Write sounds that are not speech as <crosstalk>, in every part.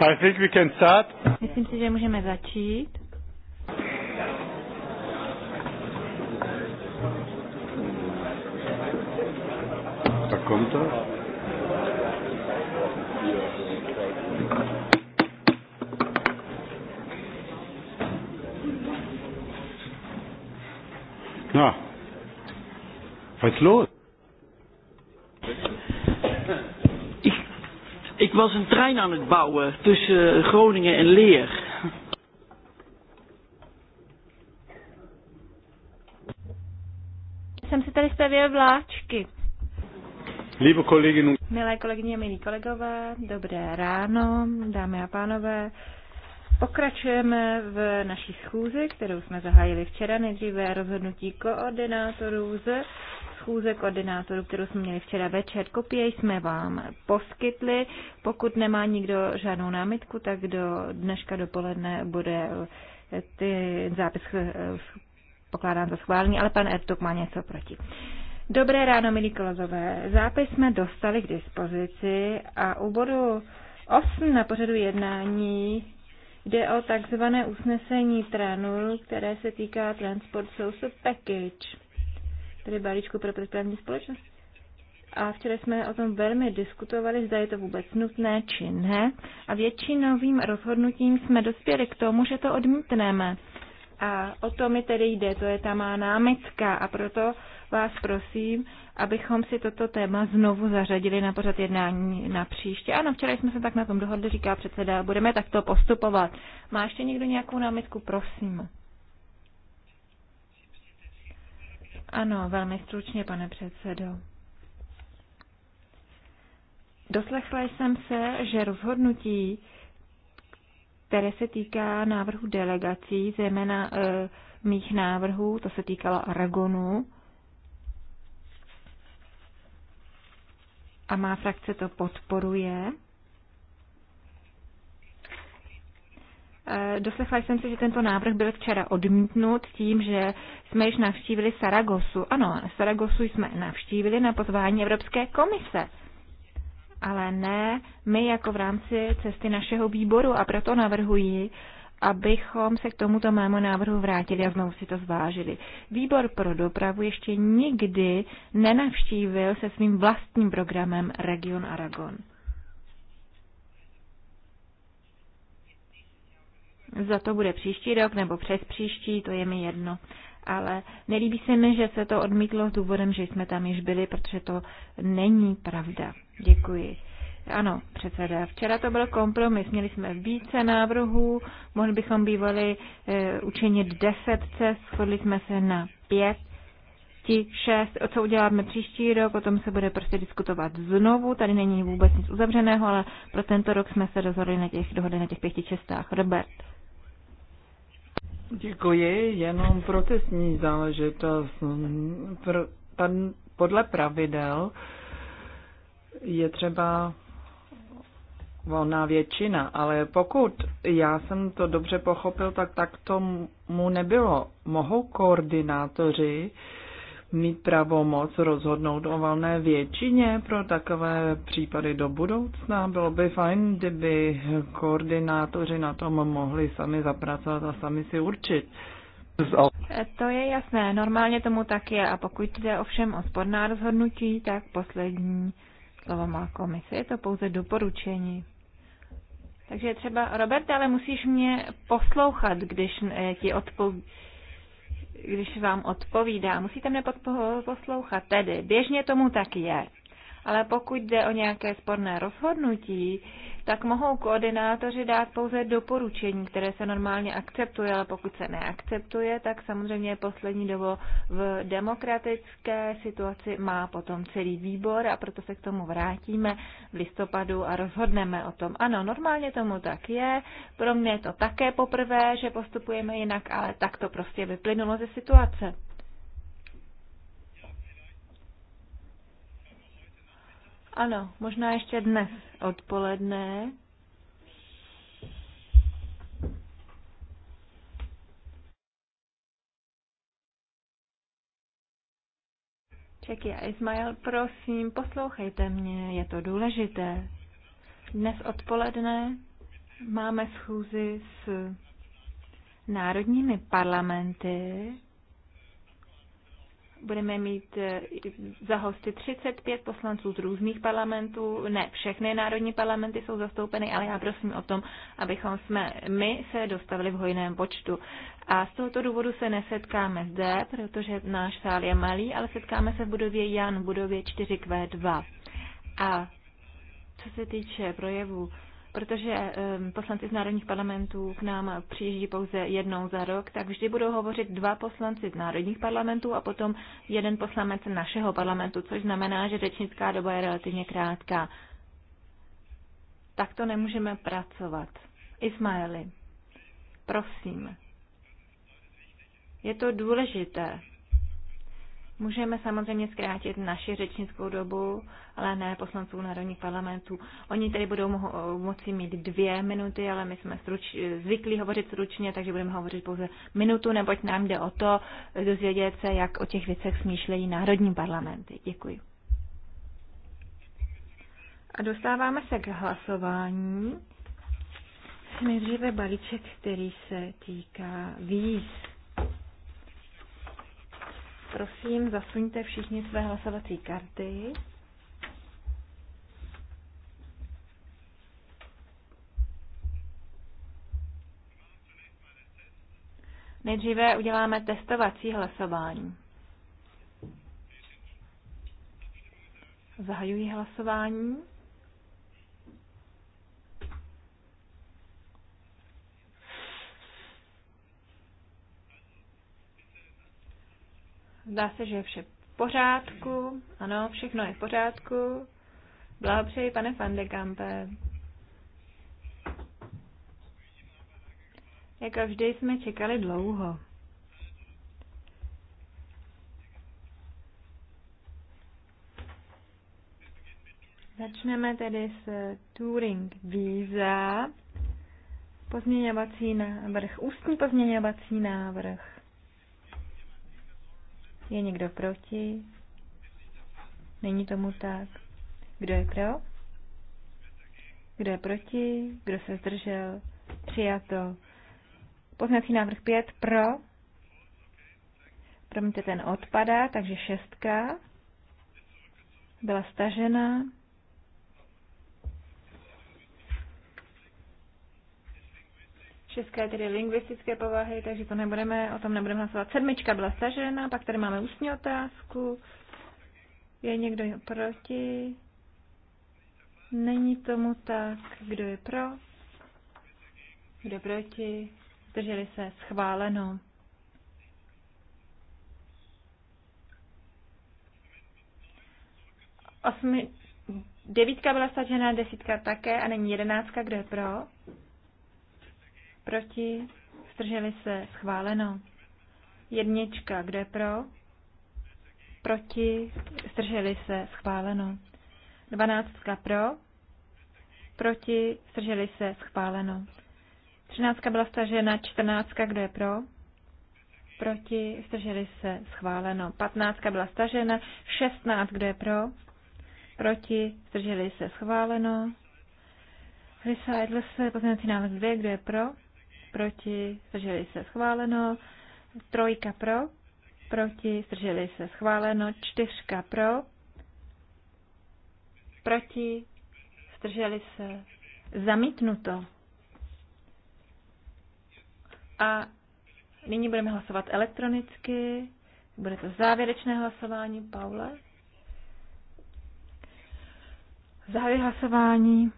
I think we can start. Myslím si, že můžeme začít. Tak to? Na, no. was ist los? was een trein aan het bouwen tussen eh, Groningen en Leer. Jsem si tady stavěl vláčky. Liebe Kolleginnen. Milé kolegyně, milí kolegové, dobré ráno, dámy a pánové. Pokračujeme v naší schůzi, kterou jsme zahájili včera, nejdříve rozhodnutí koordinátorů z schůze koordinátorů, kterou jsme měli včera večer. Kopie jsme vám poskytli. Pokud nemá nikdo žádnou námitku, tak do dneška dopoledne bude eh, ty zápis eh, pokládán za schválení, ale pan Ertuk má něco proti. Dobré ráno, milí kolozové. Zápis jsme dostali k dispozici a u bodu 8 na pořadu jednání Jde o takzvané usnesení tranu, které se týká Transport Social Package tedy balíčku pro bezprávní společnost. A včera jsme o tom velmi diskutovali, zda je to vůbec nutné či ne. A většinovým rozhodnutím jsme dospěli k tomu, že to odmítneme. A o to mi tedy jde, to je ta má námitka a proto vás prosím, abychom si toto téma znovu zařadili na pořad jednání na příště. Ano, včera jsme se tak na tom dohodli, říká předseda, budeme takto postupovat. Má ještě někdo nějakou námitku, prosím? Ano, velmi stručně, pane předsedo. Doslechla jsem se, že rozhodnutí, které se týká návrhu delegací, zejména e, mých návrhů, to se týkalo Aragonu, a má frakce to podporuje, Eh, doslechla jsem se, že tento návrh byl včera odmítnut tím, že jsme již navštívili Saragosu. Ano, Saragosu jsme navštívili na pozvání Evropské komise, ale ne my jako v rámci cesty našeho výboru a proto navrhuji, abychom se k tomuto mému návrhu vrátili a znovu si to zvážili. Výbor pro dopravu ještě nikdy nenavštívil se svým vlastním programem Region Aragon. za to bude příští rok nebo přes příští, to je mi jedno. Ale nelíbí se mi, že se to odmítlo s důvodem, že jsme tam již byli, protože to není pravda. Děkuji. Ano, předseda. Včera to byl kompromis. Měli jsme více návrhů, mohli bychom bývali e, učinit desetce, shodli jsme se na pět, ti šest. O co uděláme příští rok, o tom se bude prostě diskutovat znovu. Tady není vůbec nic uzavřeného, ale pro tento rok jsme se rozhodli na těch dohody na těch pěti čestách. Robert. Děkuji, jenom procesní záležitost. Pr- pan, podle pravidel je třeba volná většina, ale pokud já jsem to dobře pochopil, tak tak tomu nebylo. Mohou koordinátoři uh, mít pravomoc rozhodnout o valné většině pro takové případy do budoucna. Bylo by fajn, kdyby koordinátoři na tom mohli sami zapracovat a sami si určit. E, to je jasné, normálně tomu tak je a pokud jde ovšem o sporná rozhodnutí, tak poslední slovo má komise, je to pouze doporučení. Takže třeba, Robert, ale musíš mě poslouchat, když e, ti odpovídám když vám odpovídá. Musíte mě poslouchat. Tedy, běžně tomu tak je ale pokud jde o nějaké sporné rozhodnutí, tak mohou koordinátoři dát pouze doporučení, které se normálně akceptuje, ale pokud se neakceptuje, tak samozřejmě poslední dobo v demokratické situaci má potom celý výbor a proto se k tomu vrátíme v listopadu a rozhodneme o tom. Ano, normálně tomu tak je, pro mě je to také poprvé, že postupujeme jinak, ale tak to prostě vyplynulo ze situace. Ano, možná ještě dnes odpoledne. Čeky a Ismail, prosím, poslouchejte mě, je to důležité. Dnes odpoledne máme schůzi s národními parlamenty budeme mít eh, za hosty 35 poslanců z různých parlamentů. Ne, všechny národní parlamenty jsou zastoupeny, ale já prosím o tom, abychom jsme my se dostavili v hojném počtu. A z tohoto důvodu se nesetkáme zde, protože náš sál je malý, ale setkáme se v budově Jan, v budově 4Q2. A co se týče projevu protože ehm, poslanci z národních parlamentů k nám přijíždí pouze jednou za rok, tak vždy budou hovořit dva poslanci z národních parlamentů a potom jeden poslanec našeho parlamentu, což znamená, že řečnická doba je relativně krátká. Tak to nemůžeme pracovat. Ismaili, prosím. Je to důležité. Můžeme samozřejmě zkrátit naši řečnickou dobu, ale ne poslanců národních parlamentů. Oni tedy budou mo- moci mít dvě minuty, ale my jsme struč- zvyklí hovořit stručně, takže budeme hovořit pouze minutu, neboť nám jde o to dozvědět se, jak o těch věcech smýšlejí národní parlamenty. Děkuji. A dostáváme se k hlasování. Nejdříve balíček, který se týká výz. Prosím, zasuňte všichni své hlasovací karty. Nejdříve uděláme testovací hlasování. Zahajuji hlasování. Zdá se, že je vše v pořádku. Ano, všechno je v pořádku. Blahopřeji, pane van de Kampe. Jako vždy jsme čekali dlouho. Začneme tedy s Turing Visa. Pozměňovací návrh, ústní pozměňovací návrh. Je někdo proti? Není tomu tak. Kdo je pro? Kdo je proti? Kdo se zdržel? Přijato. Poznací návrh 5 pro. Promiňte, ten odpadá, takže šestka byla stažena. České tedy lingvistické povahy, takže to nebudeme, o tom nebudeme hlasovat. Sedmička byla stažena, pak tady máme ústní otázku. Je někdo je proti? Není tomu tak. Kdo je pro? Kdo proti? Zdrželi se schváleno. Osmi, devítka byla stažena, desítka také a není jedenáctka, kdo je pro? Proti? Zdrželi se? Schváleno. Jednička. Kdo je pro? Proti? Zdrželi se? Schváleno. Dvanáctka pro? Proti? Zdrželi se? Schváleno. Třináctka byla stažena. Čtrnáctka. Kdo je pro? Proti? Zdrželi se? Schváleno. Patnáctka byla stažena. Šestnáct. Kdo je pro? Proti? Zdrželi se? Schváleno. Recital se pozměnací návrh 2, kdo je pro? proti, zdrželi se schváleno, trojka pro, proti, zdrželi se schváleno, čtyřka pro, proti, zdrželi se zamítnuto. A nyní budeme hlasovat elektronicky. Bude to závěrečné hlasování, Paule. Zahajuji hlasování.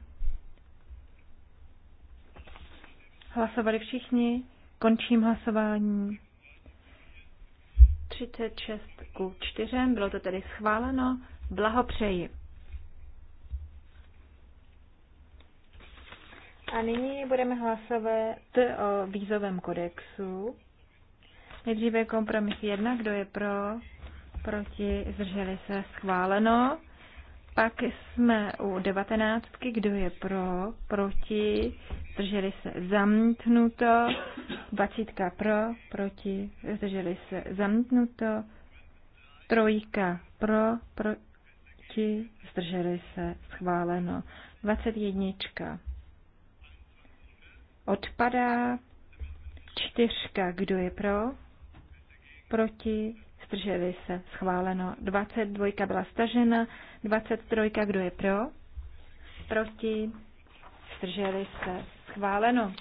Hlasovali všichni. Končím hlasování. 36 ku 4. Bylo to tedy schváleno. Blahopřeji. A nyní budeme hlasovat o vízovém kodexu. Nejdříve kompromis 1, kdo je pro, proti, zdrželi se, schváleno. Pak jsme u devatenáctky, kdo je pro, proti, zdrželi se zamítnuto, dvacítka pro, proti, zdrželi se zamítnuto, trojka pro, proti, zdrželi se schváleno, dvacet jednička odpadá, čtyřka, kdo je pro, proti, zdrželi se, schváleno. 22 byla stažena, 23, kdo je pro, proti, zdrželi se, schváleno.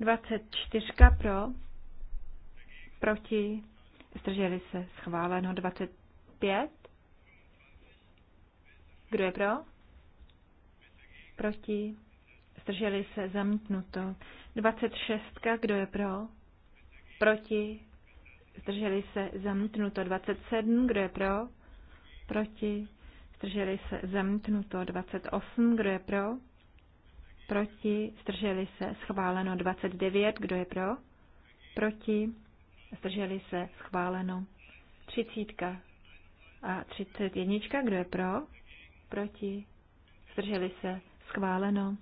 24 pro, proti, zdrželi se, schváleno. 25, kdo je pro, proti, zdrželi se, zamítnuto. 26, kdo je pro, proti, zdrželi se, zamítnuto 27, kdo je pro, proti, zdrželi se, zamítnuto 28, kdo je pro, proti, zdrželi se, schváleno 29, kdo je pro, proti, zdrželi se, schváleno 30 a 31, kdo je pro, proti, zdrželi se, schváleno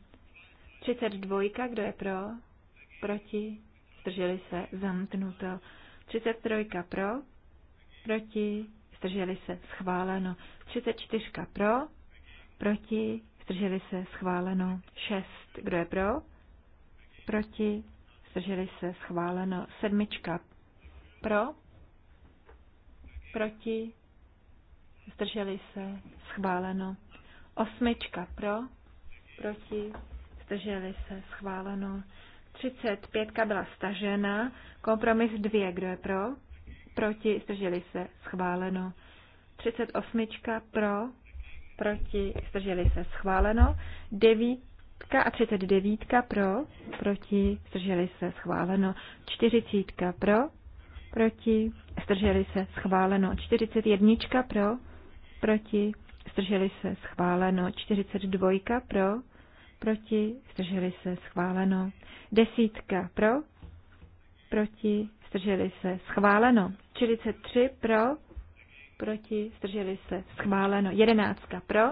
32, kdo je pro, proti, zdrželi se, zamknuto 33 pro, proti, zdrželi se, schváleno. 34 pro, proti, zdrželi se, schváleno. 6, kdo je pro, proti, zdrželi se, schváleno. 7 pro, proti, zdrželi se, schváleno. 8 pro, proti, zdrželi se, schváleno. 35 byla stažena. Kompromis 2, kdo je pro? Proti, strželi se, schváleno. 38 pro, proti, strželi se, schváleno. 9 a 39 pro, proti, strželi se, schváleno. 40 pro, proti, strželi se, schváleno. 41 pro, proti, strželi se, schváleno. 42 pro, proti, zdrželi se, schváleno. Desítka pro, proti, zdrželi se, schváleno. 43 pro, proti, zdrželi se, schváleno. Jedenáctka pro,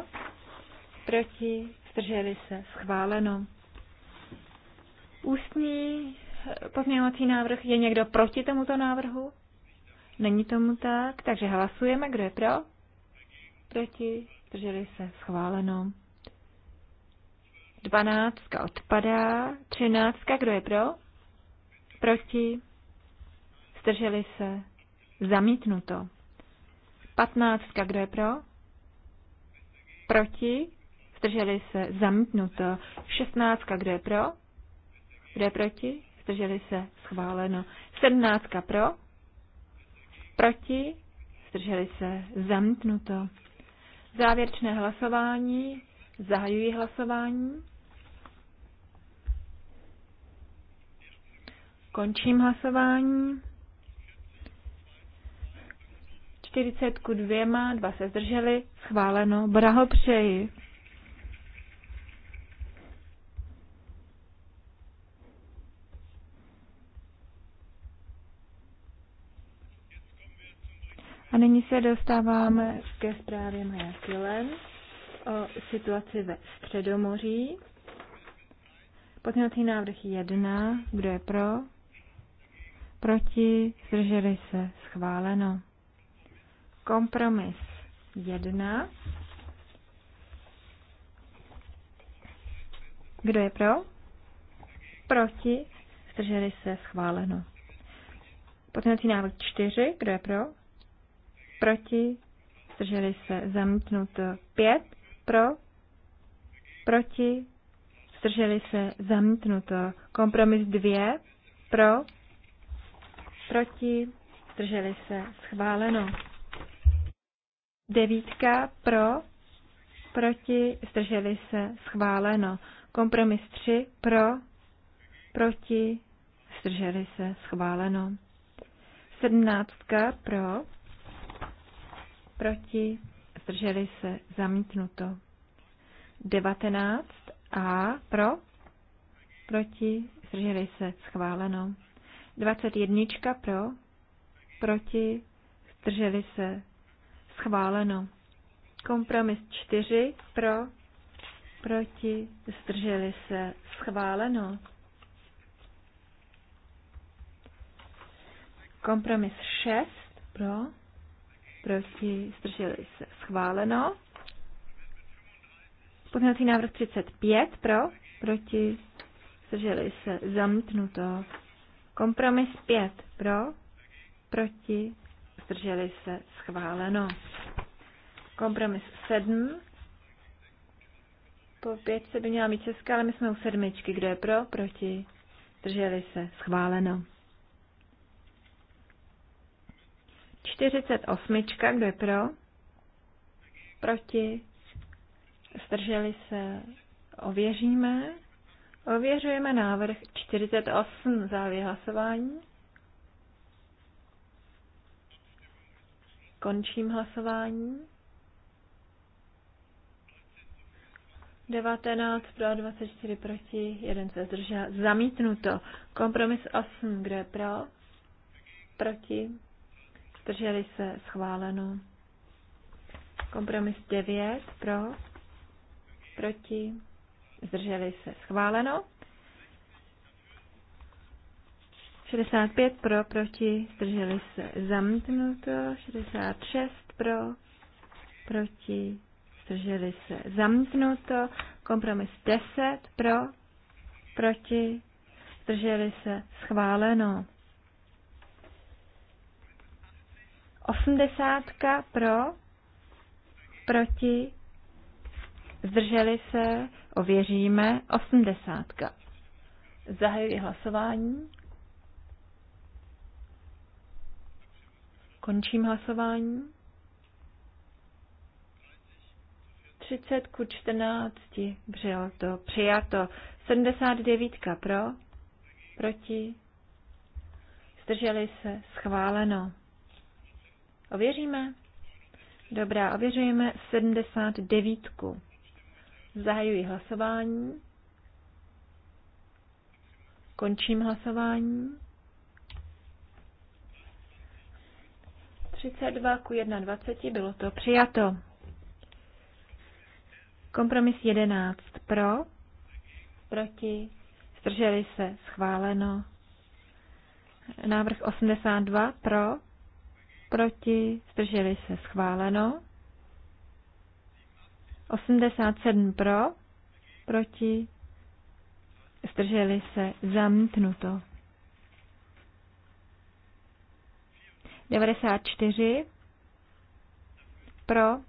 proti, zdrželi se, schváleno. Ústní eh, pozměňovací návrh, je někdo proti tomuto návrhu? Není tomu tak, takže hlasujeme, kdo je pro? Proti, zdrželi se, schváleno. Dvanáctka odpadá. Třináctka, kdo je pro? Proti? Zdrželi se? Zamítnuto. Patnáctka, kdo je pro? Proti? Zdrželi se? Zamítnuto. Šestnáctka, kdo je pro? Kdo je proti? Zdrželi se? Schváleno. Sedmnáctka pro? Proti? Zdrželi se? Zamítnuto. Závěrečné hlasování. Zahajuji hlasování. Končím hlasování. 40 ku dvěma, dva se zdrželi, schváleno, přeji. A nyní se dostáváme ke zprávě Maja Kilen o situaci ve Středomoří. Pozměňovací návrh 1. Kdo je pro? proti, zdrželi se, schváleno. Kompromis 1. Kdo je pro? Proti, zdrželi se, schváleno. Potenciální návrh 4. Kdo je pro? Proti, zdrželi se, zamítnuto 5. Pro, proti, zdrželi se, zamítnuto. Kompromis 2. Pro, proti, zdrželi se, schváleno. Devítka pro, proti, zdrželi se, schváleno. Kompromis 3 pro, proti, zdrželi se, schváleno. Sedmnáctka pro, proti, zdrželi se, zamítnuto. Devatenáct a pro, proti, zdrželi se, schváleno. 21 pro, proti, zdrželi se, schváleno. Kompromis 4 pro, proti, zdrželi se, schváleno. Kompromis 6 pro, proti, zdrželi se, schváleno. Pozměňovací návrh 35 pro, proti, zdrželi se, zamítnuto. Kompromis 5 pro, proti, zdrželi se, schváleno. Kompromis 7. Po 5 se by měla mít česká, ale my jsme u sedmičky. Kdo je pro, proti, zdrželi se, schváleno. 48. Kdo je pro, proti, zdrželi se, ověříme. Ověřujeme návrh 48 za vyhlasování. Končím hlasování. 19 pro 24 proti, 1 se zdržel. Zamítnuto. Kompromis 8, kde je pro, proti, zdrželi se, schváleno. Kompromis 9, pro, proti, zdrželi se schváleno. 65 pro, proti, zdrželi se zamítnuto. 66 pro, proti, zdrželi se zamítnuto. Kompromis 10 pro, proti, zdrželi se schváleno. 80 pro, proti, Zdrželi se? Ověříme. Osmdesátka. Zahajuji hlasování. Končím hlasování. 30 ku 14 bylo to přijato. 79 pro, proti, zdrželi se, schváleno. Ověříme? Dobrá, ověřujeme 79. Zahajuji hlasování. Končím hlasování. 32 ku 21 bylo to přijato. Kompromis 11 pro, proti, zdrželi se, schváleno. Návrh 82 pro, proti, zdrželi se, schváleno. 87 pro, proti, zdrželi se, zamítnuto. 94 pro,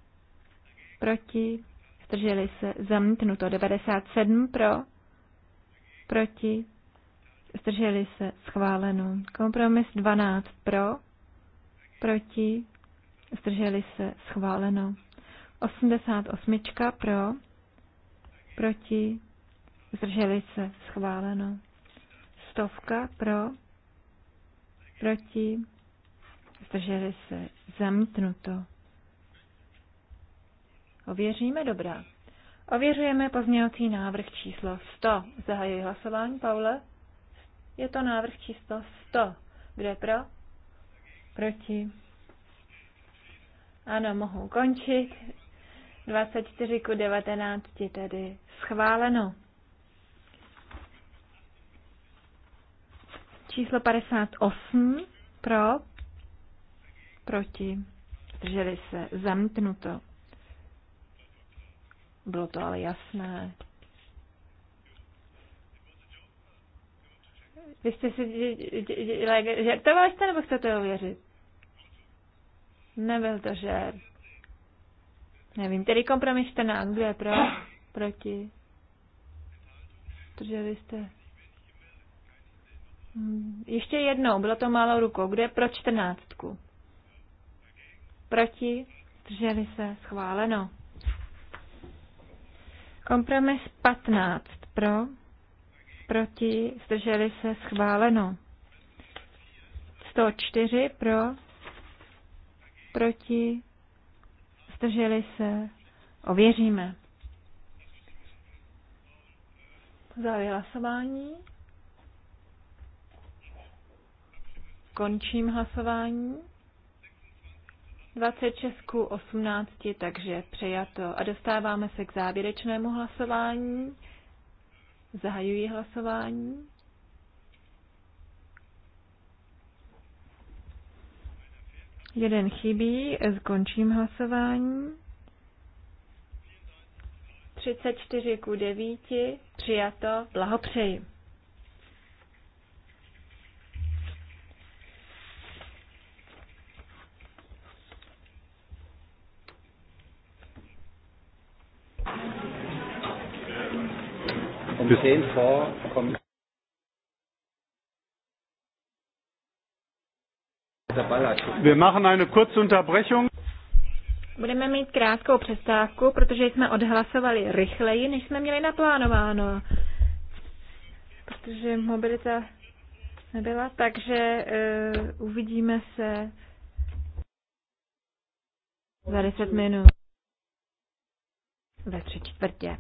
proti, zdrželi se, zamítnuto. 97 pro, proti, zdrželi se, schváleno. Kompromis 12 pro, proti, zdrželi se, schváleno. 88 pro, proti, zdrželi se, schváleno. Stovka pro, proti, zdrželi se, zamítnuto. Ověříme dobrá. Ověřujeme pozměňovací návrh číslo 100. Zahajuji hlasování, Paule. Je to návrh číslo 100. Kdo je pro? Proti. Ano, mohu končit. 24 ku 19 tedy schváleno. Číslo 58 pro, proti, drželi se, zamítnuto. Bylo to ale jasné. Vy jste si žertoval jste, nebo chcete ověřit? Nebyl to žert. Nevím, tedy kompromis jste na je pro, proti. Drželi jste. Hm, ještě jednou, bylo to málo rukou. Kdo je pro čtrnáctku? Proti? Drželi se, schváleno. Kompromis 15 pro, proti, zdrželi se, schváleno. 104 pro, proti, zdrželi se, ověříme. Zahajuji hlasování. Končím hlasování. 26 k 18, takže přijato. A dostáváme se k závěrečnému hlasování. Zahajuji hlasování. Jeden chybí, skončím hlasování. 34 ku 9, přijato, blahopřeji. Um 10 vor kommt Wir machen eine kurze Unterbrechung. Budeme mít krátkou přestávku, protože jsme odhlasovali rychleji, než jsme měli naplánováno. Protože mobilita nebyla, takže uh, uvidíme se za 10 minut ve tři čtvrtě.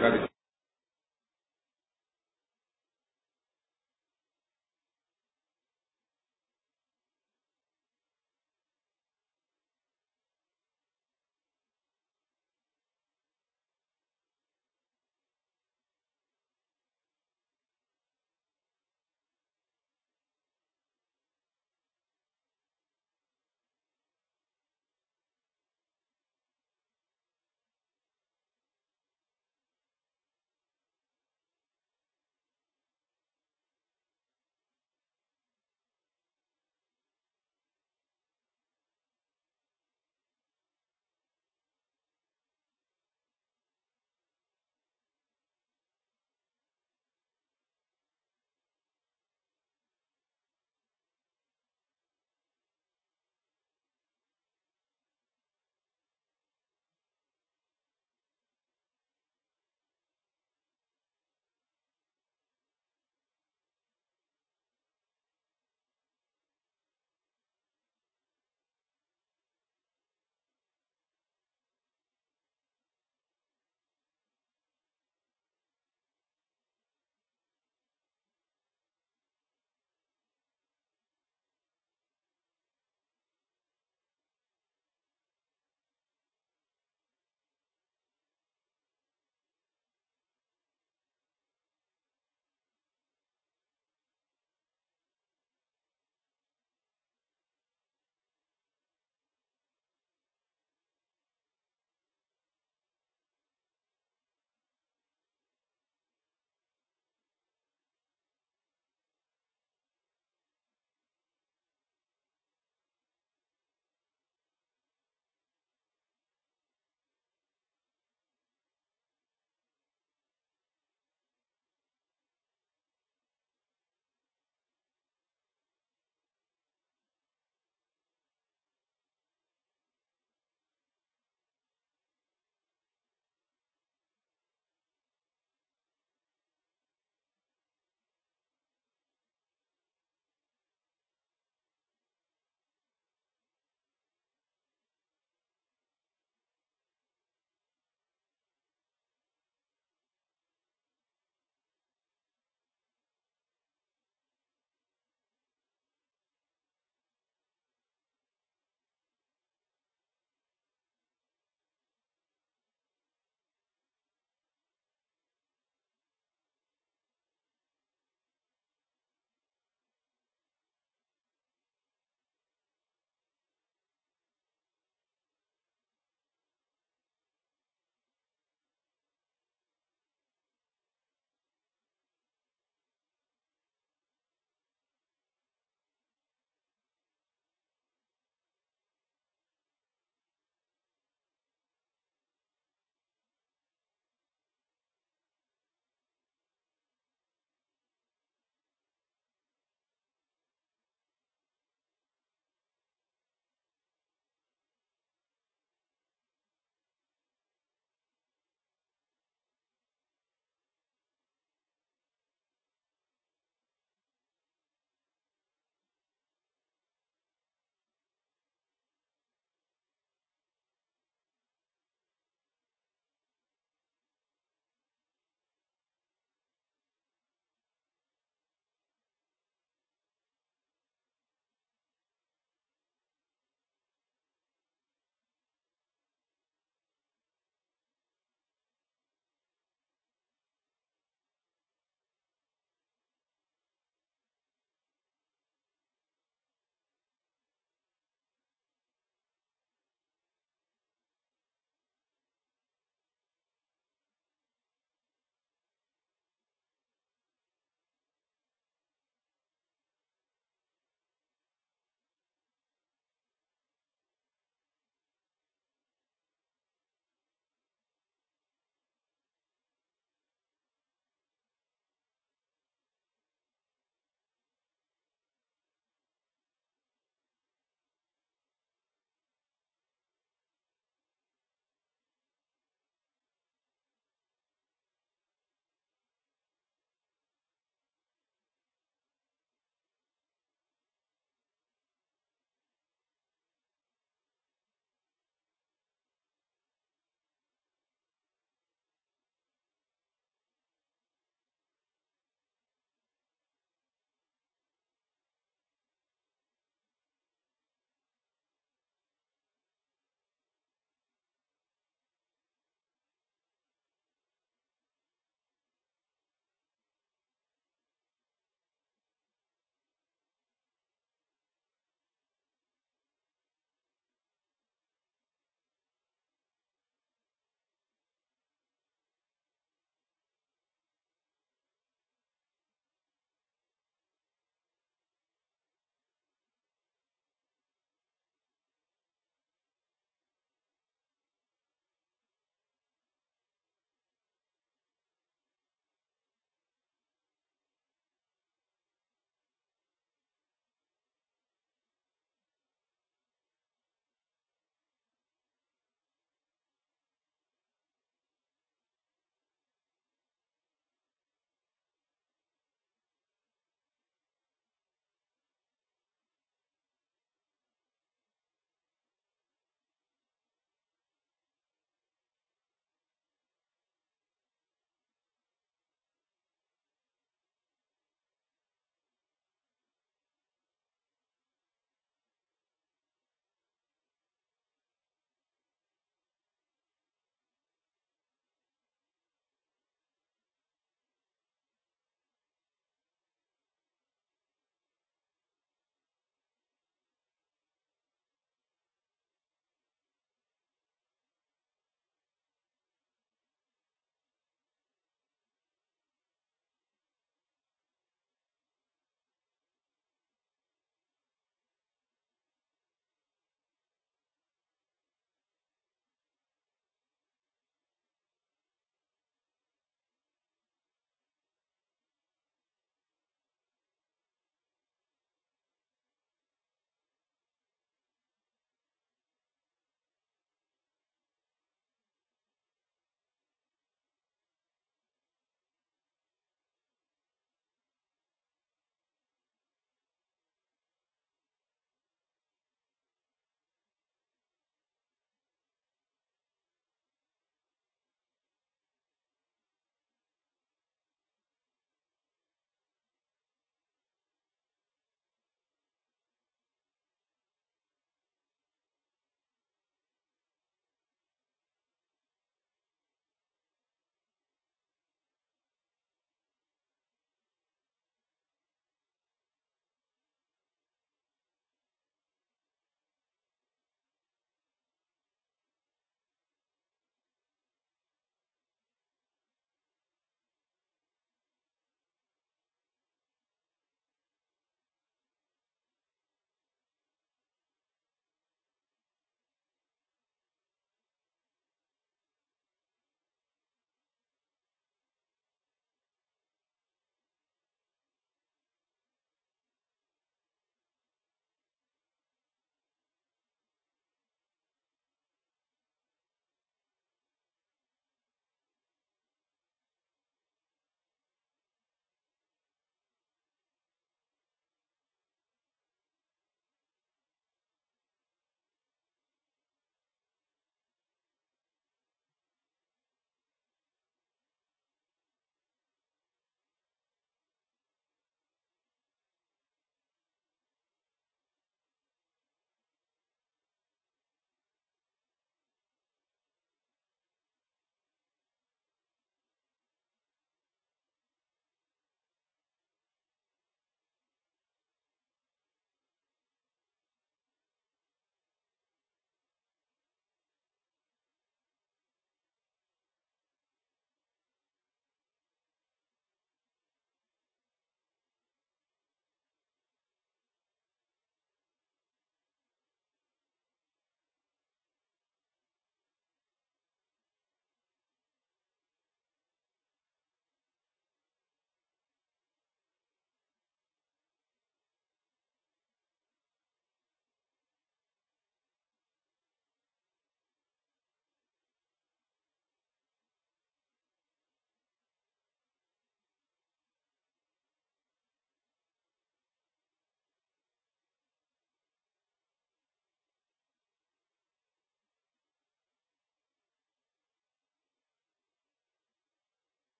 Grazie.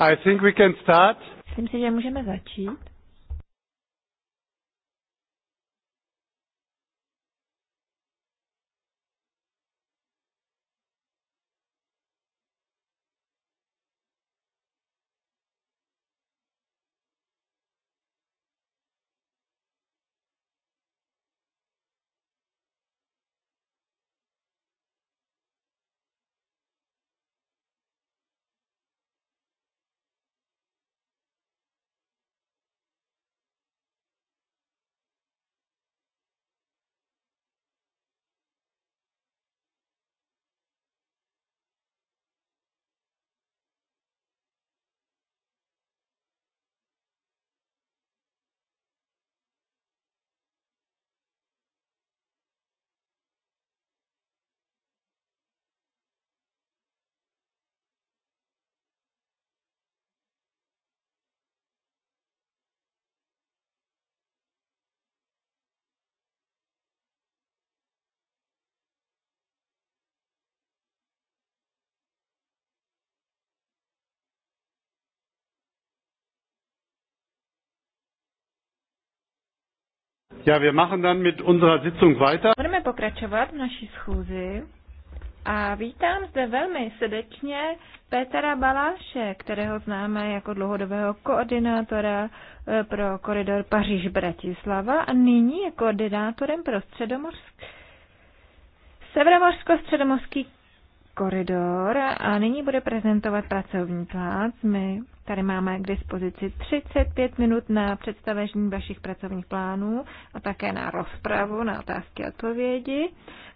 I think we can start. Myslím si, že můžeme začít. Ja, wir machen dann mit unserer Sitzung weiter. Budeme pokračovat v naší schůzi a vítám zde velmi srdečně Petra Baláše, kterého známe jako dlouhodobého koordinátora eh, pro koridor Paříž-Bratislava a nyní je koordinátorem pro středomorský Severomorsko-středomorský koridor a nyní bude prezentovat pracovní plán. My tady máme k dispozici 35 minut na představení vašich pracovních plánů a také na rozpravu, na otázky a odpovědi.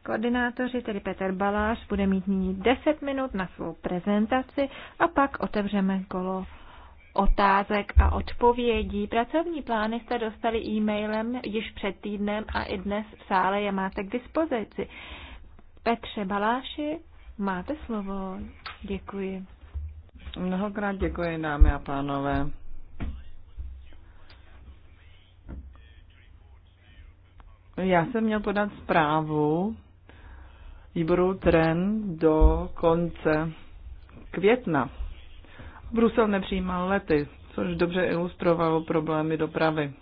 Koordinátoři, tedy Petr Baláš, bude mít nyní 10 minut na svou prezentaci a pak otevřeme kolo otázek a odpovědí. Pracovní plány jste dostali e-mailem již před týdnem a i dnes v sále je máte k dispozici. Petře Baláši, Máte slovo. Děkuji. Mnohokrát děkuji, dámy a pánové. Já jsem měl podat zprávu výboru TREN do konce května. Brusel nepřijímal lety, což dobře ilustrovalo problémy dopravy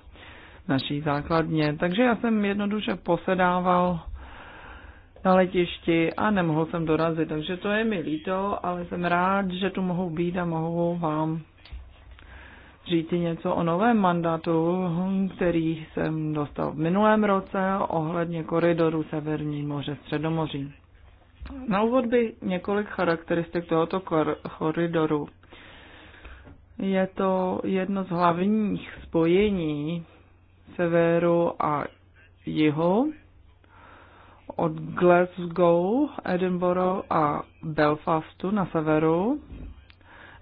naší základně. Takže já jsem jednoduše posedával na letišti a nemohl jsem dorazit, takže to je mi líto, ale jsem rád, že tu mohu být a mohu vám říct něco o novém mandátu, který jsem dostal v minulém roce ohledně koridoru Severní moře Středomoří. Na úvod by několik charakteristik tohoto koridoru. Je to jedno z hlavních spojení severu a jihu od Glasgow, Edinburgh a Belfastu na severu,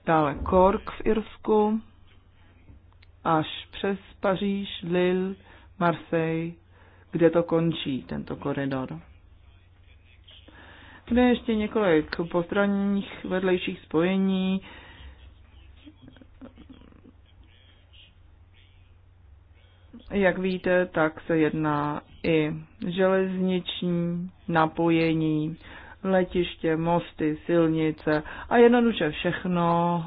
dále Cork v Irsku, až přes Paříž, Lille, Marseille, kde to končí, tento koridor. Kde ještě několik postranních vedlejších spojení Jak víte, tak se jedná i železniční napojení, letiště, mosty, silnice a jednoduše všechno,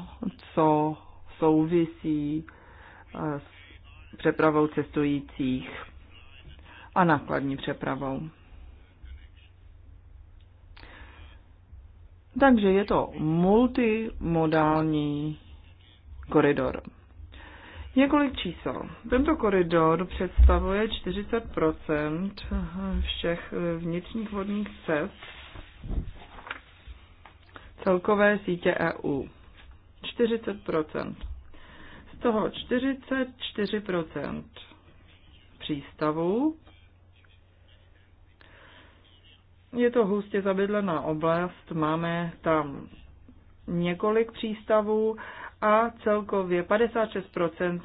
co souvisí eh, s přepravou cestujících a nákladní přepravou. Takže je to multimodální koridor. Několik čísel. Tento koridor představuje 40 všech eh, vnitřních vodních cest celkové sítě EU. 40 Z toho 44 přístavů. Je to hustě zabydlená oblast, máme tam několik přístavů a celkově 56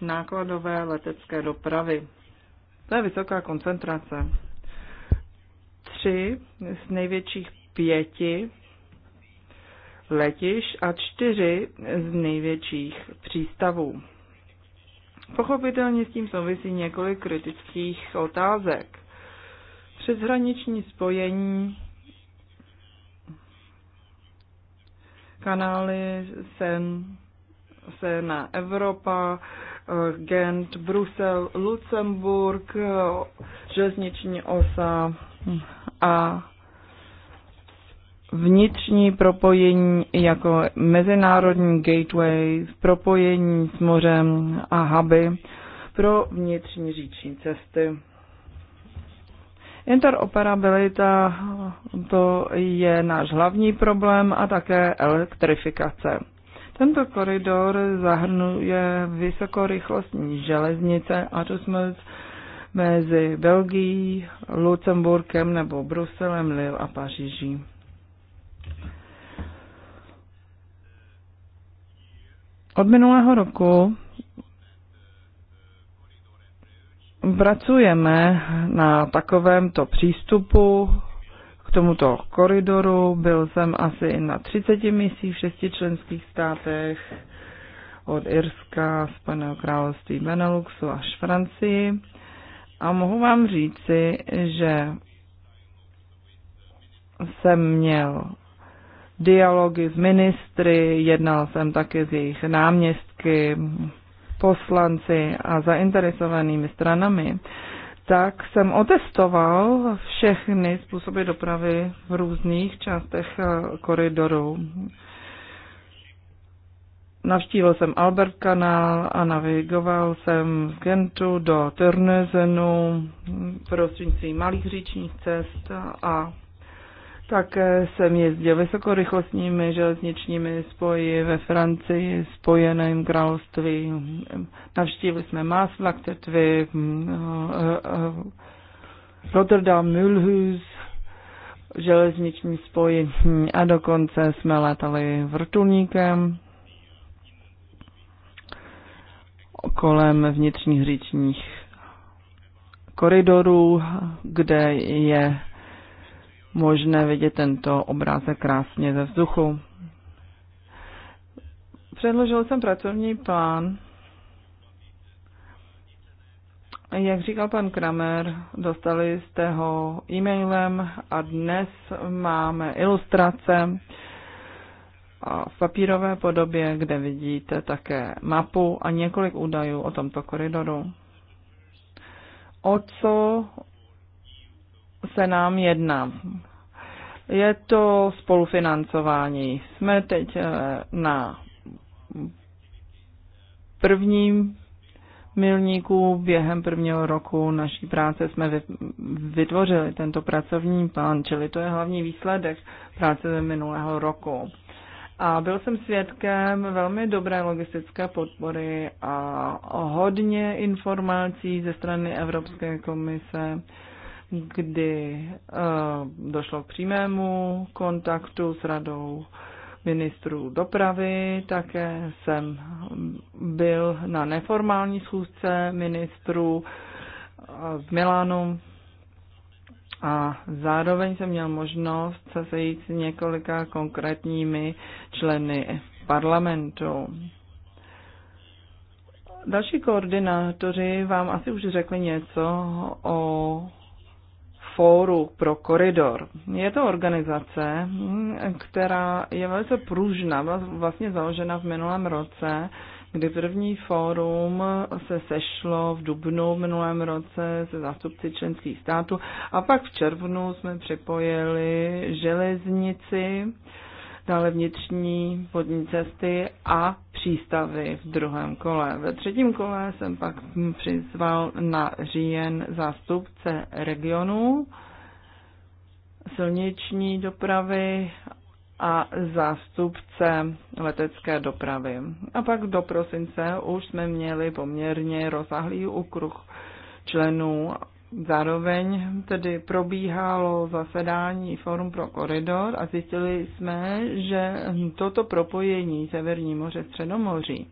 nákladové letecké dopravy. To je vysoká koncentrace. Tři z největších pěti letiš a čtyři z největších přístavů. Pochopitelně s tím souvisí několik kritických otázek. Přeshraniční spojení, kanály, sen, se na Evropa, eh, Gent, Brusel, Lucemburg, eh, železniční osa a vnitřní propojení jako mezinárodní gateway, propojení s mořem a huby pro vnitřní říční cesty. Interoperabilita to je náš hlavní problém a také elektrifikace. Tento koridor zahrnuje vysokorychlostní železnice a to jsme mezi Belgií, Lucemburkem nebo Bruselem, Lille a Paříží. Od minulého roku pracujeme na takovémto přístupu tomuto koridoru. Byl jsem asi na 30 misích v šesti členských státech od Irska, Spojeného království Beneluxu až Francii. A mohu vám říci, že jsem měl dialogy s ministry, jednal jsem také s jejich náměstky, poslanci a zainteresovanými stranami tak jsem otestoval všechny způsoby dopravy v různých částech eh, koridoru. Navštívil jsem Albert kanál a navigoval jsem z Gentu do Törnezenu prostřednictvím malých říčních cest a tak eh, jsem jezdil vysokorychlostními železničními spoji ve Francii, Spojeném království. Navštívili jsme Másla, Tetvy, mm, eh, eh, Rotterdam, Mülhus, železniční spoji a dokonce jsme letali vrtulníkem kolem vnitřních říčních koridorů, kde je možné vidět tento obrázek krásně ze vzduchu. Předložil jsem pracovní plán. Jak říkal pan Kramer, dostali jste ho e-mailem a dnes máme ilustrace v papírové podobě, kde vidíte také mapu a několik údajů o tomto koridoru. O co se nám jedná. Je to spolufinancování. Jsme teď eh, na prvním milníku během prvního roku naší práce jsme vytvořili tento pracovní plán, čili to je hlavní výsledek práce ze minulého roku. A byl jsem svědkem velmi dobré logistické podpory a hodně informací ze strany Evropské komise kdy eh, došlo k přímému kontaktu s radou ministrů dopravy. Také jsem byl na neformální schůzce ministrů eh, v Milánu a zároveň jsem měl možnost se sejít s několika konkrétními členy parlamentu. Další koordinátoři vám asi už řekli něco o fóru pro koridor. Je to organizace, která je velice pružná, vlastně založena v minulém roce, kdy první fórum se sešlo v dubnu v minulém roce se zástupci členských států a pak v červnu jsme připojili železnici, dále vnitřní vodní cesty a přístavy v druhém kole. Ve třetím kole jsem pak přizval na říjen zástupce regionu, silniční dopravy a zástupce letecké dopravy. A pak do prosince už jsme měli poměrně rozsáhlý okruh členů Zároveň tedy probíhalo zasedání forum pro koridor a zjistili jsme, že toto propojení Severní moře Středomoří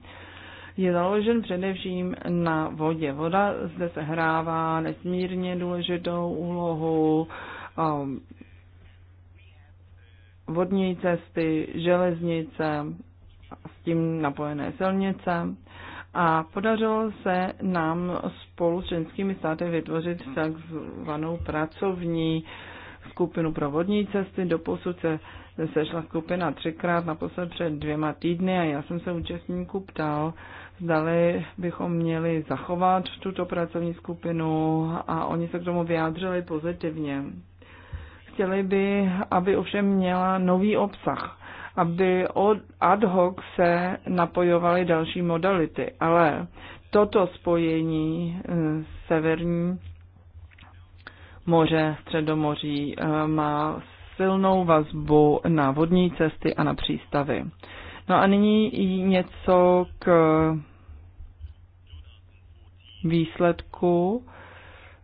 je založen především na vodě. Voda zde sehrává nesmírně důležitou úlohu um, vodní cesty, železnice, s tím napojené silnice a podařilo se nám spolu s členskými státy vytvořit takzvanou pracovní skupinu pro vodní cesty. Doposud se sešla skupina třikrát, naposled před dvěma týdny a já jsem se účastníků ptal, zdali bychom měli zachovat tuto pracovní skupinu a oni se k tomu vyjádřili pozitivně. Chtěli by, aby ovšem měla nový obsah, aby od ad hoc se napojovaly další modality. Ale toto spojení eh, severní moře, středomoří eh, má silnou vazbu na vodní cesty a na přístavy. No a nyní něco k výsledku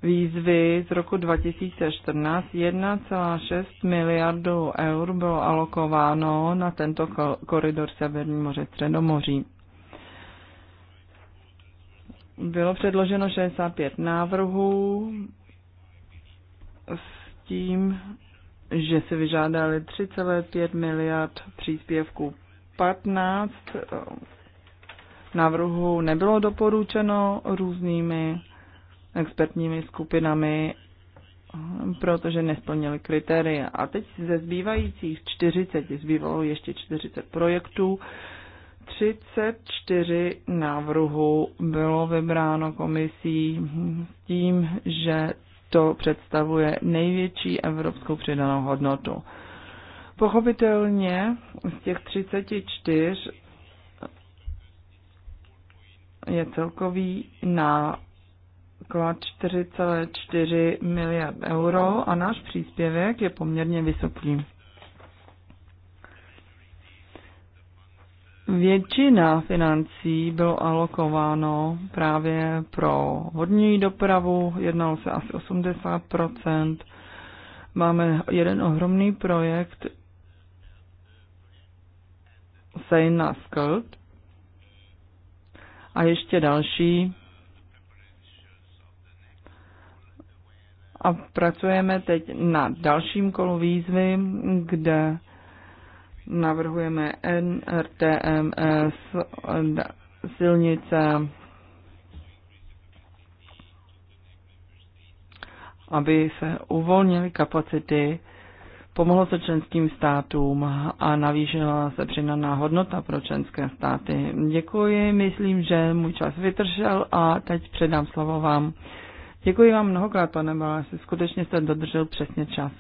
výzvy z roku 2014 1,6 miliardů eur bylo alokováno na tento koridor Severní moře Středomoří. Bylo předloženo 65 návrhů s tím, že se vyžádali 3,5 miliard příspěvků 15 návrhů nebylo doporučeno různými expertními skupinami, protože nesplnili kritéria. A teď ze zbývajících 40, zbývalo ještě 40 projektů, 34 návrhů bylo vybráno komisí s tím, že to představuje největší evropskou přidanou hodnotu. Pochopitelně z těch 34 je celkový na Klad 4,4 miliard euro a náš příspěvek je poměrně vysoký. Většina financí bylo alokováno právě pro vodní dopravu, jednalo se asi 80 Máme jeden ohromný projekt Sejna Skld a ještě další a pracujeme teď na dalším kolu výzvy, kde navrhujeme NRTMS, silnice, aby se uvolnily kapacity, pomohlo se členským státům a navýšila se přinaná hodnota pro členské státy. Děkuji, myslím, že můj čas vytržel a teď předám slovo vám. Děkuji vám mnohokrát, pane že Skutečně jste dodržel přesně čas.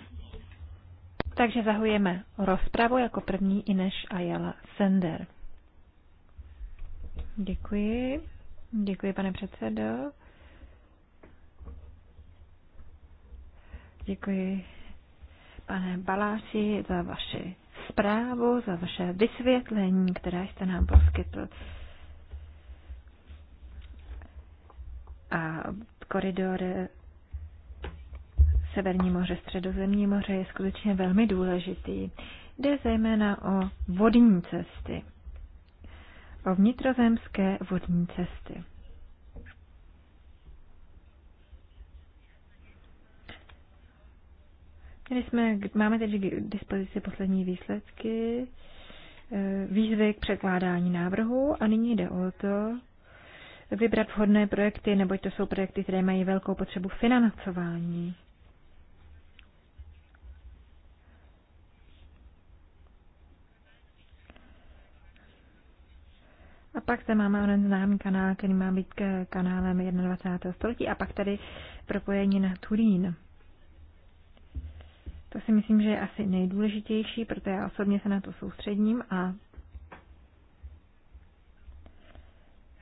Takže zahujeme rozpravu jako první Ineš Jala Sender. Děkuji. Děkuji, pane předsedo. Děkuji, pane Baláši, za vaši zprávu, za vaše vysvětlení, které jste nám poskytl. A koridor Severní moře, Středozemní moře je skutečně velmi důležitý. Jde zejména o vodní cesty, o vnitrozemské vodní cesty. Měli jsme, máme teď k dispozici poslední výsledky, eh, výzvy k překládání návrhu a nyní jde o to, vybrat vhodné projekty, neboť to jsou projekty, které mají velkou potřebu financování. A pak zde máme onen známý kanál, který má být kanálem 21. století a pak tady propojení na Turín. To si myslím, že je asi nejdůležitější, protože já osobně se na to soustředím a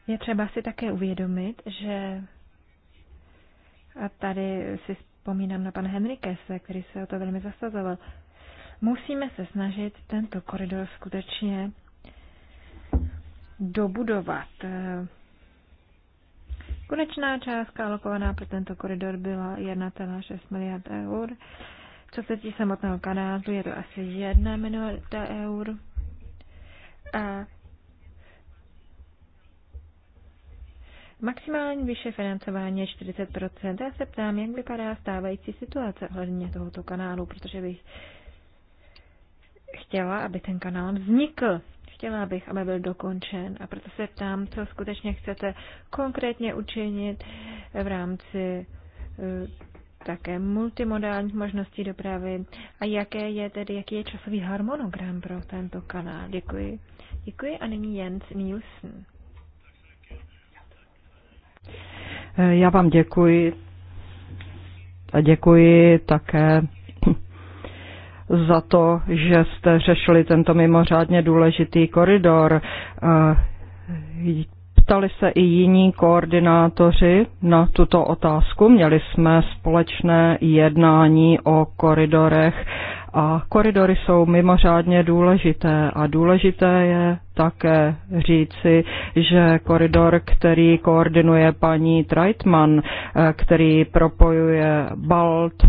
Je třeba si také uvědomit, že a tady si vzpomínám na pan Henrikese, který se o to velmi zasazoval. Musíme se snažit tento koridor skutečně dobudovat. Konečná částka alokovaná pro tento koridor byla 1,6 miliard eur. Co se týče samotného kanálu, je to asi 1 miliarda eur. A Maximální vyše financování je 40%. Já se ptám, jak vypadá stávající situace ohledně tohoto kanálu, protože bych chtěla, aby ten kanál vznikl. Chtěla bych, aby byl dokončen a proto se ptám, co skutečně chcete konkrétně učinit v rámci eh, také multimodálních možností dopravy a jaké je tedy, jaký je časový harmonogram pro tento kanál. Děkuji. Děkuji a nyní Jens Nielsen. Já vám děkuji a děkuji také za to, že jste řešili tento mimořádně důležitý koridor. Ptali se i jiní koordinátoři na tuto otázku. Měli jsme společné jednání o koridorech a koridory jsou mimořádně důležité a důležité je také říci, že koridor, který koordinuje paní Treitman, eh, který propojuje Balt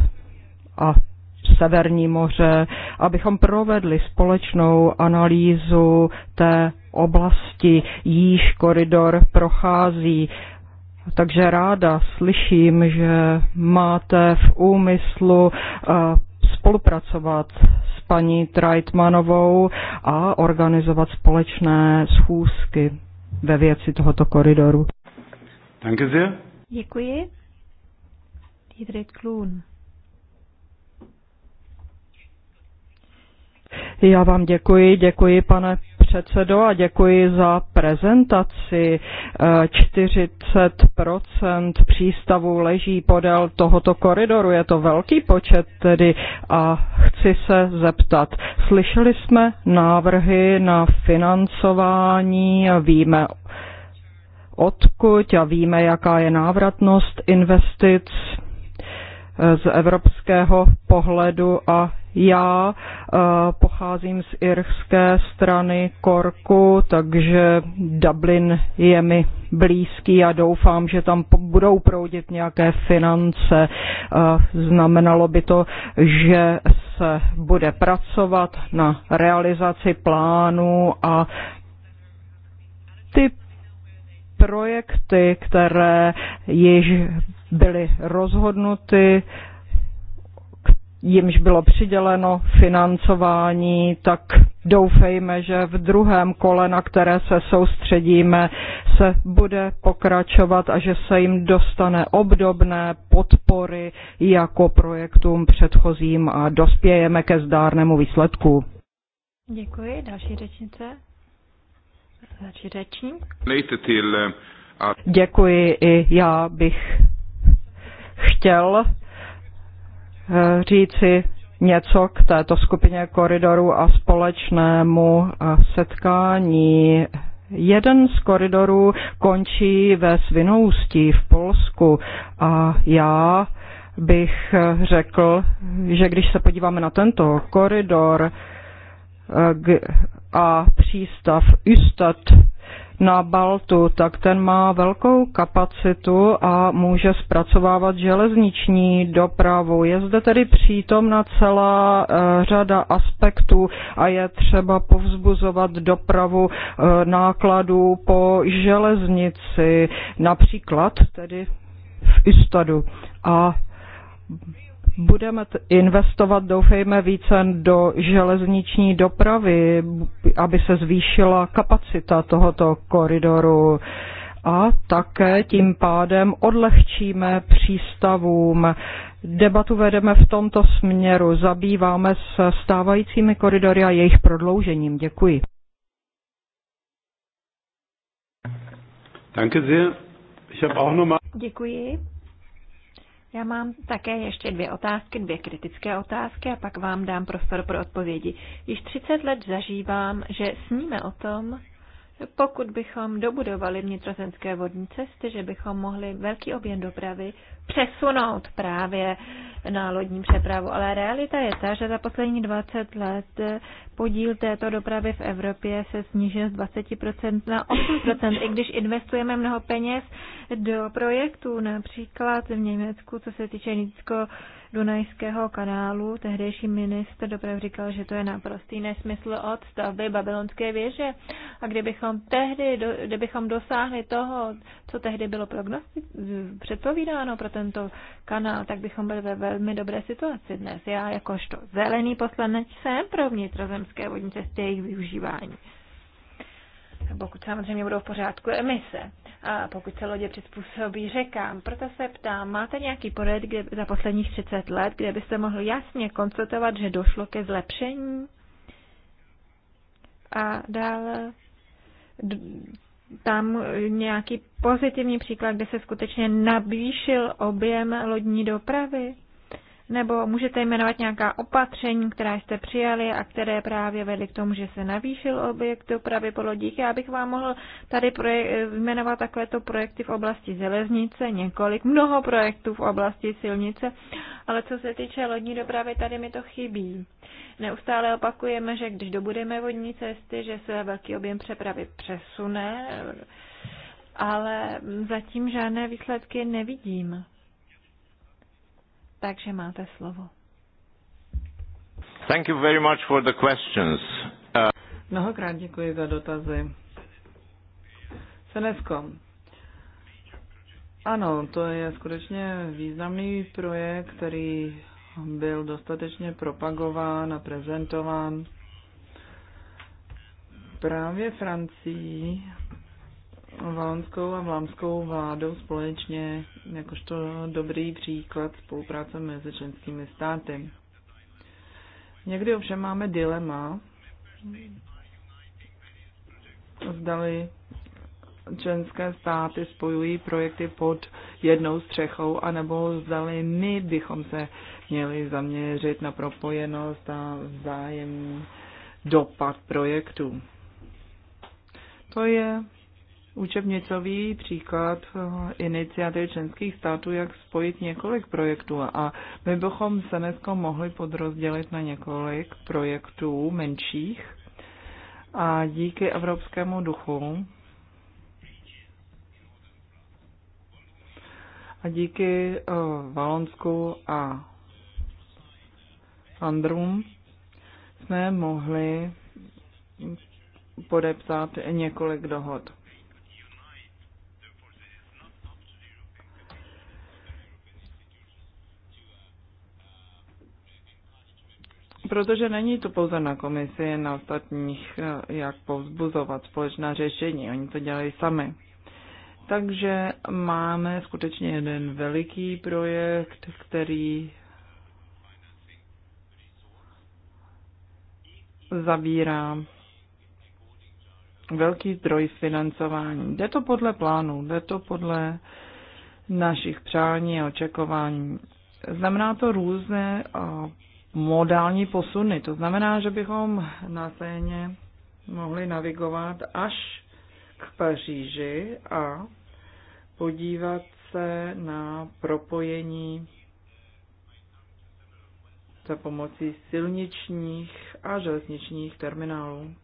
a Severní moře, abychom provedli společnou analýzu té oblasti, jíž koridor prochází. Takže ráda slyším, že máte v úmyslu eh, spolupracovat s paní Trajtmanovou a organizovat společné schůzky ve věci tohoto koridoru. Danke sehr. Děkuji. Dietrich Klun. Já vám děkuji, děkuji pane předsedo, a děkuji za prezentaci. 40% přístavů leží podél tohoto koridoru. Je to velký počet tedy a chci se zeptat. Slyšeli jsme návrhy na financování, víme odkud a víme, jaká je návratnost investic z evropského pohledu a já eh, pocházím z irské strany Korku, takže Dublin je mi blízký a doufám, že tam budou proudit nějaké finance. Eh, znamenalo by to, že se bude pracovat na realizaci plánu a ty projekty, které již byly rozhodnuty, jimž bylo přiděleno financování, tak doufejme, že v druhém kole, na které se soustředíme, se bude pokračovat a že se jim dostane obdobné podpory jako projektům předchozím a dospějeme ke zdárnému výsledku. Děkuji. Další řečnice. Další řečník. Děkuji. I já bych chtěl Eh, říci něco k této skupině koridorů a společnému eh, setkání. Jeden z koridorů končí ve Svinoustí v Polsku a já bych eh, řekl, že když se podíváme na tento koridor a přístav Ustad, na Baltu, tak ten má velkou kapacitu a může zpracovávat železniční dopravu. Je zde tedy přítomna celá eh, řada aspektů a je třeba povzbuzovat dopravu eh, nákladů po železnici, například tedy v Istadu. A Budeme investovat, doufejme, více do železniční dopravy, aby se zvýšila kapacita tohoto koridoru a také tím pádem odlehčíme přístavům. Debatu vedeme v tomto směru, zabýváme se stávajícími koridory a jejich prodloužením. Děkuji. Děkuji. Já mám také ještě dvě otázky, dvě kritické otázky a pak vám dám prostor pro odpovědi. Již 30 let zažívám, že sníme o tom, pokud bychom dobudovali vnitrozemské vodní cesty, že bychom mohli velký objem dopravy přesunout právě na lodní přepravu. Ale realita je ta, že za poslední 20 let podíl této dopravy v Evropě se snížil z 20% na 8%, i když investujeme mnoho peněz do projektů, například v Německu, co se týče nízko Dunajského kanálu. Tehdejší ministr dopravy říkal, že to je naprostý nesmysl od stavby babylonské věže. A kdybychom tehdy, kdybychom dosáhli toho, co tehdy bylo předpovídáno pro tento kanál, tak bychom byli ve velmi dobré situaci dnes. Já jakožto zelený poslanec jsem pro vnitrozemské vodní cesty jejich využívání. Pokud samozřejmě budou v pořádku emise a pokud se lodě přizpůsobí řekám. Proto se ptám, máte nějaký pořad kde, za posledních 30 let, kde byste mohli jasně konstatovat, že došlo ke zlepšení? A dále tam nějaký pozitivní příklad, kde se skutečně nabýšil objem lodní dopravy? nebo můžete jmenovat nějaká opatření, která jste přijali a které právě vedly k tomu, že se navýšil objekt dopravy po lodích. Já bych vám mohl tady jmenovat takovéto projekty v oblasti železnice, několik, mnoho projektů v oblasti silnice, ale co se týče lodní dopravy, tady mi to chybí. Neustále opakujeme, že když dobudeme vodní cesty, že se velký objem přepravy přesune, ale zatím žádné výsledky nevidím. Takže máte slovo. Thank you very much for the questions. Uh... Mnohokrát děkuji za dotazy. Senesko. Ano, to je skutečně významný projekt, který byl dostatečně propagován a prezentován právě Francii valonskou a vlámskou vládou společně jakožto dobrý příklad spolupráce mezi členskými státy. Někdy ovšem máme dilema, zdali členské státy spojují projekty pod jednou střechou, anebo zdali my bychom se měli zaměřit na propojenost a vzájemný dopad projektů. To je učebnicový příklad eh, iniciativy členských států, jak spojit několik projektů. A my bychom se dneska mohli podrozdělit na několik projektů menších. A díky evropskému duchu a díky uh, Valonsku a Andrum jsme mohli podepsat několik dohod. Protože není to pouze na komisi, na ostatních, eh, jak povzbuzovat společná řešení. Oni to dělají sami. Takže máme skutečně jeden veliký projekt, který zabírá velký zdroj financování. Jde to podle plánu, jde to podle našich přání a očekování. Znamená to různé eh, modální posuny. To znamená, že bychom na scéně mohli navigovat až k Paříži a podívat se na propojení za pomocí silničních a železničních terminálů.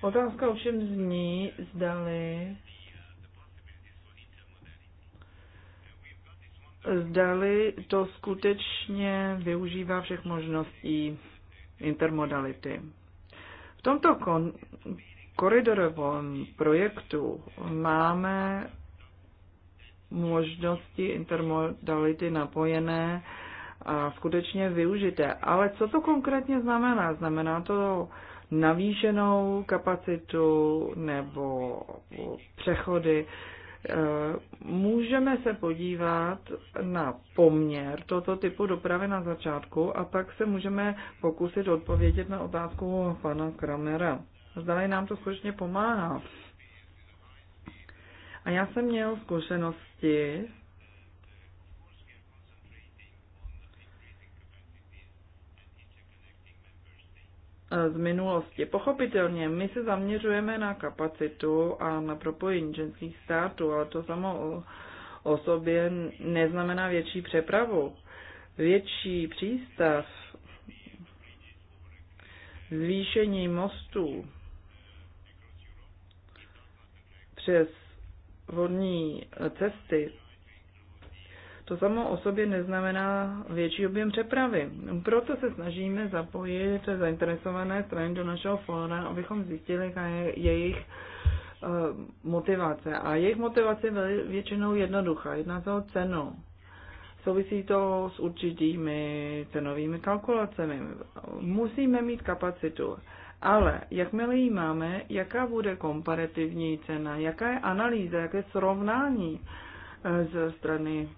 Otázka ovšem zní, zdali zdali to skutečně využívá všech možností intermodality. V tomto kon- koridorovém projektu máme možnosti intermodality napojené a skutečně využité. Ale co to konkrétně znamená? Znamená to navýšenou kapacitu nebo přechody Můžeme se podívat na poměr tohoto typu dopravy na začátku a pak se můžeme pokusit odpovědět na otázku pana Kramera. Zdali nám to skutečně pomáhá. A já jsem měl zkušenosti z minulosti. Pochopitelně, my se zaměřujeme na kapacitu a na propojení ženských států, ale to samo o, o sobě neznamená větší přepravu. Větší přístav, zvýšení mostů přes vodní cesty to samo o sobě neznamená větší objem přepravy. Proto se snažíme zapojit zainteresované strany do našeho fóra, abychom zjistili jejich eh, motivace. A jejich motivace je většinou jednoduchá. Jedná se o cenu. Souvisí to s určitými cenovými kalkulacemi. Musíme mít kapacitu. Ale jakmile ji máme, jaká bude komparativní cena, jaká je analýza, jaké srovnání, ze strany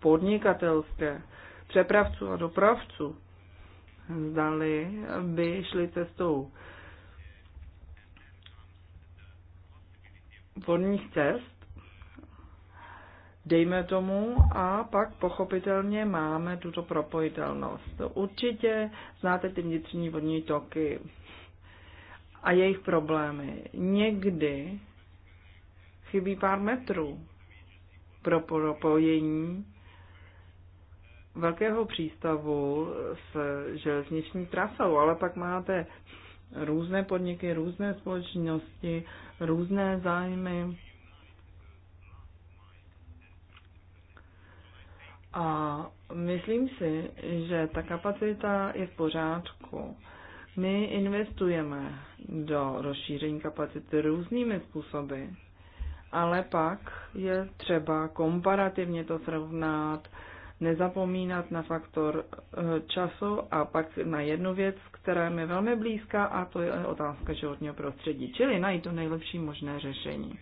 podnikatelské, přepravců a dopravců, zdali by šli cestou vodních cest, dejme tomu, a pak pochopitelně máme tuto propojitelnost. Určitě znáte ty vnitřní vodní toky a jejich problémy. Někdy chybí pár metrů pro propojení velkého přístavu s železniční trasou, ale pak máte různé podniky, různé společnosti, různé zájmy. A myslím si, že ta kapacita je v pořádku. My investujeme do rozšíření kapacity různými způsoby ale pak je třeba komparativně to srovnat, nezapomínat na faktor eh, času a pak na jednu věc, která mi je velmi blízká a to je otázka životního prostředí, čili najít to nejlepší možné řešení.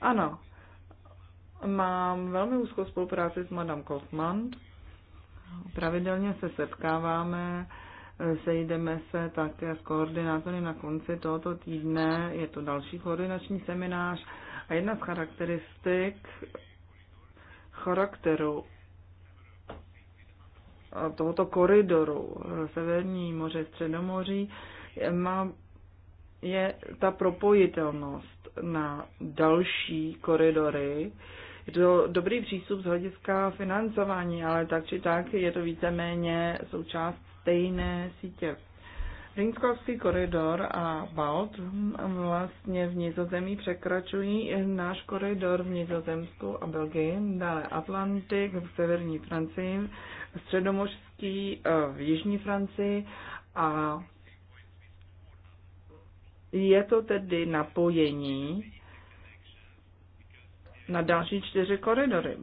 Ano, mám velmi úzkou spolupráci s Madame Kaufmann, pravidelně se setkáváme, eh, sejdeme se také s koordinátory na konci tohoto týdne, je to další koordinační seminář, a jedna z charakteristik charakteru tohoto koridoru Severní moře, Středomoří má, je ta propojitelnost na další koridory. Je to dobrý přístup z hlediska financování, ale tak či tak je to víceméně součást stejné sítě. Rýnskovský koridor a Balt vlastně v Nizozemí překračují náš koridor v Nizozemsku a Belgii, dále Atlantik v severní Francii, středomořský eh, v jižní Francii a je to tedy napojení na další čtyři koridory.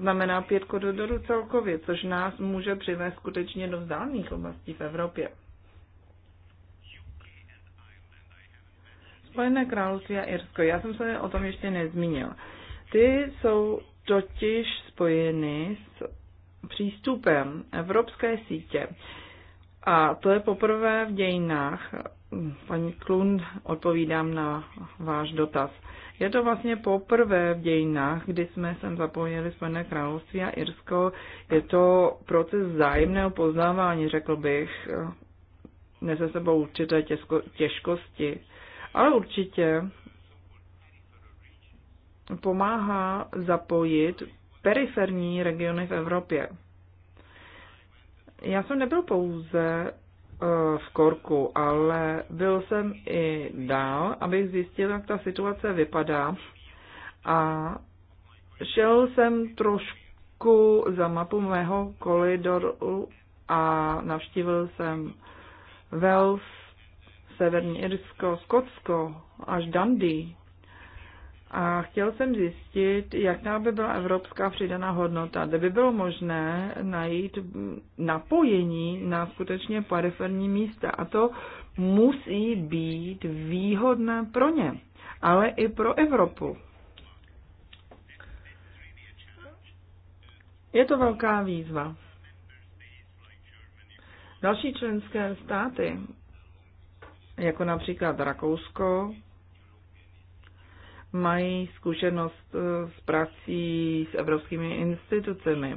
Znamená pět koridorů celkově, což nás může přivést skutečně do vzdálených oblastí v Evropě. Spojené království a Irsko. Já jsem se o tom ještě nezmínil. Ty jsou totiž spojeny s přístupem Evropské sítě. A to je poprvé v dějinách. Paní Klund odpovídám na váš dotaz. Je to vlastně poprvé v dějinách, kdy jsme sem zapojili Spojené království a Irsko. Je to proces zájemného poznávání, řekl bych. Nese sebou určité těžkosti ale určitě pomáhá zapojit periferní regiony v Evropě. Já jsem nebyl pouze eh, v Korku, ale byl jsem i dál, abych zjistil, jak ta situace vypadá. A šel jsem trošku za mapu mého koridoru a navštívil jsem Wales, Severní Irsko, Skotsko až Dandy. A chtěl jsem zjistit, jaká by byla evropská přidaná hodnota, kde by bylo možné najít napojení na skutečně periferní místa. A to musí být výhodné pro ně, ale i pro Evropu. Je to velká výzva. Další členské státy, jako například Rakousko, mají zkušenost eh, s prací s evropskými institucemi.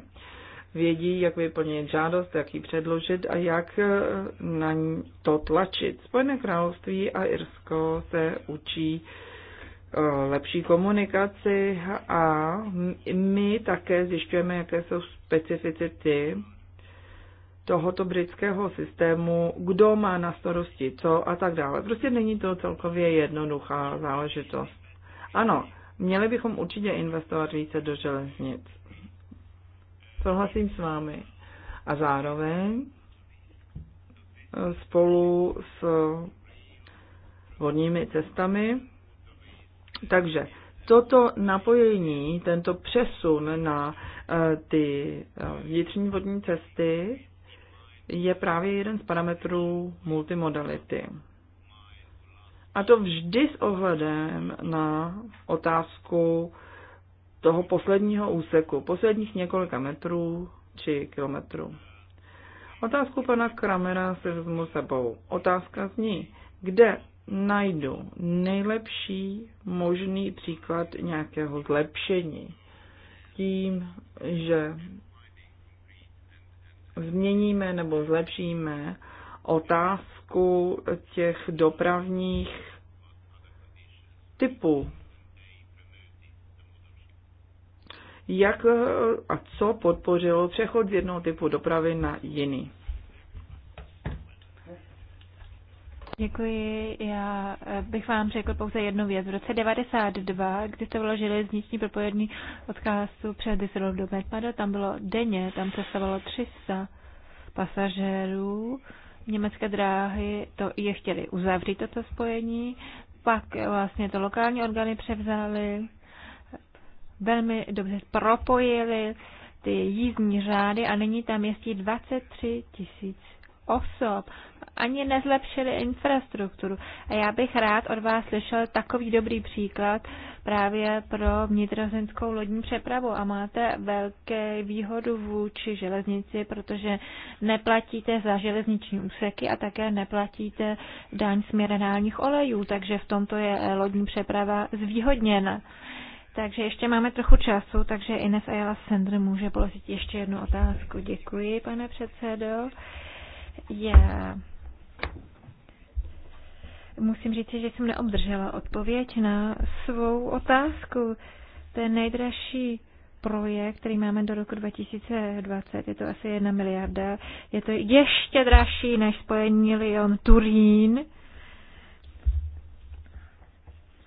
Vědí, jak vyplnit žádost, jak ji předložit a jak eh, na to tlačit. Spojené království a Irsko se učí eh, lepší komunikaci a my také zjišťujeme, jaké jsou specificity tohoto britského systému, kdo má na starosti co a tak dále. Prostě není to celkově jednoduchá záležitost. Ano, měli bychom určitě investovat více do železnic. Souhlasím s vámi. A zároveň e, spolu s vodními cestami. Takže toto napojení, tento přesun na e, ty e, vnitřní vodní cesty je právě jeden z parametrů multimodality. A to vždy s ohledem na otázku toho posledního úseku, posledních několika metrů či kilometrů. Otázku pana Kramera se vezmu sebou. Otázka zní, kde najdu nejlepší možný příklad nějakého zlepšení tím, že změníme nebo zlepšíme otázku těch dopravních typů. Jak a co podpořilo přechod z jednoho typu dopravy na jiný? Děkuji. Já eh, bych vám řekl pouze jednu věc. V roce 92, kdy jste vložili vnitřní propojení odkazu před Düsseldorf do Medmada, tam bylo denně, tam cestovalo 300 pasažérů. Německé dráhy to je chtěli uzavřít toto spojení, pak vlastně to lokální orgány převzaly, velmi dobře propojili ty jízdní řády a nyní tam jezdí 23 tisíc osob ani nezlepšili infrastrukturu. A já bych rád od vás slyšel takový dobrý příklad právě pro vnitrozemskou lodní přepravu. A máte velké výhodu vůči železnici, protože neplatíte za železniční úseky a také neplatíte daň z minerálních olejů, takže v tomto je eh, lodní přeprava zvýhodněna. Takže ještě máme trochu času, takže Ines Ayala Sender může položit ještě jednu otázku. Děkuji, pane předsedo. Já musím říct, že jsem neobdržela odpověď na svou otázku. Ten nejdražší projekt, který máme do roku 2020, je to asi jedna miliarda. Je to ještě dražší než spojení Lyon Turín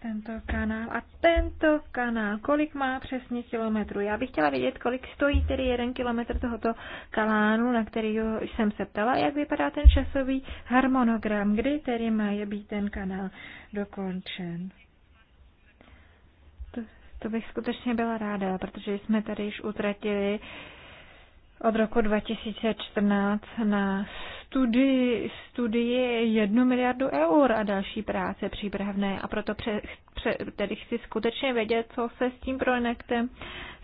tento kanál. A tento kanál, kolik má přesně kilometrů? Já bych chtěla vědět, kolik stojí tedy jeden kilometr tohoto kalánu, na který jsem se ptala, jak vypadá ten časový harmonogram, kdy tedy má je být ten kanál dokončen. To, to bych skutečně byla ráda, protože jsme tady již utratili uh, od roku 2014 na studii, studii 1 miliardu eur a další práce přípravné. A proto pře, pře, tedy chci skutečně vědět, co se s tím projektem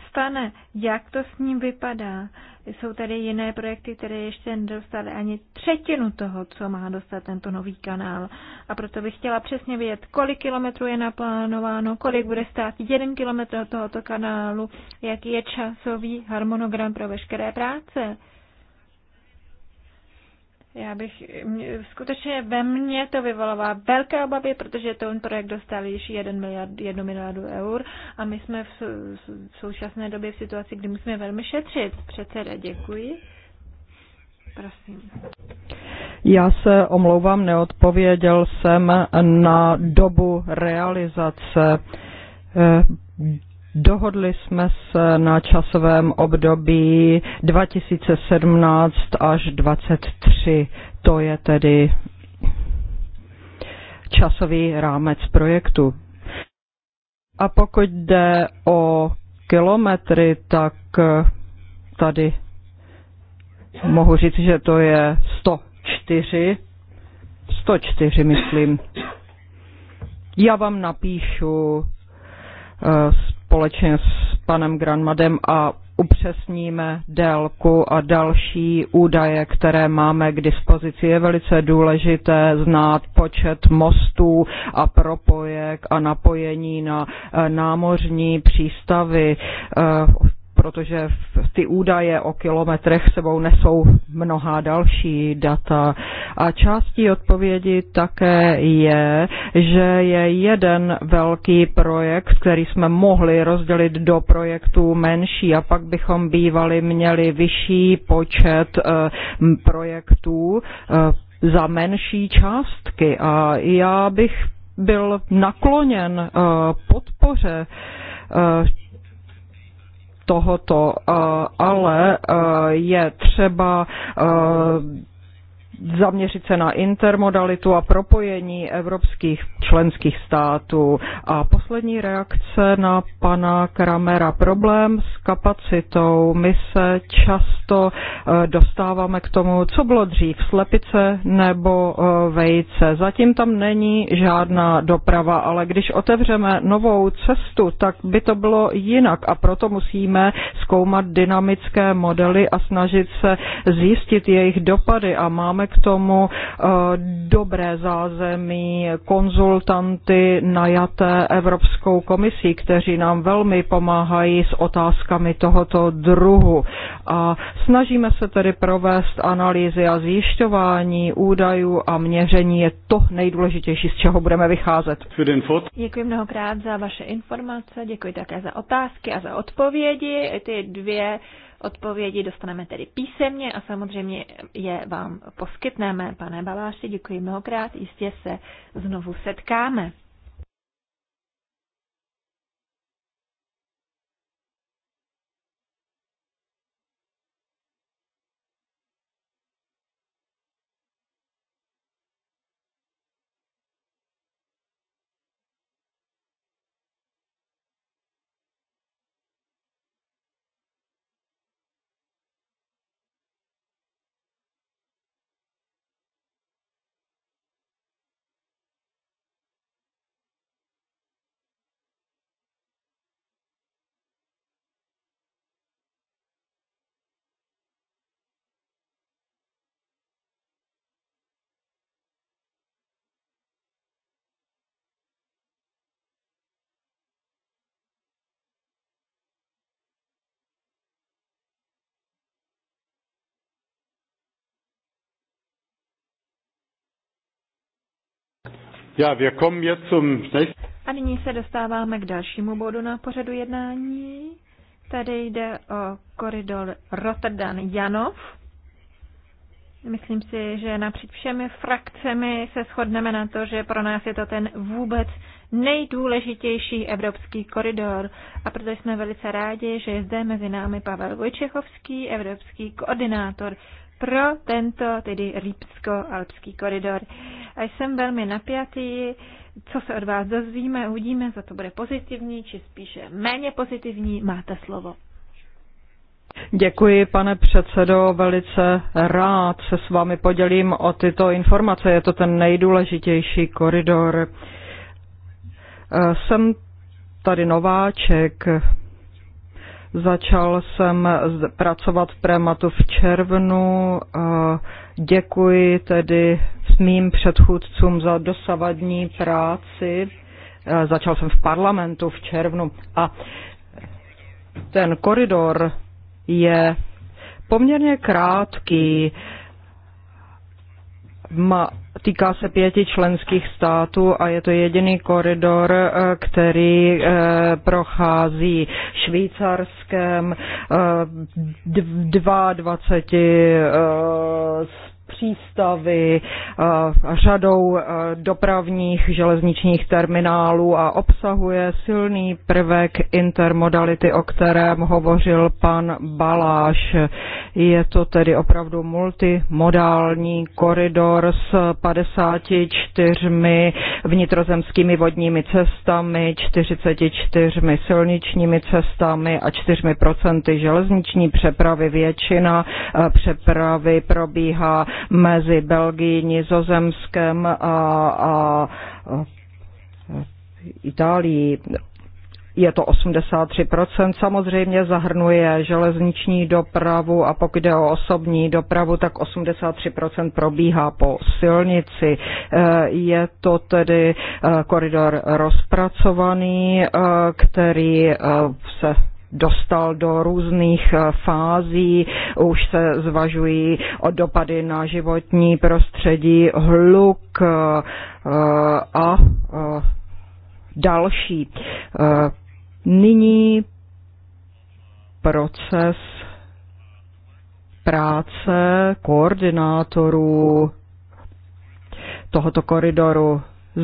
stane, jak to s ním vypadá. Jsou tady jiné projekty, které ještě nedostaly ani třetinu toho, co má dostat tento nový kanál. A proto bych chtěla přesně vědět, kolik kilometrů je naplánováno, kolik bude stát jeden kilometr tohoto kanálu, jaký je časový harmonogram pro veškeré práce. Já bych, mě, skutečně ve mně to vyvolová velké obavy, protože ten projekt dostal již 1 miliard, 1 miliardu eur a my jsme v, v současné době v situaci, kdy musíme velmi šetřit. Předseda, děkuji. Prosím. Já se omlouvám, neodpověděl jsem na dobu realizace. Eh, Dohodli jsme se na časovém období 2017 až 2023. To je tedy časový rámec projektu. A pokud jde o kilometry, tak tady mohu říct, že to je 104. 104, myslím. Já vám napíšu eh, společně s panem Granmadem a upřesníme délku a další údaje, které máme k dispozici. Je velice důležité znát počet mostů a propojek a napojení na eh, námořní přístavy v eh, protože ty údaje o kilometrech sebou nesou mnohá další data. A částí odpovědi také je, že je jeden velký projekt, který jsme mohli rozdělit do projektů menší a pak bychom bývali měli vyšší počet eh, projektů eh, za menší částky. A já bych byl nakloněn eh, podpoře tohoto, eh, ale eh, je třeba eh, zaměřit se na intermodalitu a propojení evropských členských států. A poslední reakce na pana Kramera. Problém s kapacitou. My se často eh, dostáváme k tomu, co bylo dřív, slepice nebo eh, vejce. Zatím tam není žádná doprava, ale když otevřeme novou cestu, tak by to bylo jinak a proto musíme zkoumat dynamické modely a snažit se zjistit jejich dopady a máme k tomu eh, dobré zázemí, konzultanty najaté Evropskou komisí, kteří nám velmi pomáhají s otázkami tohoto druhu. A snažíme se tedy provést analýzy a zjišťování údajů a měření je to nejdůležitější, z čeho budeme vycházet. Děkuji mnohokrát za vaše informace, děkuji také za otázky a za odpovědi. Ty dvě Odpovědi dostaneme tedy písemně a samozřejmě je vám poskytneme. Pane Baláši, děkuji mnohokrát, jistě se znovu setkáme. Ja, wir kommen jetzt zum A nyní se dostáváme k dalšímu bodu na pořadu jednání. Tady jde o koridor Rotterdam-Janov. Myslím si, že napříč všemi frakcemi se shodneme na to, že pro nás je to ten vůbec nejdůležitější evropský koridor. A proto jsme velice rádi, že je zde mezi námi Pavel Vojčechovský, evropský koordinátor pro tento, tedy Rýpsko-Alpský koridor. A jsem velmi napjatý, co se od vás dozvíme, uvidíme, za to bude pozitivní, či spíše méně pozitivní. Máte slovo. Děkuji, pane předsedo, velice rád se s vámi podělím o tyto informace. Je to ten nejdůležitější koridor. Jsem tady nováček, Začal jsem pracovat v Prématu v červnu. Eh, děkuji tedy mým předchůdcům za dosavadní práci. Eh, začal jsem v parlamentu v červnu a ten koridor je poměrně krátký má, týká se pěti členských států a je to jediný koridor, eh, který eh, prochází Švýcarskem, 22 eh, přístavy, eh, řadou eh, dopravních železničních terminálů a obsahuje silný prvek intermodality, o kterém hovořil pan Baláš. Je to tedy opravdu multimodální koridor s 54 vnitrozemskými vodními cestami, 44 silničními cestami a 4% železniční přepravy. Většina eh, přepravy probíhá mezi Belgií, Nizozemskem a, a Itálií. je to 83%. Samozřejmě zahrnuje železniční dopravu a pokud jde o osobní dopravu, tak 83% probíhá po silnici. E, je to tedy e, koridor rozpracovaný, e, který se dostal do různých eh, fází, už se zvažují o dopady na životní prostředí, hluk eh, eh, a další. Nyní proces práce koordinátorů tohoto koridoru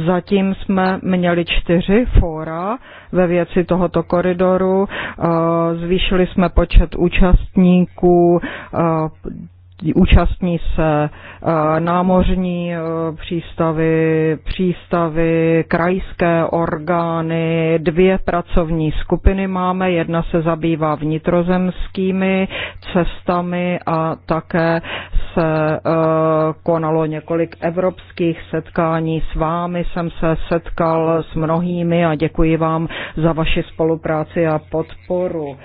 Zatím jsme měli čtyři fóra ve věci tohoto koridoru, eh, zvýšili jsme počet účastníků, eh, účastní se eh, námořní eh, přístavy, přístavy, krajské orgány, dvě pracovní skupiny máme, jedna se zabývá vnitrozemskými cestami a také se eh, konalo několik evropských setkání. S vámi jsem se setkal s mnohými a děkuji vám za vaši spolupráci a podporu.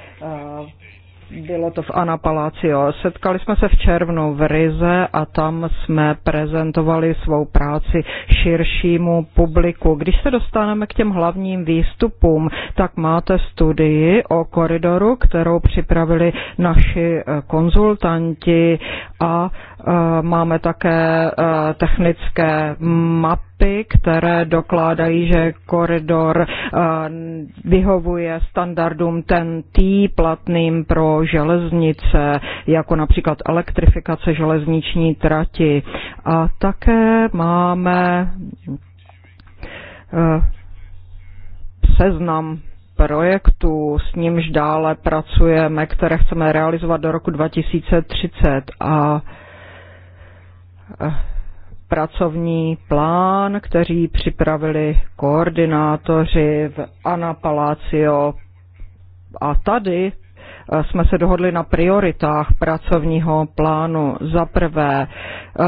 Bylo to v Ana Palacio. Setkali jsme se v červnu v Rize a tam jsme prezentovali svou práci širšímu publiku. Když se dostaneme k těm hlavním výstupům, tak máte studii o koridoru, kterou připravili naši eh, konzultanti a Eh, máme také eh, technické mapy, které dokládají, že koridor eh, vyhovuje standardům TEN-T platným pro železnice, jako například elektrifikace železniční trati. A také máme seznam projektů, s nímž dále pracujeme, které chceme realizovat do roku 2030 a pracovní plán, který připravili koordinátoři v Ana Palacio. A tady Eh, jsme se dohodli na prioritách pracovního plánu. Za prvé eh,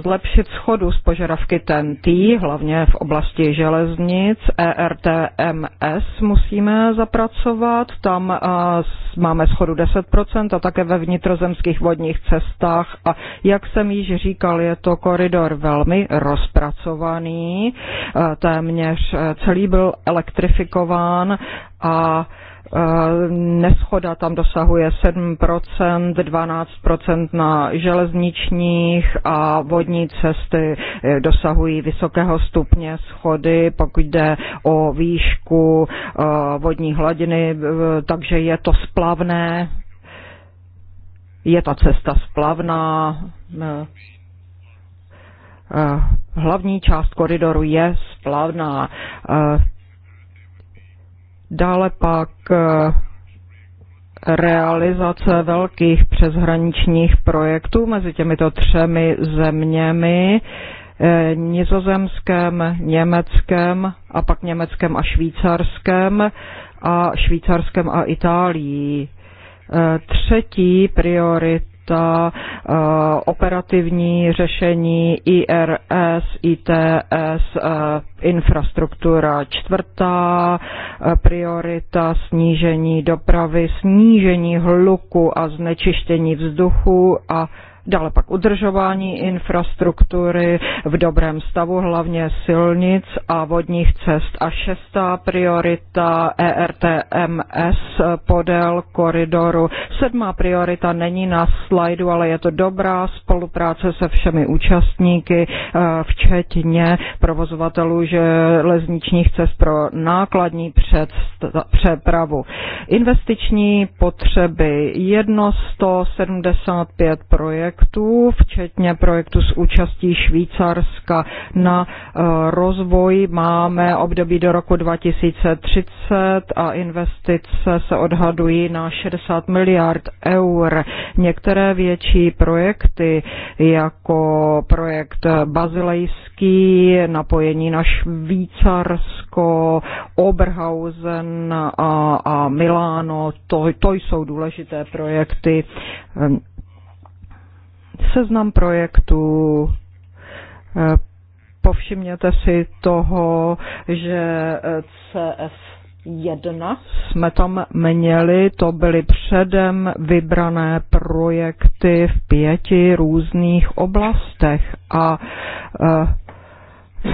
zlepšit schodu s požadavky TNT, hlavně v oblasti železnic. ERTMS musíme zapracovat, tam eh, máme schodu 10% a také ve vnitrozemských vodních cestách. A jak jsem již říkal, je to koridor velmi rozpracovaný, téměř celý byl elektrifikován a Eh, neschoda tam dosahuje 7%, 12% na železničních a vodní cesty eh, dosahují vysokého stupně schody, pokud jde o výšku eh, vodní hladiny, takže je to splavné, je ta cesta splavná, hlavní část koridoru je splavná. Dále pak eh, realizace velkých přeshraničních projektů mezi těmito třemi zeměmi, eh, Nizozemském, Německém a pak Německém a Švýcarském a Švýcarském a Itálií. Eh, třetí priorita data, eh, operativní řešení IRS, ITS, eh, infrastruktura. Čtvrtá eh, priorita snížení dopravy, snížení hluku a znečištění vzduchu a Dále pak udržování infrastruktury v dobrém stavu, hlavně silnic a vodních cest. A šestá priorita ERTMS podél koridoru. Sedmá priorita není na slajdu, ale je to dobrá spolupráce se všemi účastníky, eh, včetně provozovatelů železničních cest pro nákladní přepravu. Investiční potřeby 175 projekt projektů, včetně projektu s účastí Švýcarska na eh, rozvoj. Máme období do roku 2030 a investice se odhadují na 60 miliard eur. Některé větší projekty, jako projekt Bazilejský, napojení na Švýcarsko, Oberhausen a, a Miláno, to, to jsou důležité projekty seznam projektů, eh, povšimněte si toho, že eh, CF 1 jsme tam měli, to byly předem vybrané projekty v pěti různých oblastech a eh,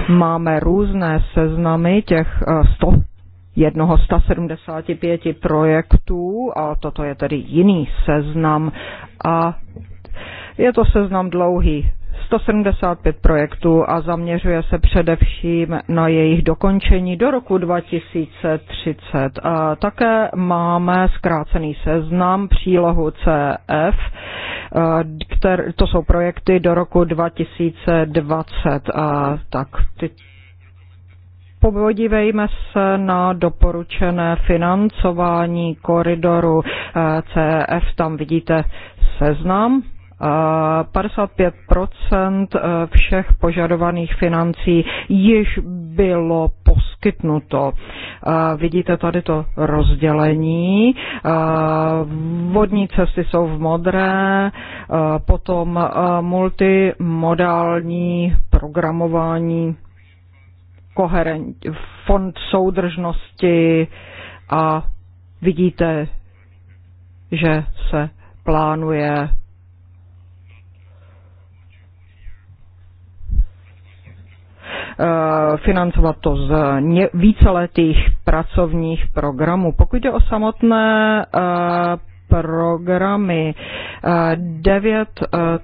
máme různé seznamy těch 100 jednoho 175 projektů a toto je tedy jiný seznam a je to seznam dlouhý. 175 projektů a zaměřuje se především na jejich dokončení do roku 2030. A také máme zkrácený seznam přílohu CF, které, to jsou projekty do roku 2020. A tak ty, podívejme se na doporučené financování koridoru CF, tam vidíte seznam 55 eh, eh, všech požadovaných financí již bylo poskytnuto. Eh, vidíte tady to rozdělení. Vodní cesty jsou v modré, potom multimodální programování, koherent, fond soudržnosti a vidíte, že se plánuje Eh, financovat to z víceletých pracovních programů. Pokud jde o samotné eh, programy, eh, devět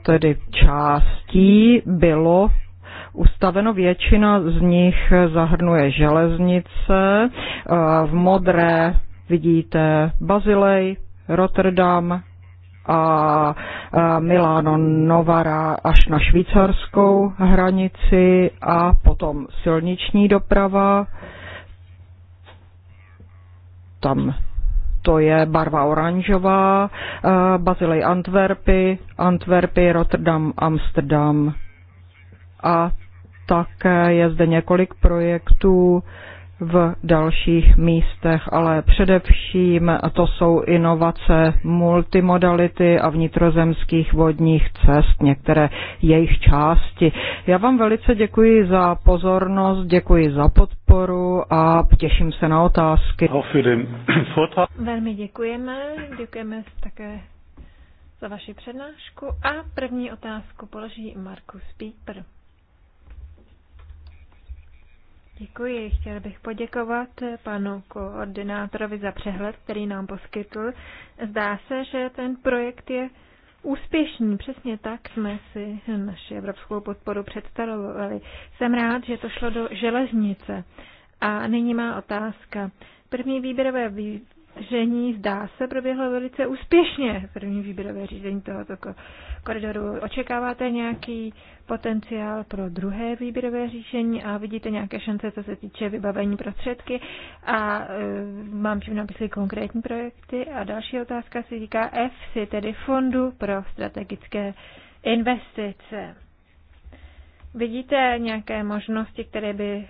tedy částí bylo ustaveno. Většina z nich zahrnuje železnice. V modré vidíte Bazilej, Rotterdam, a Miláno Novara až na švýcarskou hranici a potom silniční doprava. Tam to je barva oranžová, Bazilej Antwerpy, Antwerpy, Rotterdam, Amsterdam. A také je zde několik projektů, v dalších místech, ale především to jsou inovace multimodality a vnitrozemských vodních cest, některé jejich části. Já vám velice děkuji za pozornost, děkuji za podporu a těším se na otázky. <clears throat> Velmi děkujeme, děkujeme také za vaši přednášku a první otázku položí Markus Pieper. Děkuji. Chtěl bych poděkovat panu koordinátorovi za přehled, který nám poskytl. Zdá se, že ten projekt je úspěšný. Přesně tak jsme si naši evropskou podporu představovali. Jsem rád, že to šlo do železnice. A nyní má otázka. První výběrové řízení, zdá se, proběhlo velice úspěšně. První výběrové řízení tohoto koridoru. Očekáváte nějaký potenciál pro druhé výběrové řízení a vidíte nějaké šance, co se týče vybavení prostředky a e, mám tím napisy konkrétní projekty. A další otázka se týká EFSI, tedy Fondu pro strategické investice. Vidíte nějaké možnosti, které by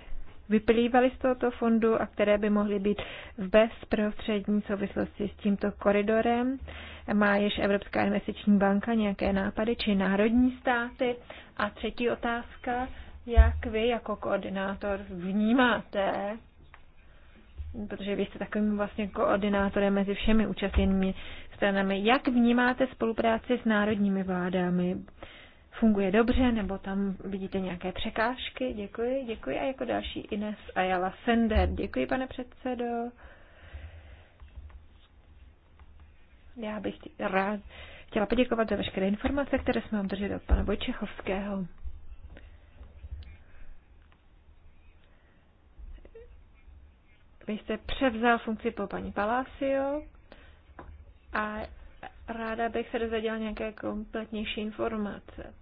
vyplývaly z tohoto fondu a které by mohly být v bezprostřední souvislosti s tímto koridorem. Má jež Evropská investiční banka nějaké nápady či národní státy? A třetí otázka, jak vy jako koordinátor vnímáte, protože vy jste takovým vlastně koordinátorem mezi všemi účastnými stranami, jak vnímáte spolupráci s národními vládami? funguje dobře, nebo tam vidíte nějaké překážky. Děkuji, děkuji. A jako další Ines Ayala Sender. Děkuji, pane předsedo. Já bych rád chtěla poděkovat za veškeré informace, které jsme obdrželi od pana Vojčechovského. Vy jste převzal funkci po paní Palacio a ráda bych se dozvěděla nějaké kompletnější informace.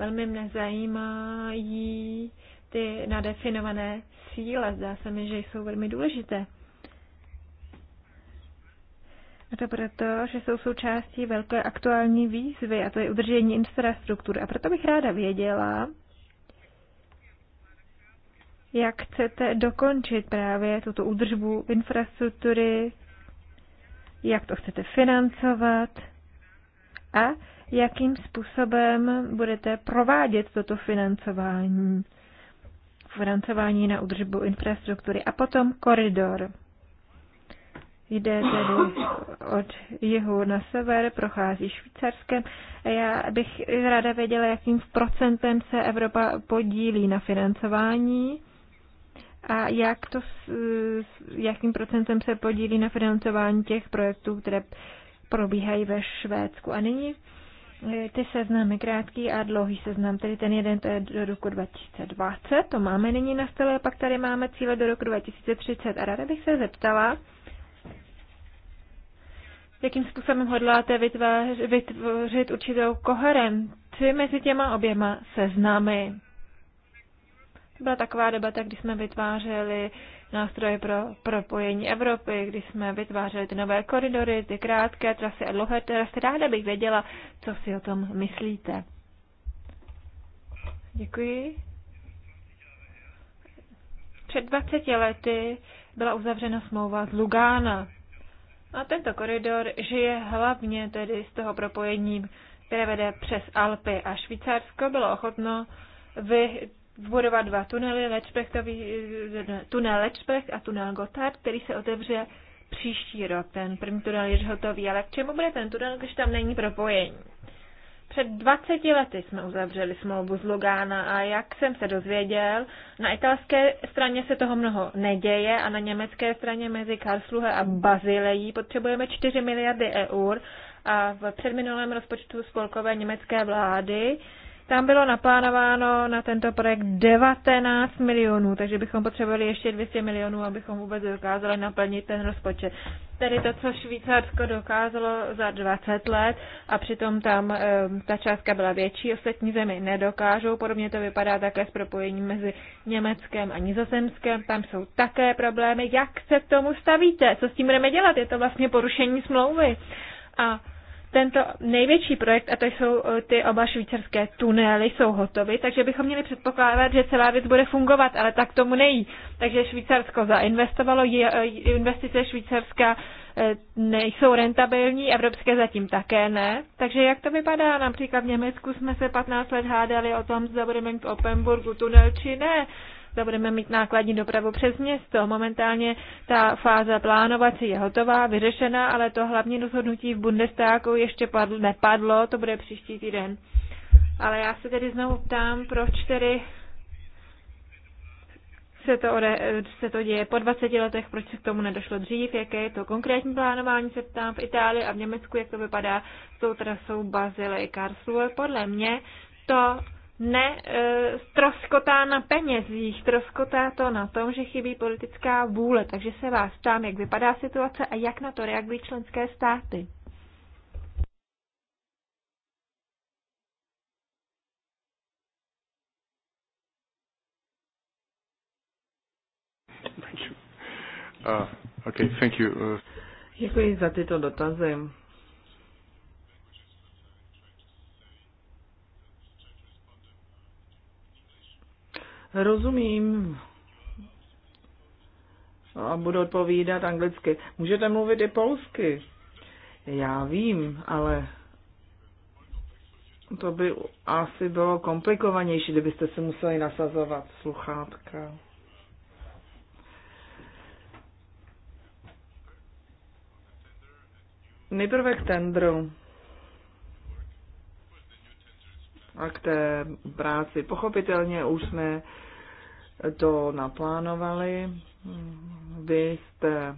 Velmi mne zajímají ty nadefinované síle. Zdá se mi, že jsou velmi důležité. A to proto, že jsou součástí velké aktuální výzvy, a to je udržení infrastruktury. A proto bych ráda věděla, jak chcete dokončit právě tuto údržbu infrastruktury, jak to chcete financovat a jakým způsobem budete provádět toto financování. Financování na udržbu infrastruktury a potom koridor. Jde tedy od jihu na sever, prochází Švýcarskem. Já bych ráda věděla, jakým procentem se Evropa podílí na financování a jak to, jakým procentem se podílí na financování těch projektů, které probíhají ve Švédsku. A nyní ty seznamy, krátký a dlouhý seznam, tedy ten jeden to je do roku 2020, to máme nyní na stole, a pak tady máme cíle do roku 2030. A ráda bych se zeptala, jakým způsobem hodláte vytvář, vytvořit určitou koherenci mezi těma oběma seznamy. Byla taková debata, kdy jsme vytvářeli nástroje pro propojení Evropy, když jsme vytvářeli ty nové koridory, ty krátké trasy a dlouhé trasy. Ráda bych věděla, co si o tom myslíte. Děkuji. Před 20 lety byla uzavřena smlouva z Lugána. A tento koridor žije hlavně tedy z toho propojení, které vede přes Alpy a Švýcarsko bylo ochotno vy, vbudovat dva tunely, Lečbrechtový, eh, tunel Lečbrecht a tunel Gotthard, který se otevře příští rok. Ten první tunel je hotový, ale k čemu bude ten tunel, když tam není propojení? Před 20 lety jsme uzavřeli smlouvu z Lugána a jak jsem se dozvěděl, na italské straně se toho mnoho neděje a na německé straně mezi Karlsruhe a Bazilejí potřebujeme 4 miliardy eur a v předminulém rozpočtu spolkové německé vlády tam bylo naplánováno na tento projekt 19 milionů, takže bychom potřebovali ještě 200 milionů, abychom vůbec dokázali naplnit ten rozpočet. Tedy to, co Švýcarsko dokázalo za 20 let a přitom tam eh, ta částka byla větší, ostatní zemi nedokážou. Podobně to vypadá také s propojením mezi Německem a Nizozemskem. Tam jsou také problémy. Jak se k tomu stavíte? Co s tím budeme dělat? Je to vlastně porušení smlouvy. A tento největší projekt, a to jsou eh, ty oba švýcarské tunely, jsou hotovy, takže bychom měli předpokládat, že celá věc bude fungovat, ale tak tomu nejí. Takže Švýcarsko zainvestovalo, eh, investice Švýcarska eh, nejsou rentabilní, evropské zatím také ne. Takže jak to vypadá? Například v Německu jsme se 15 let hádali o tom, zda budeme mít v Oppenburgu tunel či ne zda budeme mít nákladní dopravu přes město. Momentálně ta fáze plánovací je hotová, vyřešená, ale to hlavní rozhodnutí v Bundestagu ještě padl, nepadlo, to bude příští týden. Ale já se tedy znovu ptám, proč tedy se to, ode, se to děje po 20 letech, proč se k tomu nedošlo dřív, jaké je to konkrétní plánování, se ptám v Itálii a v Německu, jak to vypadá s tou trasou Bazile i Karlsruhe. Podle mě to ne stroskotá e, na penězích, stroskotá to na tom, že chybí politická vůle. Takže se vás ptám, jak vypadá situace a jak na to reagují členské státy. Uh, okay, thank you. Uh... Děkuji za tyto dotazy. Rozumím. A budu odpovídat anglicky. Můžete mluvit i polsky. Já vím, ale to by asi bylo komplikovanější, kdybyste si museli nasazovat sluchátka. Nejprve k tendru. a k té práci. Pochopitelně už jsme to naplánovali. Vy jste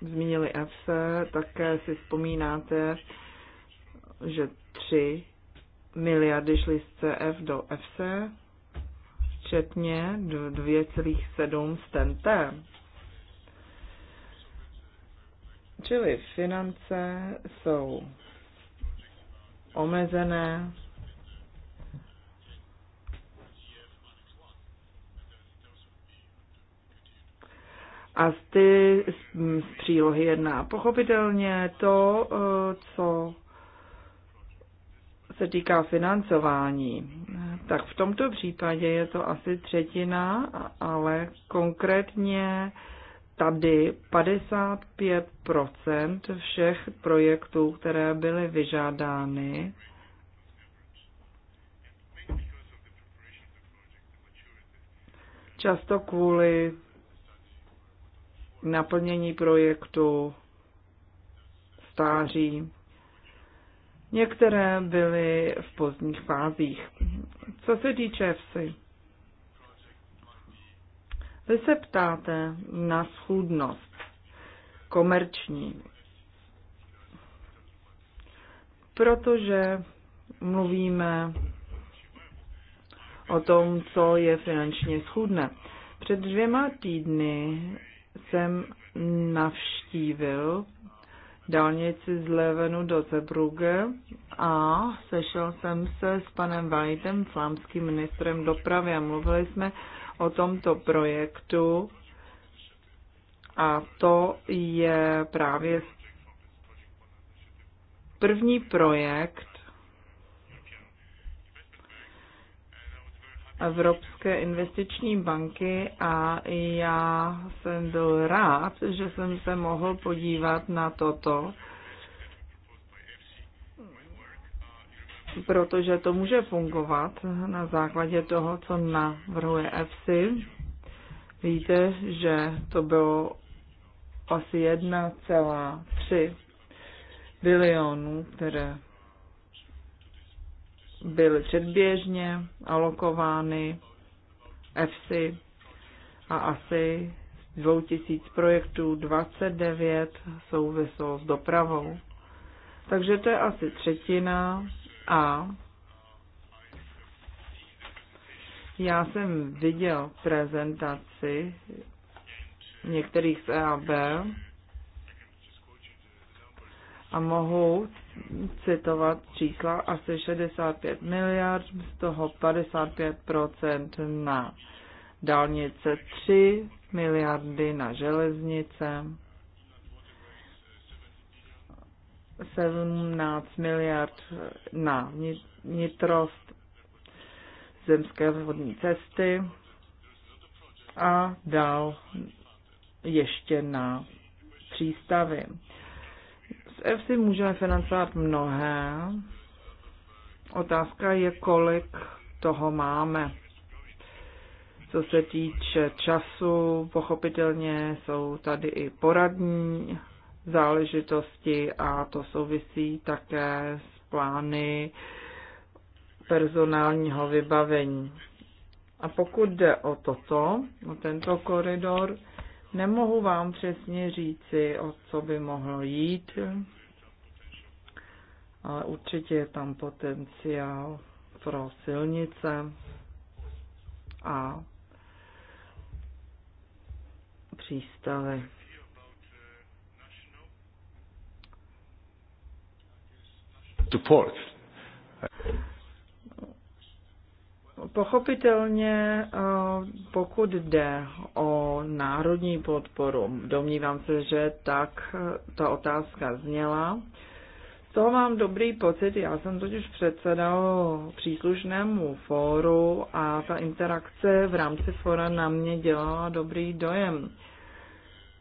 zmínili FC, také si vzpomínáte, že 3 miliardy šly z CF do FC, včetně 2,7 z TNT. Čili finance jsou omezené, a z, ty, z přílohy jedná Pochopitelně to, e, co se týká financování, tak v tomto případě je to asi třetina, ale konkrétně tady 55 všech projektů, které byly vyžádány, často kvůli naplnění projektu, stáří. Některé byly v pozdních fázích. Co se týče vsi, vy se ptáte na schůdnost komerční, protože mluvíme o tom, co je finančně schůdné. Před dvěma týdny jsem navštívil dálnici z Levenu do Zebruge a sešel jsem se s panem Vajtem, flámským ministrem dopravy a mluvili jsme o tomto projektu a to je právě první projekt, Evropské investiční banky a já jsem byl rád, že jsem se mohl podívat na toto, protože to může fungovat na základě toho, co navrhuje EFSI. Víte, že to bylo asi 1,3 bilionů, které byly předběžně alokovány EFSI a asi 2000 projektů 29 souviselo s dopravou. Takže to je asi třetina a já jsem viděl prezentaci některých z EAB a mohou citovat čísla asi 65 miliard, z toho 55 na dálnice, 3 miliardy na železnice, 17 miliard na nitrost zemské vodní cesty a dál ještě na přístavy si můžeme financovat mnohé. Otázka je, kolik toho máme. Co se týče času, pochopitelně jsou tady i poradní záležitosti a to souvisí také s plány personálního vybavení. A pokud jde o toto, o tento koridor, nemohu vám přesně říci, o co by mohlo jít, ale určitě je tam potenciál pro silnice a přístavy. To port. Pochopitelně, eh, pokud jde o národní podporu, domnívám se, že tak ta otázka zněla toho mám dobrý pocit, já jsem totiž předsedal příslušnému fóru a ta interakce v rámci fóra na mě dělala dobrý dojem.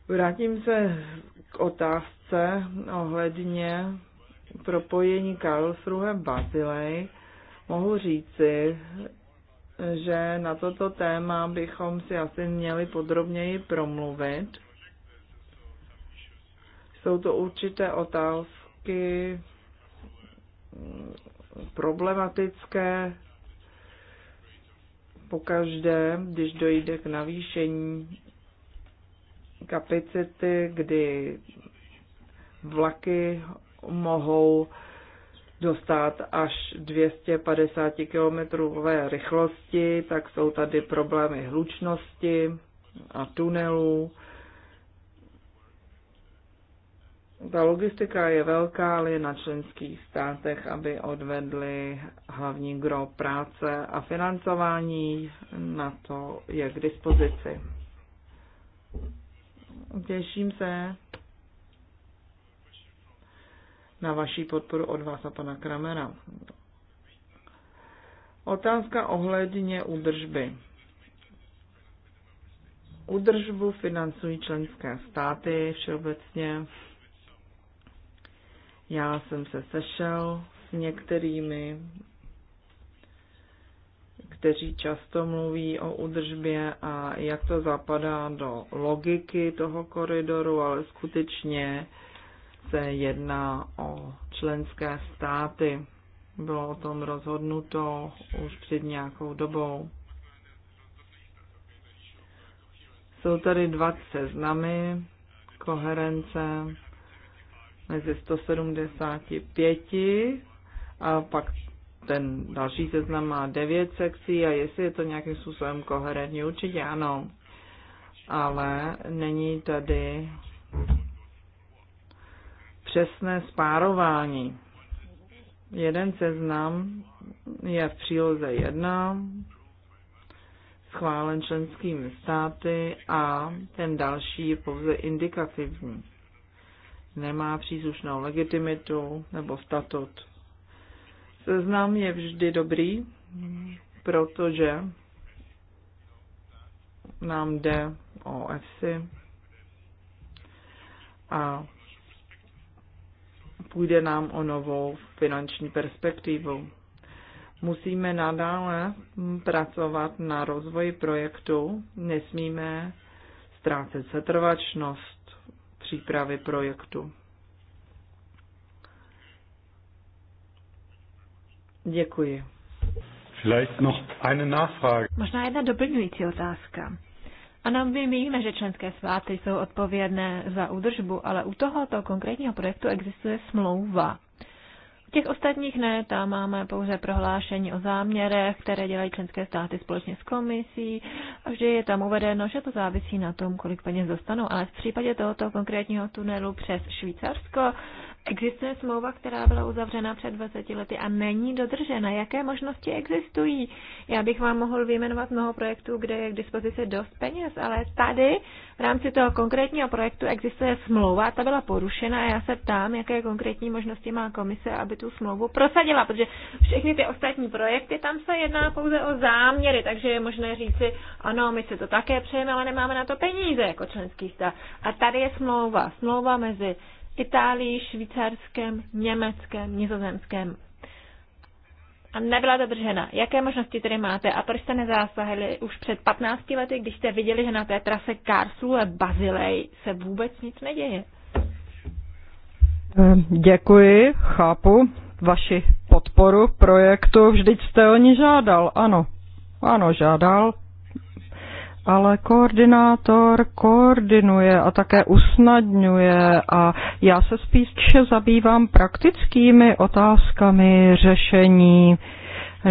Vrátím se k otázce ohledně propojení Karlsruhe Bazilej. Mohu říci, že na toto téma bychom si asi měli podrobněji promluvit. Jsou to určité otázky, otázky problematické pokaždé, když dojde k navýšení kapacity, kdy vlaky mohou dostat až 250 km rychlosti, tak jsou tady problémy hlučnosti a tunelů. ta logistika je velká, ale je na členských státech, aby odvedli hlavní gro práce a financování na to je k dispozici. Těším se na vaší podporu od vás a pana Kramera. Otázka ohledně údržby. Údržbu financují členské státy všeobecně. Já jsem se sešel s některými, kteří často mluví o udržbě a jak to zapadá do logiky toho koridoru, ale skutečně se jedná o členské státy. Bylo o tom rozhodnuto už před nějakou dobou. Jsou tady dva seznamy koherence, mezi 175 a pak ten další seznam má 9 sekcí a jestli je to nějakým způsobem koherentní, určitě ano. Ale není tady přesné spárování. Jeden seznam je v příloze 1, schválen členskými státy a ten další je pouze indikativní nemá příslušnou legitimitu nebo statut. Seznam je vždy dobrý, protože nám jde o EFSI a půjde nám o novou finanční perspektivu. Musíme nadále pracovat na rozvoji projektu, nesmíme ztrácet setrvačnost přípravy projektu. Děkuji. Vielleicht noch eine Nachfrage. Možná jedna doplňující otázka. Ano, my víme, že členské sváty jsou odpovědné za údržbu, ale u tohoto konkrétního projektu existuje smlouva těch ostatních ne, tam máme pouze prohlášení o záměrech, které dělají členské státy společně s komisí a vždy je tam uvedeno, že to závisí na tom, kolik peněz dostanou. Ale v případě tohoto konkrétního tunelu přes Švýcarsko Existuje smlouva, která byla uzavřena před 20 lety a není dodržena. Jaké možnosti existují? Já bych vám mohl vyjmenovat mnoho projektů, kde je k dispozici dost peněz, ale tady v rámci toho konkrétního projektu existuje smlouva, ta byla porušena a já se ptám, jaké konkrétní možnosti má komise, aby tu smlouvu prosadila, protože všechny ty ostatní projekty, tam se jedná pouze o záměry, takže je možné říci, ano, my si to také přejeme, ale nemáme na to peníze jako členský stát. A tady je smlouva, smlouva mezi Itálii, Švýcarském, Německém, Nizozemském. A nebyla dodržena. Jaké možnosti tedy máte a proč jste nezásahli už před 15 lety, když jste viděli, že na té trase Karlsruhe Bazilej se vůbec nic neděje? Ehm, děkuji, chápu vaši podporu projektu. Vždyť jste o ní žádal, ano. Ano, žádal ale koordinátor koordinuje a také usnadňuje a já se spíše zabývám praktickými otázkami řešení.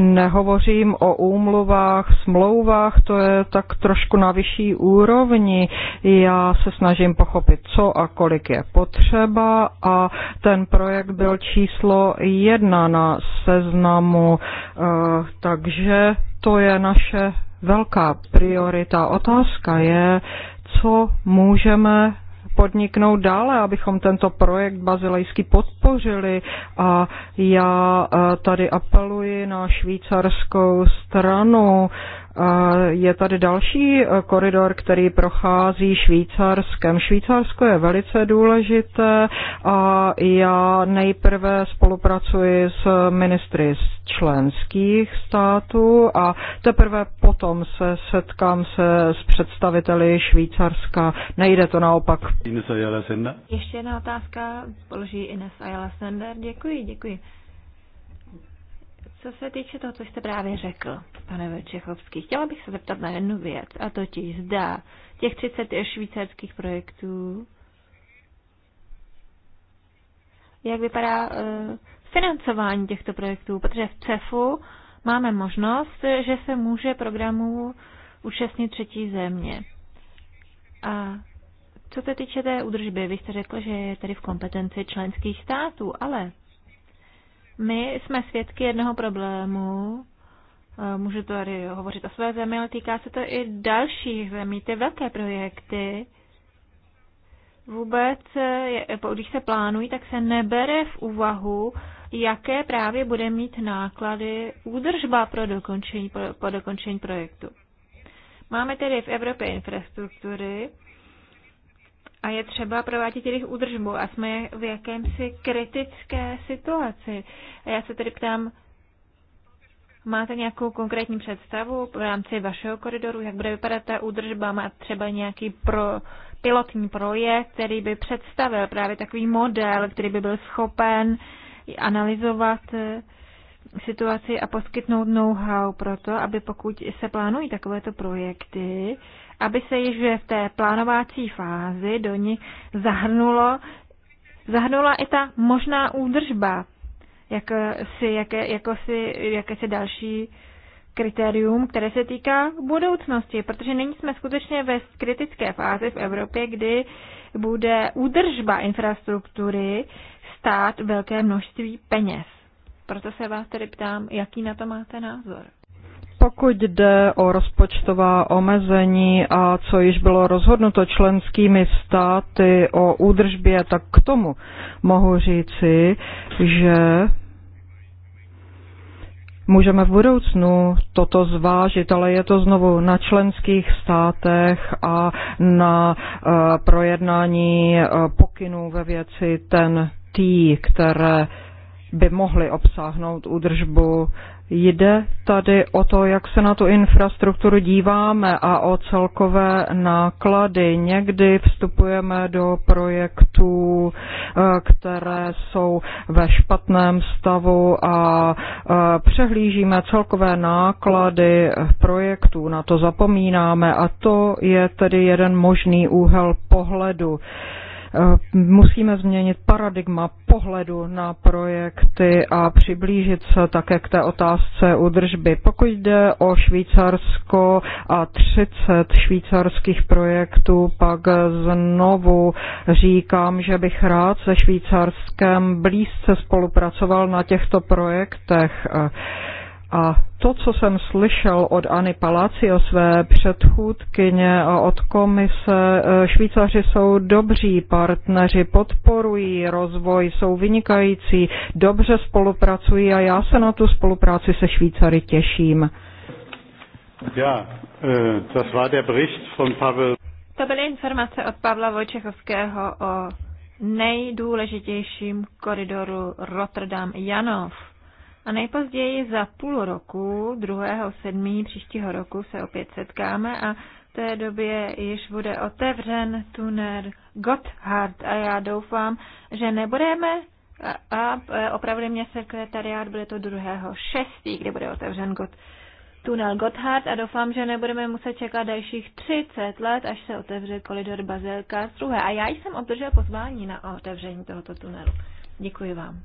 Nehovořím o úmluvách, smlouvách, to je tak trošku na vyšší úrovni. Já se snažím pochopit, co a kolik je potřeba a ten projekt byl číslo jedna na seznamu, eh, takže to je naše velká priorita. Otázka je, co můžeme podniknout dále, abychom tento projekt bazilejský podpořili a já eh, tady apeluji na švýcarskou stranu, je tady další eh, koridor, který prochází Švýcarskem. Švýcarsko je velice důležité a já nejprve spolupracuji s ministry z členských států a teprve potom se setkám se s představiteli Švýcarska. Nejde to naopak. Ines Ještě jedna otázka položí Ines Ayala Sender. Děkuji, děkuji. Co se týče toho, co jste právě řekl, pane Večechovský, chtěla bych se zeptat na jednu věc, a totiž zda těch 30 švýcarských projektů, jak vypadá uh, financování těchto projektů, protože v CEFu máme možnost, že se může programu účastnit třetí země. A co se týče té údržby, vy jste řekl, že je tady v kompetenci členských států, ale my jsme svědky jednoho problému, eh, můžu tady hovořit o své zemi, ale týká se to i dalších zemí, ty velké projekty. Vůbec, eh, eh, když se plánují, tak se nebere v úvahu, jaké právě bude mít náklady údržba pro dokončení, po dokončení projektu. Máme tedy v Evropě infrastruktury, a je třeba provádět jejich údržbu a jsme v jakémsi kritické situaci. A já se tedy ptám, máte nějakou konkrétní představu v rámci vašeho koridoru, jak bude vypadat ta údržba, má třeba nějaký pro, pilotní projekt, který by představil právě takový model, který by byl schopen analyzovat eh, situaci a poskytnout know-how pro to, aby pokud se plánují takovéto projekty, aby se již v té plánovací fázi do ní zahrnulo, zahrnula i ta možná údržba, jak si, jaké, jako si, jaké si další kritérium, které se týká budoucnosti, protože nyní jsme skutečně ve kritické fázi v Evropě, kdy bude údržba infrastruktury stát velké množství peněz. Proto se vás tedy ptám, jaký na to máte názor. Pokud jde o rozpočtová omezení a co již bylo rozhodnuto členskými státy o údržbě, tak k tomu mohu říci, že Můžeme v budoucnu toto zvážit, ale je to znovu na členských státech a na eh, projednání eh, pokynů ve věci ten tý, které by mohly obsáhnout údržbu. Jde tady o to, jak se na tu infrastrukturu díváme a o celkové náklady. Někdy vstupujeme do projektů, eh, které jsou ve špatném stavu a eh, přehlížíme celkové náklady projektů, na to zapomínáme a to je tedy jeden možný úhel pohledu. Uh, Eh, musíme změnit paradigma pohledu na projekty a přiblížit se také k té otázce udržby. Pokud jde o Švýcarsko a 30 švýcarských projektů, pak znovu říkám, že bych rád se Švýcarskem blízce spolupracoval na těchto projektech. Eh, a to, co jsem slyšel od Anny o své předchůdkyně a od komise, eh, Švýcaři jsou dobří partneři, podporují rozvoj, jsou vynikající, dobře spolupracují a já se na tu spolupráci se Švýcary těším. Ja, eh, das war der Bericht von Pavel. To byly informace od Pavla Vojčechovského o nejdůležitějším koridoru Rotterdam-Janov a nejpozději za půl roku, 2.7. příštího roku se opět setkáme a v té době již bude otevřen tunel Gotthard a já doufám, že nebudeme a, a e, opravdu mě sekretariát bude to 2.6., kdy bude otevřen Gotthard tunel Gotthard a doufám, že nebudeme muset čekat dalších 30 let, až se otevře kolidor Bazelka z druhé. A já jsem obdržel pozvání na otevření tohoto tunelu. Děkuji vám.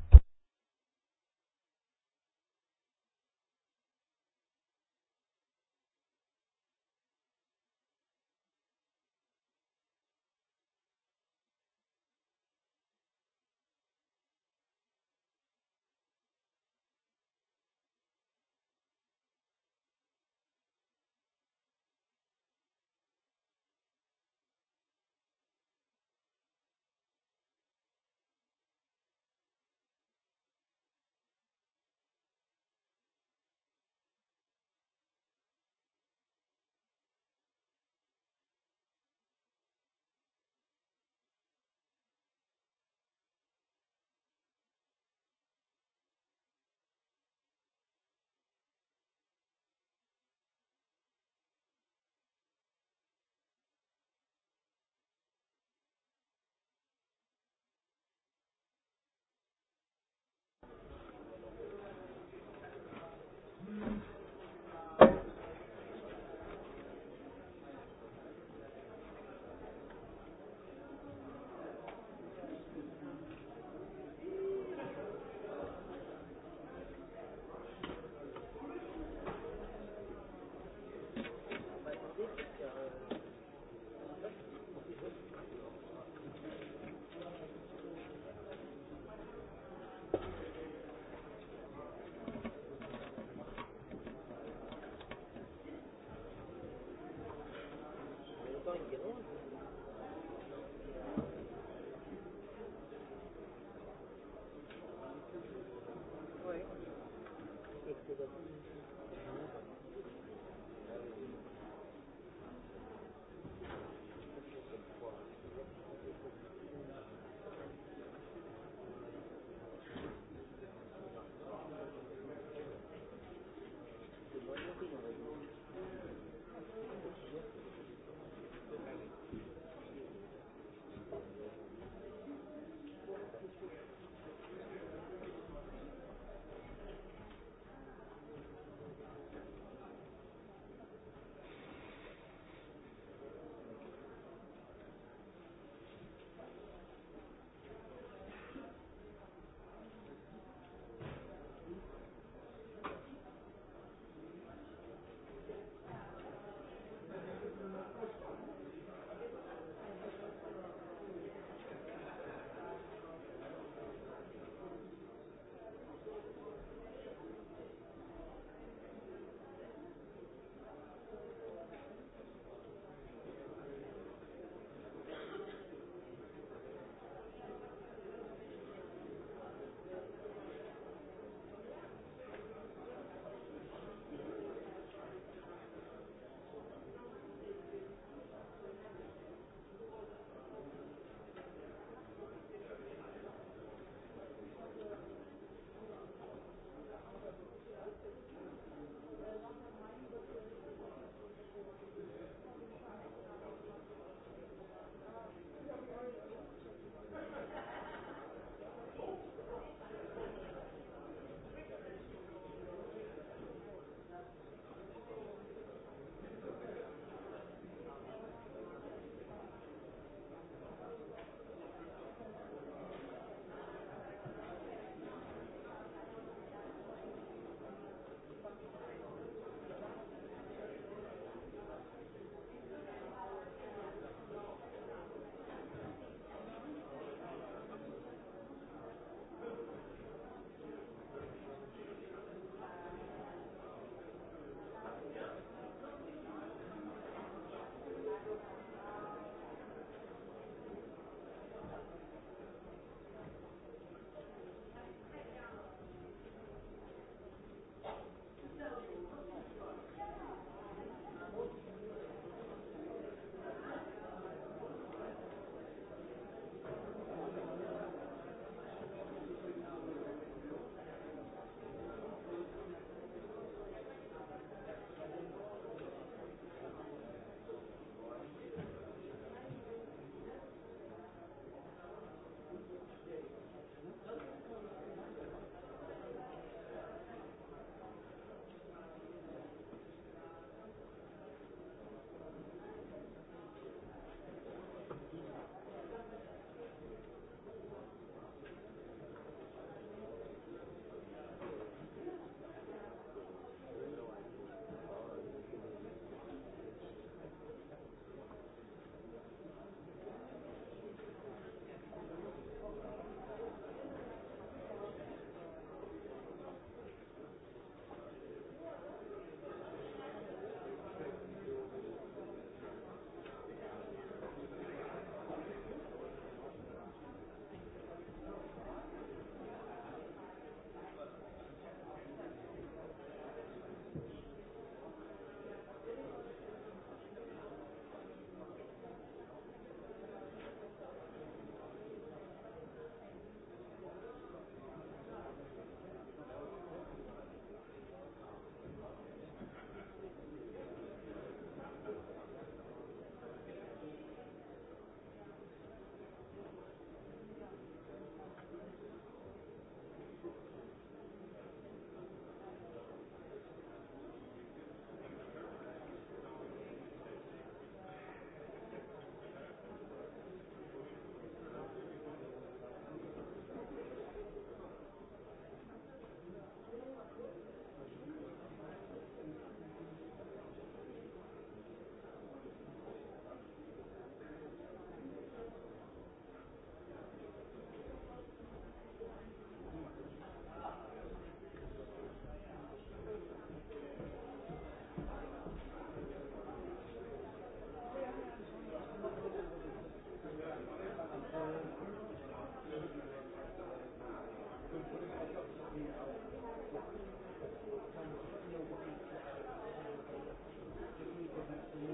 Thank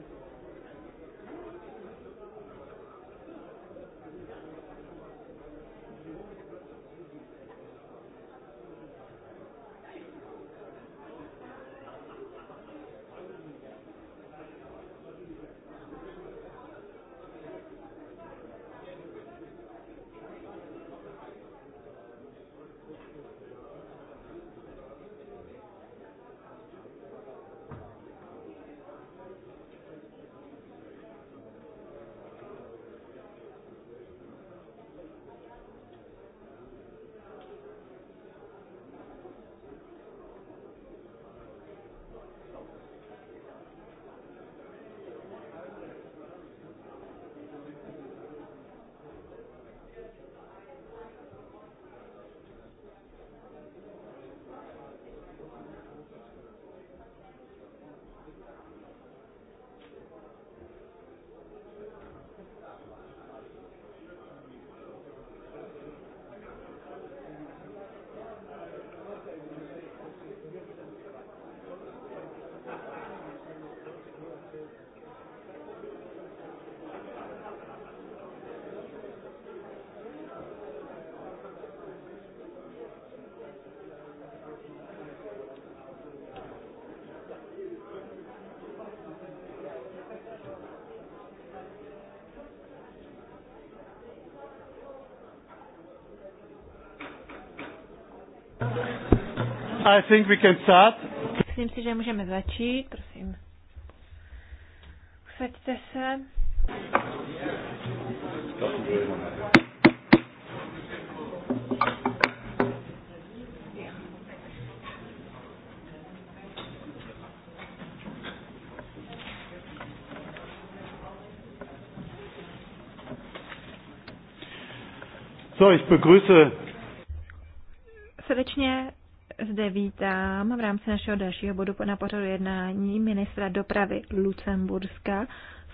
you. I think we can start. Myslím si, že můžeme začít, prosím. Usaďte se. So, ich begrüße srdečně zde vítám v rámci našeho dalšího bodu na pořadu jednání ministra dopravy Lucemburska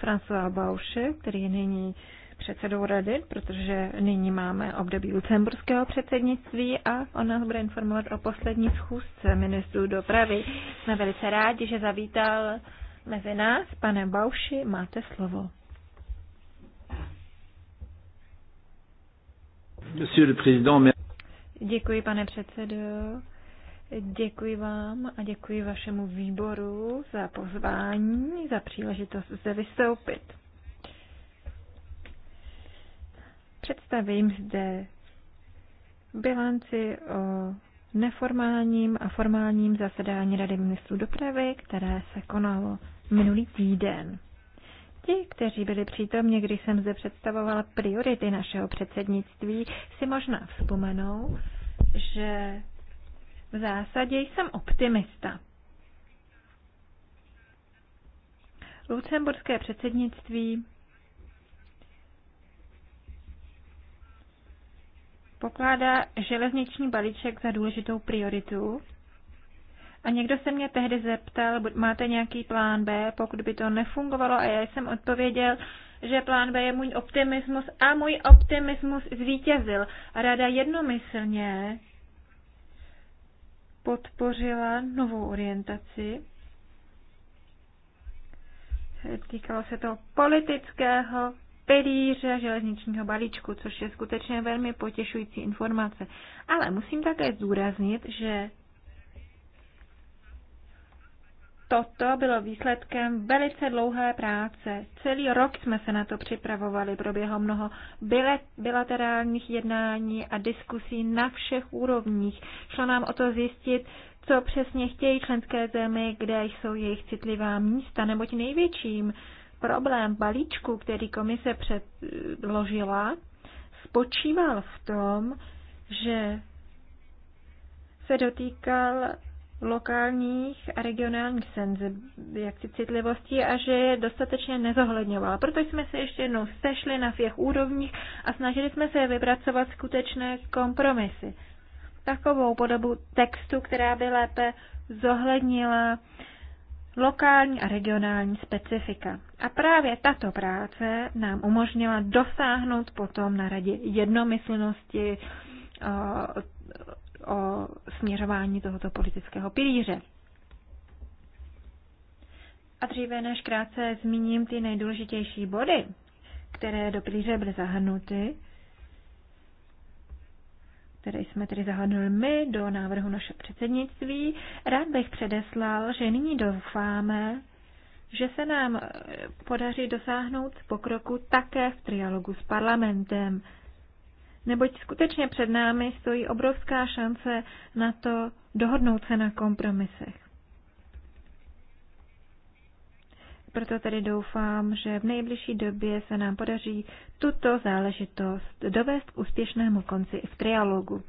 François Bauše, který je nyní předsedou rady, protože nyní máme období lucemburského předsednictví a on nás bude informovat o poslední schůzce ministrů dopravy. Jsme velice rádi, že zavítal mezi nás. Pane Bauši, máte slovo. Děkuji, pane předsedo. Děkuji vám a děkuji vašemu výboru za pozvání, za příležitost zde vystoupit. Představím zde bilanci o neformálním a formálním zasedání Rady ministrů dopravy, které se konalo minulý týden. Ti, kteří byli přítomni, když jsem zde představovala priority našeho předsednictví, si možná vzpomenou, že v zásadě jsem optimista. Lucemburské předsednictví pokládá železniční balíček za důležitou prioritu. A někdo se mě tehdy zeptal, máte nějaký plán B, pokud by to nefungovalo, a já jsem odpověděl, že plán B je můj optimismus a můj optimismus zvítězil. A rada jednomyslně podpořila novou orientaci. Týkalo se to politického pilíře železničního balíčku, což je skutečně velmi potěšující informace. Ale musím také zdůraznit, že toto bylo výsledkem velice dlouhé práce. Celý rok jsme se na to připravovali, proběhlo mnoho bilaterálních jednání a diskusí na všech úrovních. Šlo nám o to zjistit, co přesně chtějí členské zemi, kde jsou jejich citlivá místa, neboť největším problém balíčku, který komise předložila, spočíval v tom, že se dotýkal lokálních a regionálních senzi, jaksi citlivostí a že je dostatečně nezohledňovala. Proto jsme se ještě jednou sešli na všech úrovních a snažili jsme se vypracovat skutečné kompromisy. Takovou podobu textu, která by lépe zohlednila lokální a regionální specifika. A právě tato práce nám umožnila dosáhnout potom na radě jednomyslnosti o směřování tohoto politického pilíře. A dříve než krátce zmíním ty nejdůležitější body, které do pilíře byly zahrnuty, které jsme tedy zahrnuli my do návrhu našeho předsednictví, rád bych předeslal, že nyní doufáme, že se nám podaří dosáhnout pokroku také v trialogu s parlamentem neboť skutečně před námi stojí obrovská šance na to dohodnout se na kompromisech. Proto tedy doufám, že v nejbližší době se nám podaří tuto záležitost dovést k úspěšnému konci i v trialogu.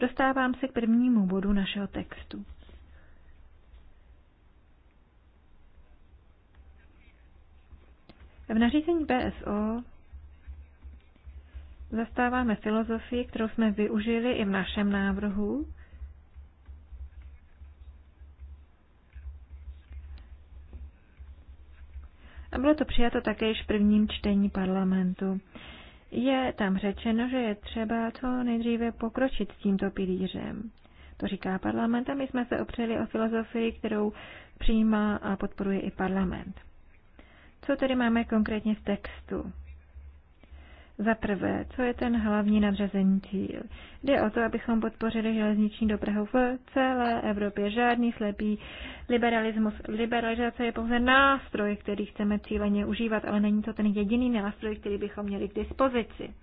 Dostávám se k prvnímu bodu našeho textu. V nařízení BSO zastáváme filozofii, kterou jsme využili i v našem návrhu. A bylo to přijato také již v prvním čtení parlamentu. Je tam řečeno, že je třeba co nejdříve pokročit s tímto pilířem. To říká parlament a my jsme se opřeli o filozofii, kterou přijímá a podporuje i parlament. Co tedy máme konkrétně v textu? Za prvé, co je ten hlavní nadřazený cíl? Jde o to, abychom podpořili železniční dopravu v celé Evropě. Žádný slepý liberalismus. Liberalizace je pouze nástroj, který chceme cíleně užívat, ale není to ten jediný nástroj, který bychom měli k dispozici.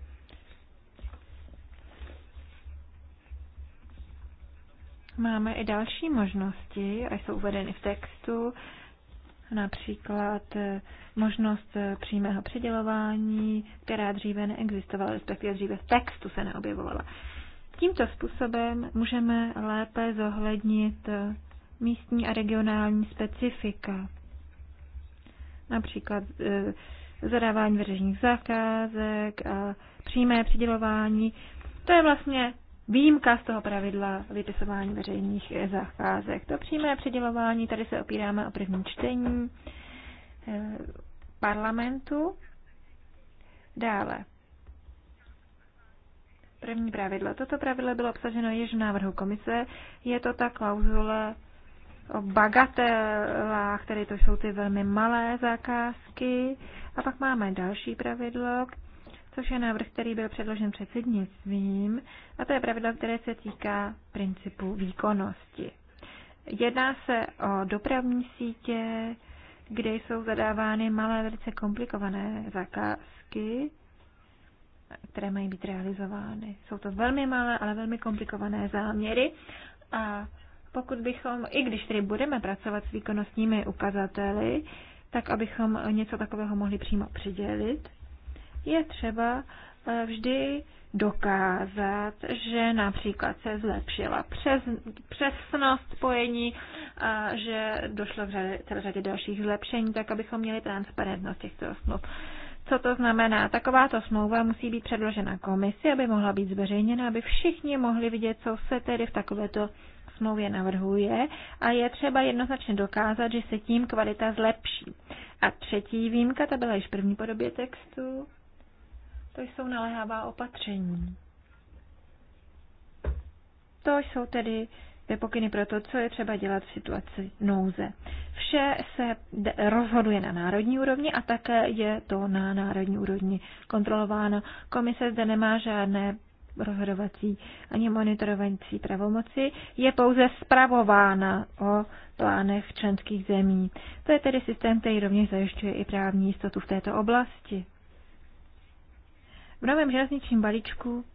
Máme i další možnosti, a jsou uvedeny v textu například eh, možnost eh, přímého přidělování, která dříve neexistovala, respektive dříve v textu se neobjevovala. Tímto způsobem můžeme lépe zohlednit eh, místní a regionální specifika. Například zadávání veřejných zakázek a přímé přidělování. To je vlastně výjimka z toho pravidla vypisování veřejných zacházek. To přímé předělování, tady se opíráme o první čtení eh, parlamentu. Dále. První pravidlo. Toto pravidlo bylo obsaženo již v návrhu komise. Je to ta klauzule o bagatelách, tedy to jsou ty velmi malé zakázky. A pak máme další pravidlo, což je návrh, který byl předložen předsednictvím, a to je pravidlo, které se týká principu výkonnosti. Jedná se o dopravní sítě, kde jsou zadávány malé, velice komplikované zakázky, které mají být realizovány. Jsou to velmi malé, ale velmi komplikované záměry a pokud bychom, i když tedy budeme pracovat s výkonnostními ukazateli, tak abychom něco takového mohli přímo přidělit, je třeba eh, vždy dokázat, že například se zlepšila přes, přesnost spojení a že došlo k řadě, celé řadě dalších zlepšení, tak abychom měli transparentnost těchto smluv. Co to znamená? Takováto smlouva musí být předložena komisi, aby mohla být zveřejněna, aby všichni mohli vidět, co se tedy v takovéto smlouvě navrhuje a je třeba jednoznačně dokázat, že se tím kvalita zlepší. A třetí výjimka, ta byla již v první podobě textu, to jsou naléhavá opatření. To jsou tedy vypokyny pro to, co je třeba dělat v situaci nouze. Vše se rozhoduje na národní úrovni a také je to na národní úrovni kontrolováno. Komise zde nemá žádné rozhodovací ani monitorovací pravomoci, je pouze spravována o plánech členských zemí. To je tedy systém, který rovněž zajišťuje i právní jistotu v této oblasti novém železničním balíčku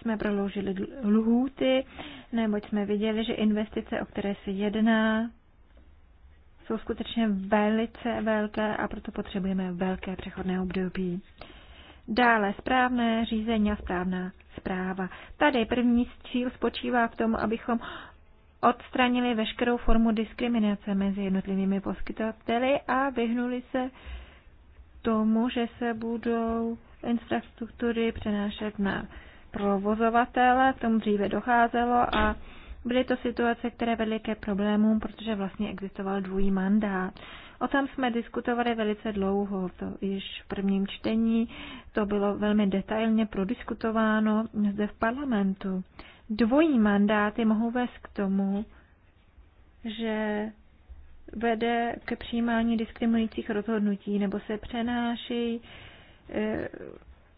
jsme prodloužili lhůty, neboť jsme viděli, že investice, o které se jedná, jsou skutečně velice velké a proto potřebujeme velké přechodné období. Dále správné řízení a správná zpráva. Tady první cíl spočívá v tom, abychom odstranili veškerou formu diskriminace mezi jednotlivými poskytovateli a vyhnuli se tomu, že se budou infrastruktury přenášet na provozovatele, k tomu dříve docházelo a byly to situace, které vedly ke problémům, protože vlastně existoval dvojí mandát. O tom jsme diskutovali velice dlouho, to již v prvním čtení, to bylo velmi detailně prodiskutováno zde v parlamentu. Dvojí mandáty mohou vést k tomu, že vede ke přijímání diskriminujících rozhodnutí nebo se přenáší eh,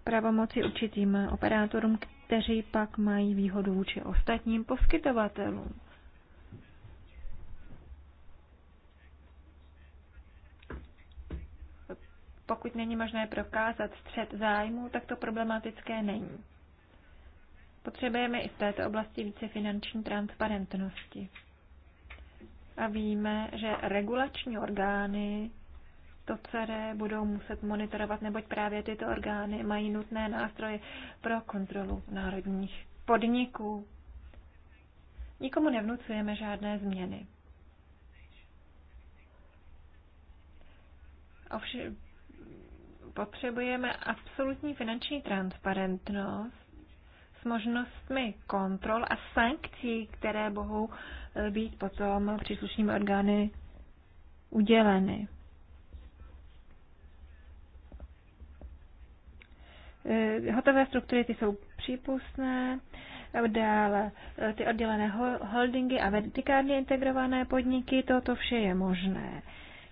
pravomoci určitým operátorům, kteří pak mají výhodu vůči ostatním poskytovatelům. Pokud není možné prokázat střed zájmu, tak to problematické není. Potřebujeme i v této oblasti více finanční transparentnosti a víme, že regulační orgány to CERE budou muset monitorovat, neboť právě tyto orgány mají nutné nástroje pro kontrolu národních podniků. Nikomu nevnucujeme žádné změny. Ovšem, potřebujeme absolutní finanční transparentnost možnostmi kontrol a sankcí, které mohou eh, být potom příslušnými orgány uděleny. Eh, hotové struktury ty jsou přípustné, eh, dále ty oddělené holdingy a vertikálně integrované podniky, toto vše je možné.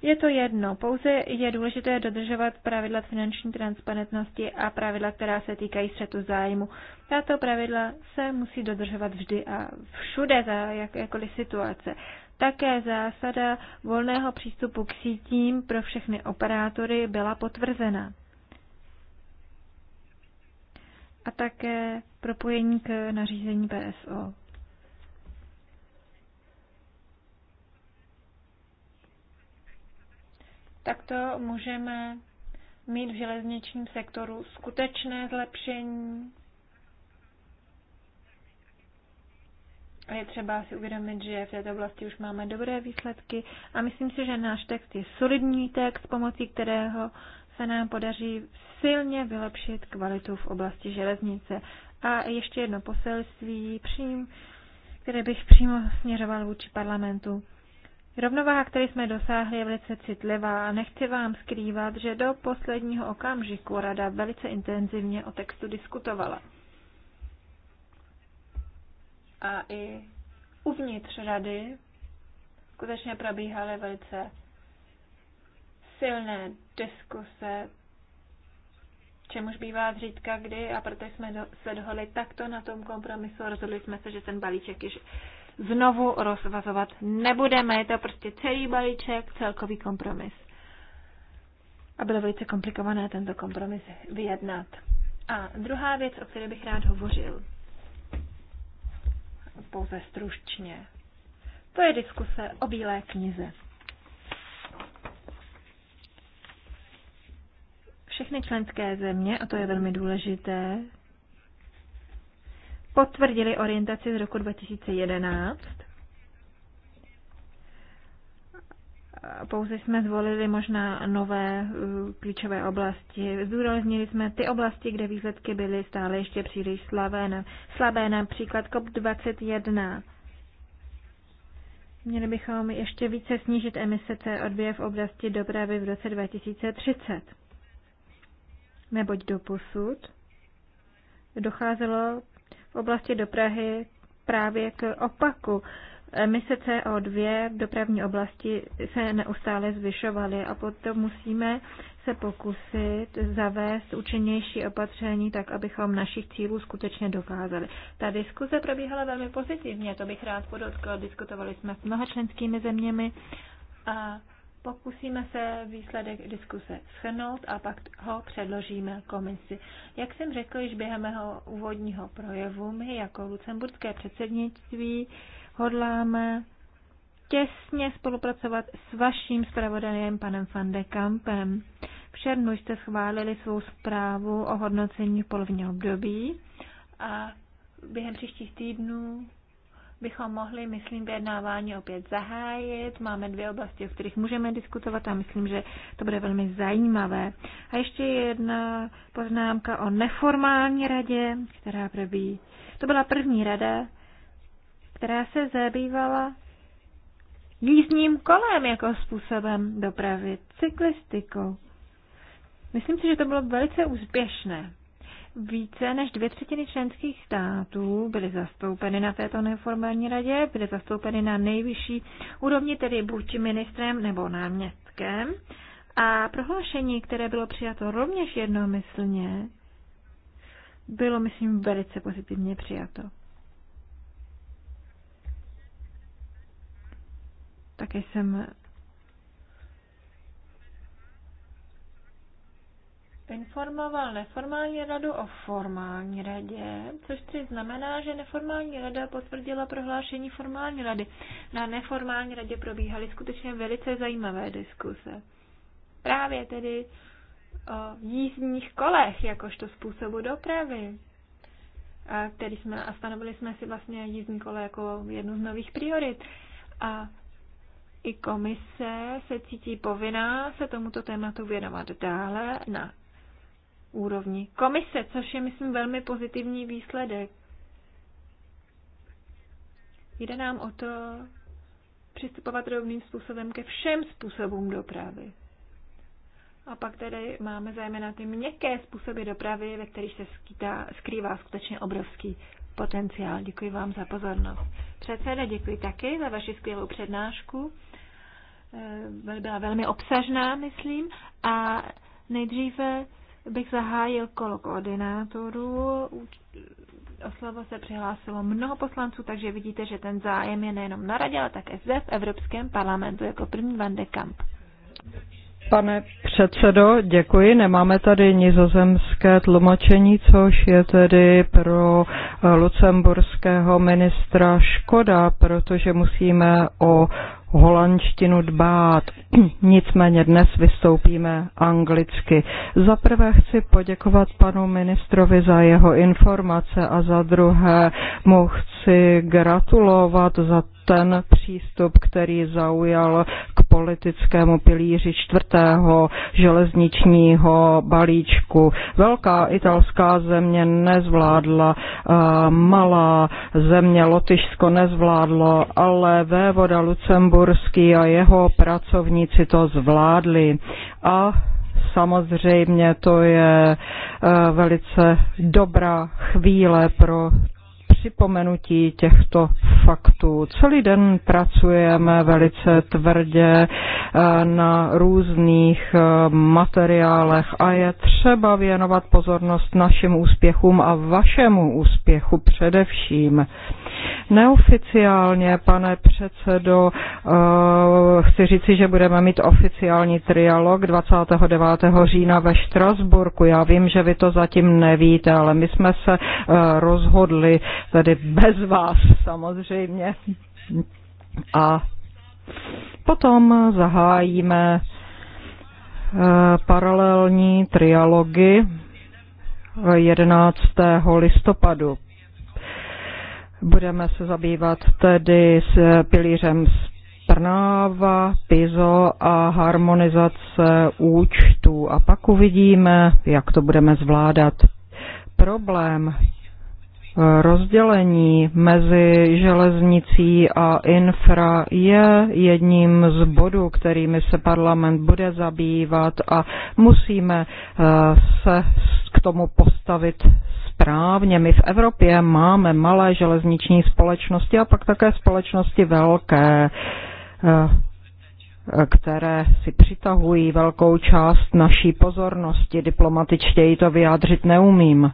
Je to jedno, pouze je důležité dodržovat pravidla finanční transparentnosti a pravidla, která se týkají střetu zájmu. Tato pravidla se musí dodržovat vždy a všude za jakékoliv situace. Také zásada volného přístupu k sítím pro všechny operátory byla potvrzena. A také propojení k nařízení PSO. takto můžeme mít v železničním sektoru skutečné zlepšení. A je třeba si uvědomit, že v této oblasti už máme dobré výsledky a myslím si, že náš text je solidní text, pomocí kterého se nám podaří silně vylepšit kvalitu v oblasti železnice. A ještě jedno poselství, přím, které bych přímo směřoval vůči parlamentu. Rovnováha, který jsme dosáhli, je velice citlivá a nechci vám skrývat, že do posledního okamžiku Rada velice intenzivně o textu diskutovala. A i uvnitř Rady skutečně probíhaly velice silné diskuse, čemuž bývá zřídka kdy a proto jsme do, se dohodli takto na tom kompromisu, rozhodli jsme se, že ten balíček již znovu rozvazovat nebudeme. Je to prostě celý balíček, celkový kompromis. A bylo velice komplikované tento kompromis vyjednat. A druhá věc, o které bych rád hovořil, pouze stručně, to je diskuse o Bílé knize. Všechny členské země, a to je velmi důležité, potvrdili orientaci z roku 2011. Pouze jsme zvolili možná nové eh, klíčové oblasti. Zdůraznili jsme ty oblasti, kde výsledky byly stále ještě příliš slabé, slabé například COP21. Měli bychom ještě více snížit emise CO2 v oblasti dopravy v roce 2030. Neboť doposud docházelo v oblasti dopravy právě k opaku. Emise CO2 v dopravní oblasti se neustále zvyšovaly a potom musíme se pokusit zavést účinnější opatření tak, abychom našich cílů skutečně dokázali. Ta diskuze probíhala velmi pozitivně, to bych rád podotkl. Diskutovali jsme s mnoha členskými zeměmi a Pokusíme se výsledek diskuse schrnout a pak ho předložíme komisi. Jak jsem řekl již během mého úvodního projevu, my jako lucemburské předsednictví hodláme těsně spolupracovat s vaším zpravodajem panem van de Kampem. V červnu jste schválili svou zprávu o hodnocení polovního období a během příštích týdnů bychom mohli, myslím, vyjednávání opět zahájit. Máme dvě oblasti, o kterých můžeme diskutovat a myslím, že to bude velmi zajímavé. A ještě jedna poznámka o neformální radě, která probí. To byla první rada, která se zabývala jízdním kolem jako způsobem dopravy, cyklistikou. Myslím si, že to bylo velice úspěšné. Více než dvě třetiny členských států byly zastoupeny na této neformální radě, byly zastoupeny na nejvyšší úrovni, tedy buď ministrem nebo náměstkem. A prohlášení, které bylo přijato rovněž jednomyslně, bylo, myslím, velice pozitivně přijato. Také jsem informoval neformální radu o formální radě, což tedy znamená, že neformální rada potvrdila prohlášení formální rady. Na neformální radě probíhaly skutečně velice zajímavé diskuse. Právě tedy o jízdních kolech jakožto způsobu dopravy, a který jsme, a stanovili jsme si vlastně jízdní kole jako jednu z nových priorit. A i komise se cítí povinná se tomuto tématu věnovat dále na úrovni komise, což je, myslím, velmi pozitivní výsledek. Jde nám o to přistupovat rovným způsobem ke všem způsobům dopravy. A pak tady máme zejména ty měkké způsoby dopravy, ve kterých se skýtá, skrývá skutečně obrovský potenciál. Děkuji vám za pozornost. Předseda, děkuji taky za vaši skvělou přednášku. Eh, byla velmi obsažná, myslím. A nejdříve bych zahájil kolo koordinátorů. O slovo se přihlásilo mnoho poslanců, takže vidíte, že ten zájem je nejenom na radě, ale také zde v Evropském parlamentu jako první Van de Kamp. Pane předsedo, děkuji. Nemáme tady nizozemské tlumočení, což je tedy pro eh, lucemburského ministra škoda, protože musíme o holandštinu dbát. <clears throat> Nicméně dnes vystoupíme anglicky. Za prvé chci poděkovat panu ministrovi za jeho informace a za druhé mu chci gratulovat za ten přístup, který zaujal k politickému pilíři čtvrtého železničního balíčku. Velká italská země nezvládla, malá země Lotyšsko nezvládlo, ale vévoda Lucemburský a jeho pracovníci to zvládli. A samozřejmě to je e, velice dobrá chvíle pro připomenutí těchto faktů. Celý den pracujeme velice tvrdě eh, na různých eh, materiálech a je třeba věnovat pozornost našim úspěchům a vašemu úspěchu především. Neoficiálně, pane předsedo, eh, chci říci, že budeme mít oficiální trialog 29. října ve Štrasburku. Já vím, že vy to zatím nevíte, ale my jsme se eh, rozhodli, tedy bez vás samozřejmě. A potom zahájíme eh, paralelní trialogy 11. listopadu. Budeme se zabývat tedy s pilířem práva, PISO a harmonizace účtů. A pak uvidíme, jak to budeme zvládat. Problém rozdělení mezi železnicí a infra je jedním z bodů, kterými se parlament bude zabývat a musíme eh, se k tomu postavit správně. My v Evropě máme malé železniční společnosti a pak také společnosti velké eh, které si přitahují velkou část naší pozornosti. Diplomatičtěji to vyjádřit neumím.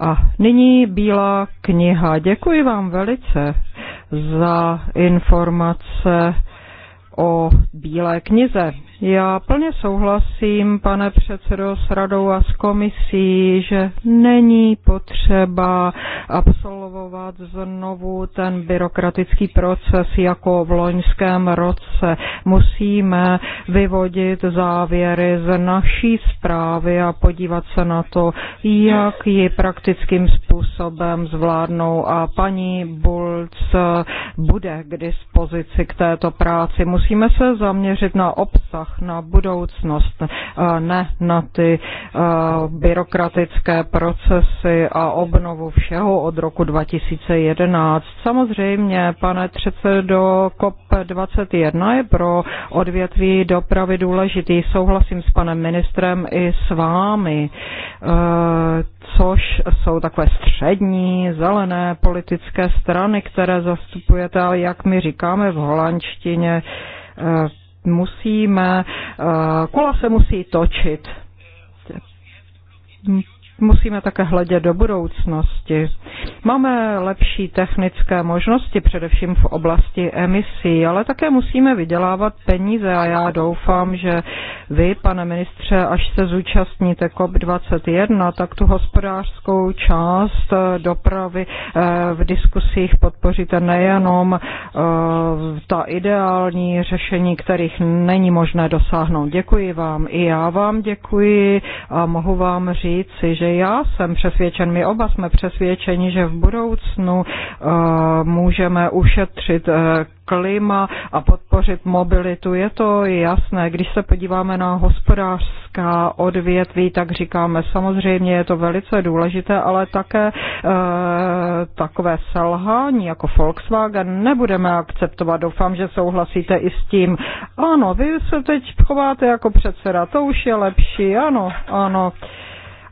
A nyní Bílá kniha. Děkuji vám velice za informace o Bílé knize. Já plně souhlasím, pane předsedo, s radou a s komisí, že není potřeba absolvovat znovu ten byrokratický proces jako v loňském roce. Musíme vyvodit závěry z naší zprávy a podívat se na to, jak ji praktickým způsobem zvládnou a paní Bulc bude k dispozici k této práci. Musí musíme se zaměřit na obsah, na budoucnost, eh, ne na ty eh, byrokratické procesy a obnovu všeho od roku 2011. Samozřejmě, pane předsedo, COP21 je pro odvětví dopravy důležitý. Souhlasím s panem ministrem i s vámi, eh, což jsou takové střední, zelené politické strany, které zastupujete, ale jak my říkáme v holandštině, Eh, musíme, eh, kola se musí točit musíme také hledět do budoucnosti. Máme lepší technické možnosti, především v oblasti emisí, ale také musíme vydělávat peníze a já doufám, že vy, pane ministře, až se zúčastníte COP21, tak tu hospodářskou část dopravy eh, v diskusích podpoříte nejenom eh, ta ideální řešení, kterých není možné dosáhnout. Děkuji vám. I já vám děkuji a mohu vám říci, že že já jsem přesvědčen, my oba jsme přesvědčeni, že v budoucnu eh, můžeme ušetřit eh, klima a podpořit mobilitu. Je to jasné, když se podíváme na hospodářská odvětví, tak říkáme, samozřejmě je to velice důležité, ale také e, takové selhání jako Volkswagen nebudeme akceptovat. Doufám, že souhlasíte i s tím. Ano, vy se teď chováte jako předseda, to už je lepší, ano, ano. E,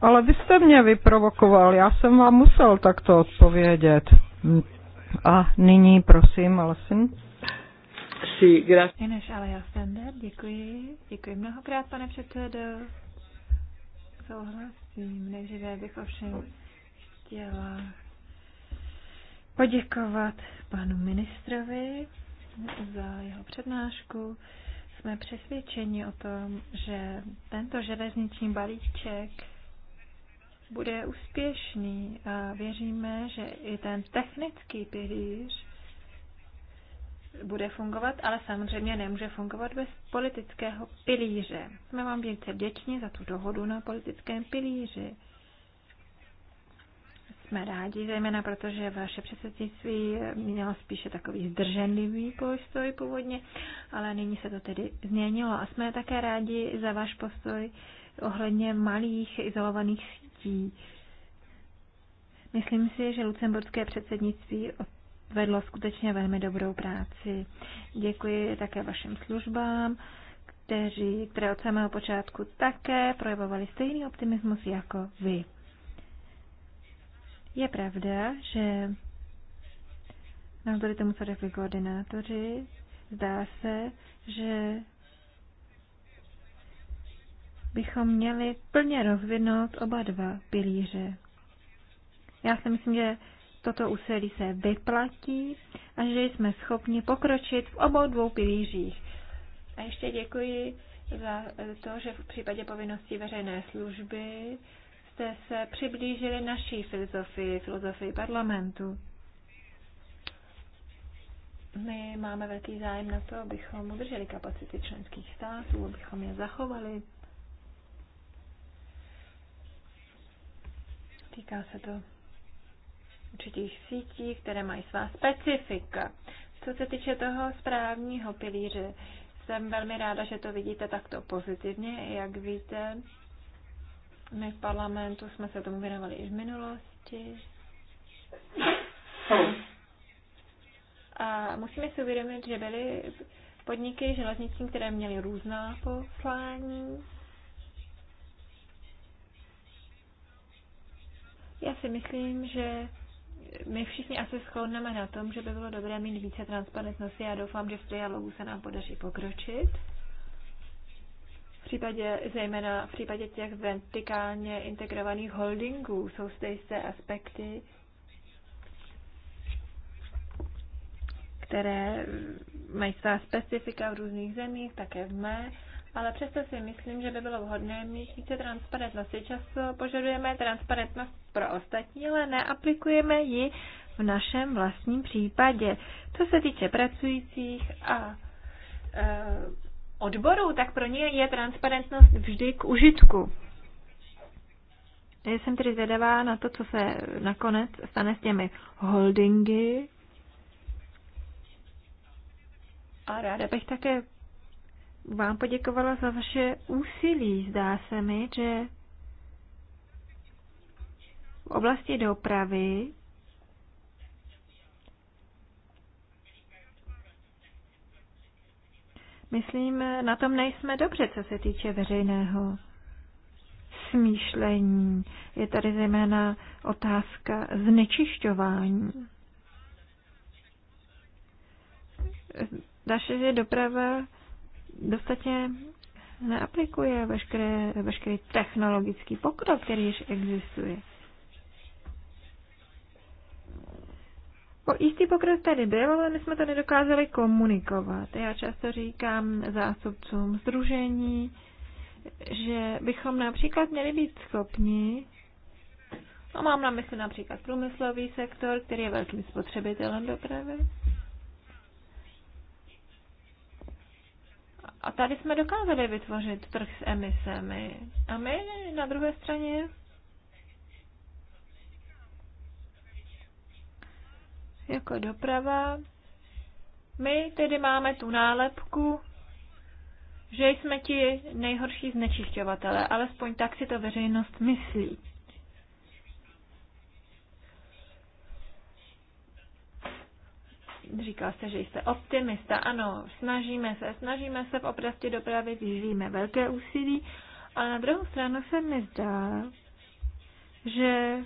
ale vy jste mě vyprovokoval, já jsem vám musel takto odpovědět. A nyní prosím, Alessin. Sí, já Alejastender, děkuji. Děkuji mnohokrát, pane předsedo. Souhlasím, nejdříve bych ovšem chtěla poděkovat panu ministrovi za jeho přednášku. Jsme přesvědčeni o tom, že tento železniční balíček bude úspěšný a věříme, že i ten technický pilíř bude fungovat, ale samozřejmě nemůže fungovat bez politického pilíře. Jsme vám velice vděční za tu dohodu na politickém pilíři. Jsme rádi, zejména protože vaše předsednictví mělo spíše takový zdrženlivý postoj původně, ale nyní se to tedy změnilo. A jsme také rádi za váš postoj ohledně malých izolovaných možností. Myslím si, že lucemburské předsednictví vedlo skutečně velmi dobrou práci. Děkuji také vašim službám, kteří, které od samého počátku také projevovali stejný optimismus jako vy. Je pravda, že navzdory tomu, co řekli koordinátoři, zdá se, že bychom měli plně rozvinout oba dva pilíře. Já si myslím, že toto úsilí se vyplatí a že jsme schopni pokročit v obou dvou pilířích. A ještě děkuji za to, že v případě povinností veřejné služby jste se přiblížili naší filozofii, filozofii parlamentu. My máme velký zájem na to, abychom udrželi kapacity členských států, abychom je zachovali. Týká se to určitých sítí, které mají svá specifika. Co se týče toho správního pilíře, jsem velmi ráda, že to vidíte takto pozitivně. Jak víte, my v parlamentu jsme se tomu věnovali i v minulosti. A musíme si uvědomit, že byly podniky železniční, které měly různá poslání Já si myslím, že my všichni asi shodneme na tom, že by bylo dobré mít více transparentnosti. Já doufám, že v dialogu se nám podaří pokročit. V případě, zejména v případě těch vertikálně integrovaných holdingů jsou zde aspekty, které mají svá specifika v různých zemích, také v mé ale přesto si myslím, že by bylo vhodné mít více transparentnosti. Často eh, požadujeme transparentnost pro ostatní, ale neaplikujeme ji v našem vlastním případě. Co se týče pracujících a e, odborů, tak pro ně je transparentnost vždy k užitku. Já jsem tedy zvědavá na to, co se nakonec stane s těmi holdingy. A ráda bych také vám poděkovala za vaše úsilí. Zdá se mi, že v oblasti dopravy Myslím, na tom nejsme dobře, co se týče veřejného smýšlení. Je tady zejména otázka znečišťování. Naše doprava dostatě neaplikuje veškeré, veškerý technologický pokrok, který již existuje. O, jistý pokrok tady byl, ale my jsme to nedokázali komunikovat. Já často říkám zástupcům združení, že bychom například měli být schopni, no mám na mysli například průmyslový sektor, který je velkým spotřebitelem dopravy, A tady jsme dokázali vytvořit trh s emisemi. A my na druhé straně jako doprava. My tedy máme tu nálepku, že jsme ti nejhorší znečišťovatele, alespoň tak si to veřejnost myslí. Říkal jste, že jste optimista. Ano, snažíme se, snažíme se v oblasti dopravy, vyvíjíme velké úsilí, ale na druhou stranu se mi zdá, že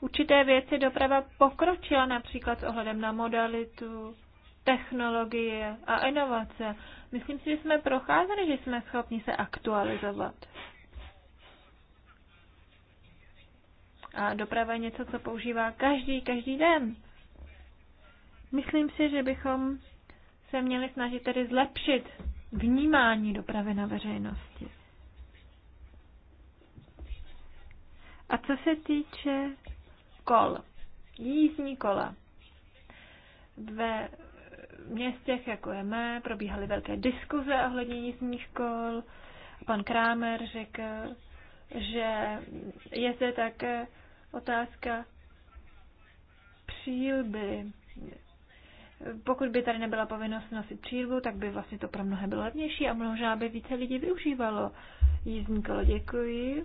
určité věci doprava pokročila, například s ohledem na modalitu, technologie a inovace. Myslím si, že jsme procházeli, že jsme schopni se aktualizovat. A doprava je něco, co používá každý, každý den. Myslím si, že bychom se měli snažit tedy zlepšit vnímání dopravy na veřejnosti. A co se týče kol, jízdní kola, ve městech, jako je mé, probíhaly velké diskuze ohledně jízdních kol. Pan Krámer řekl, že je zde také otázka přílby pokud by tady nebyla povinnost nosit přílbu, tak by vlastně to pro mnohé bylo levnější a možná by více lidí využívalo jízdní kolo. Děkuji.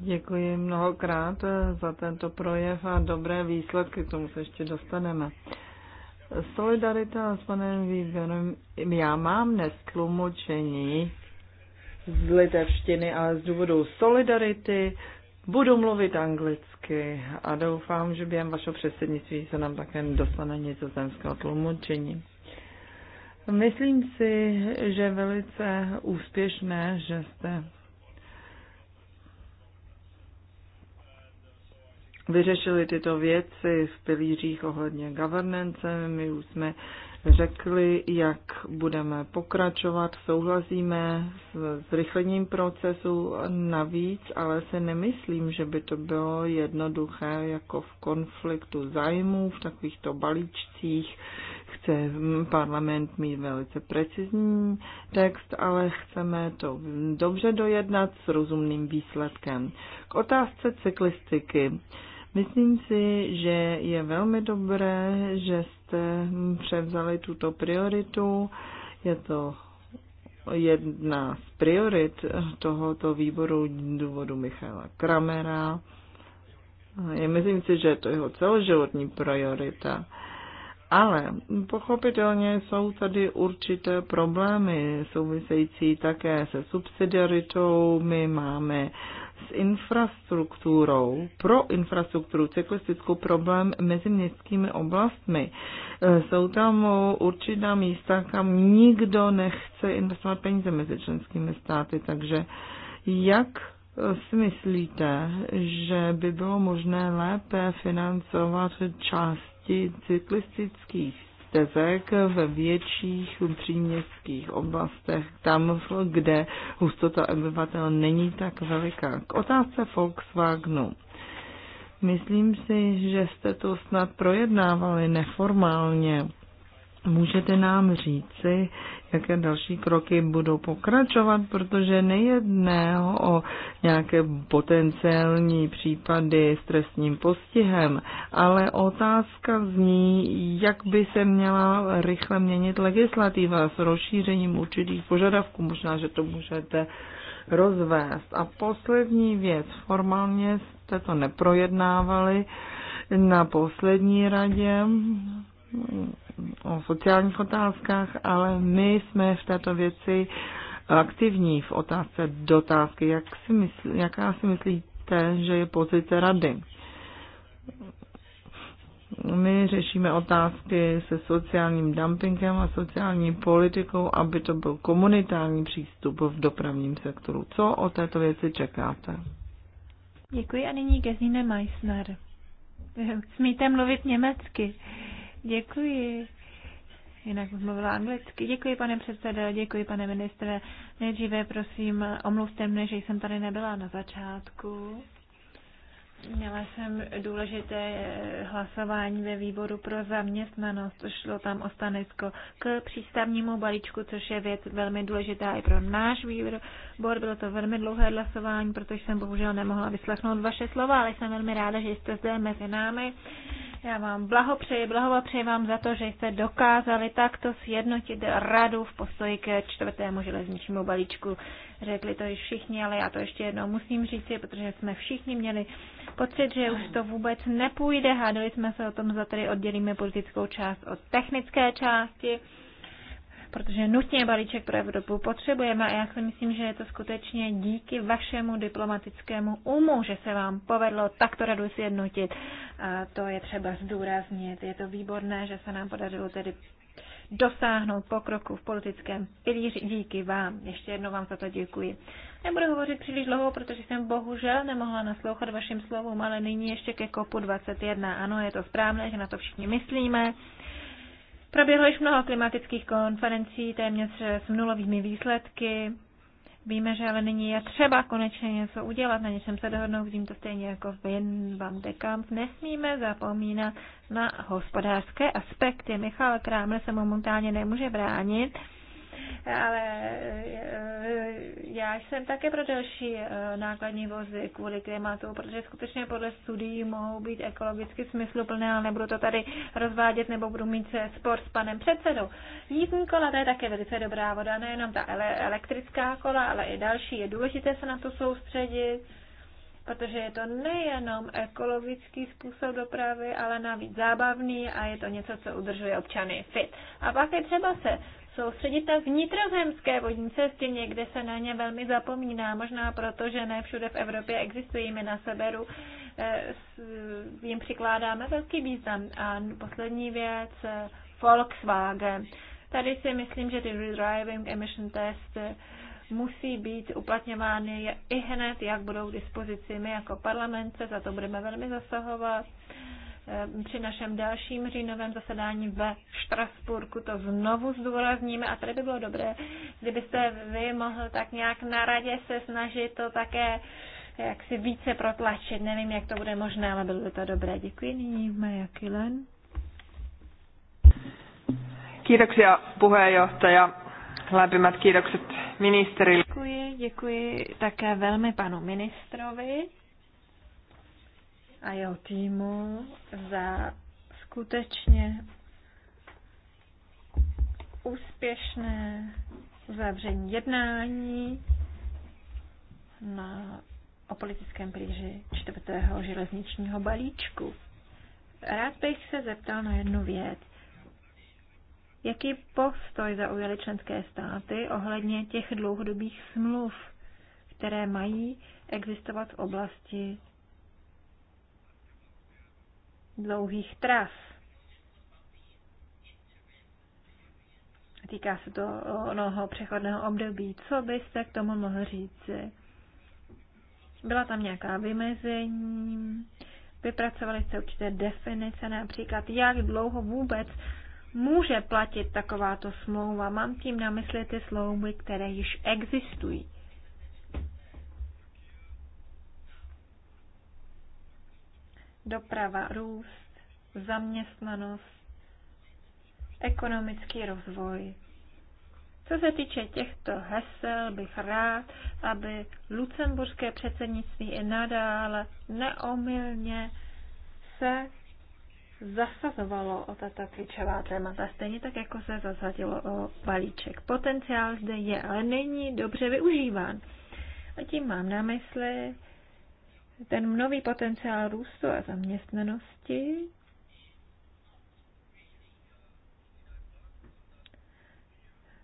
Děkuji mnohokrát za tento projev a dobré výsledky, k tomu se ještě dostaneme. Solidarita s panem Výběrem, já mám nestlumočení z litevštiny, ale z důvodu solidarity budu mluvit anglicky otázky a doufám, že během vašeho předsednictví se nám také dostane zemského tlumočení. Myslím si, že je velice úspěšné, že jste vyřešili tyto věci v pilířích ohledně governance. My už jsme řekli, jak budeme pokračovat. Souhlasíme s zrychlením procesu navíc, ale se nemyslím, že by to bylo jednoduché jako v konfliktu zájmů, v takovýchto balíčcích. Chce parlament mít velice precizní text, ale chceme to dobře dojednat s rozumným výsledkem. K otázce cyklistiky. Myslím si, že je velmi dobré, že jste převzali tuto prioritu. Je to jedna z priorit tohoto výboru důvodu Michaela Kramera. Je, myslím si, že je to jeho celoživotní priorita. Ale pochopitelně jsou tady určité problémy související také se subsidiaritou. My máme s infrastrukturou, pro infrastrukturu cyklistickou problém mezi městskými oblastmi. E, Jsou tam určitá místa, kam nikdo nechce investovat peníze mezi členskými státy, takže jak e, si myslíte, že by bylo možné lépe financovat části cyklistických stezek ve větších příměstských oblastech, tam, kde hustota obyvatel není tak veliká. K otázce Volkswagenu. Myslím si, že jste to snad projednávali neformálně. Můžete nám říci, jaké další kroky budou pokračovat, protože nejedného o nějaké potenciální případy s trestním postihem, ale otázka zní, jak by se měla rychle měnit legislativa s rozšířením určitých požadavků. Možná, že to můžete rozvést. A poslední věc, formálně jste to neprojednávali na poslední radě, o sociálních otázkách, ale my jsme v této věci aktivní v otázce dotázky. Jak si myslí, jaká si myslíte, že je pozice rady? My řešíme otázky se sociálním dumpingem a sociální politikou, aby to byl komunitární přístup v dopravním sektoru. Co o této věci čekáte? Děkuji a nyní Gesine Meissner. Smíte mluvit německy. Děkuji. Jinak bych mluvila anglicky. Děkuji, pane předsedo, děkuji, pane ministře. Nejdříve, prosím, omluvte mne, že jsem tady nebyla na začátku. Měla jsem důležité hlasování ve výboru pro zaměstnanost. Šlo tam o stanisko k přístavnímu balíčku, což je věc velmi důležitá i pro náš výbor. Bylo to velmi dlouhé hlasování, protože jsem bohužel nemohla vyslechnout vaše slova, ale jsem velmi ráda, že jste zde mezi námi. Já vám blahopřeji, blahopřeji vám za to, že jste dokázali takto sjednotit radu v postoji ke čtvrtému železničnímu balíčku. Řekli to již všichni, ale já to ještě jednou musím říct, protože jsme všichni měli pocit, že už to vůbec nepůjde. Hádali jsme se o tom, za tady oddělíme politickou část od technické části protože nutně balíček pro Evropu potřebujeme a já si myslím, že je to skutečně díky vašemu diplomatickému umu, že se vám povedlo takto radu sjednotit. A to je třeba zdůraznit. Je to výborné, že se nám podařilo tedy dosáhnout pokroku v politickém pilíři díky vám. Ještě jednou vám za to děkuji. Nebudu hovořit příliš dlouho, protože jsem bohužel nemohla naslouchat vašim slovům, ale nyní ještě ke kopu 21. Ano, je to správné, že na to všichni myslíme. Proběhlo již mnoho klimatických konferencí, téměř s nulovými výsledky. Víme, že ale nyní je třeba konečně něco udělat, na něčem se dohodnout, vidím to stejně jako v Van de Kamp. Nesmíme zapomínat na hospodářské aspekty. Michal Krámer se momentálně nemůže bránit, ale já jsem také pro další eh, nákladní vozy kvůli klimatu, protože skutečně podle studií mohou být ekologicky smysluplné, ale nebudu to tady rozvádět nebo budu mít spor s panem předsedou. Jízdní kola, to je také velice dobrá voda, nejenom ta elektrická kola, ale i další. Je důležité se na to soustředit protože je to nejenom ekologický způsob dopravy, ale navíc zábavný a je to něco, co udržuje občany fit. A pak je třeba se soustředit na vnitrozemské vodní cesty. Někde se na ně velmi zapomíná, možná proto, že ne všude v Evropě existují. My na seberu eh, jim přikládáme velký význam. A poslední věc, eh, Volkswagen. Tady si myslím, že ty driving emission test eh, musí být uplatňovány i hned, jak budou k dispozici. My jako parlament se za to budeme velmi zasahovat. Ehm, při našem dalším říjnovém zasedání ve Štrasburku to znovu zdůrazníme a tady by bylo dobré, kdybyste vy mohl tak nějak na radě se snažit to také jak si více protlačit. Nevím, jak to bude možné, ale bylo by to dobré. Děkuji. Nyní Maja Kilen. Kiitoksia puheenjohtaja. Lämpimät kiitokset ministerille. Děkuji, děkuji také velmi panu ministrovi a jeho týmu za skutečně úspěšné uzavření jednání na, o politickém plíži čtvrtého železničního balíčku. Rád bych se zeptal na jednu věc. Jaký postoj zaujaly členské státy ohledně těch dlouhodobých smluv, které mají existovat v oblasti dlouhých tras. Týká se to onoho přechodného období. Co byste k tomu mohl říci? Byla tam nějaká vymezení, vypracovali jste určité definice, například jak dlouho vůbec může platit takováto smlouva. Mám tím na mysli ty smlouvy, které již existují. doprava, růst, zaměstnanost, ekonomický rozvoj. Co se týče těchto hesel, bych rád, aby lucemburské předsednictví i nadále neomylně se zasazovalo o tato klíčová témata, stejně tak, jako se zasadilo o balíček. Potenciál zde je, ale není dobře využíván. A tím mám na mysli ten nový potenciál růstu a zaměstnanosti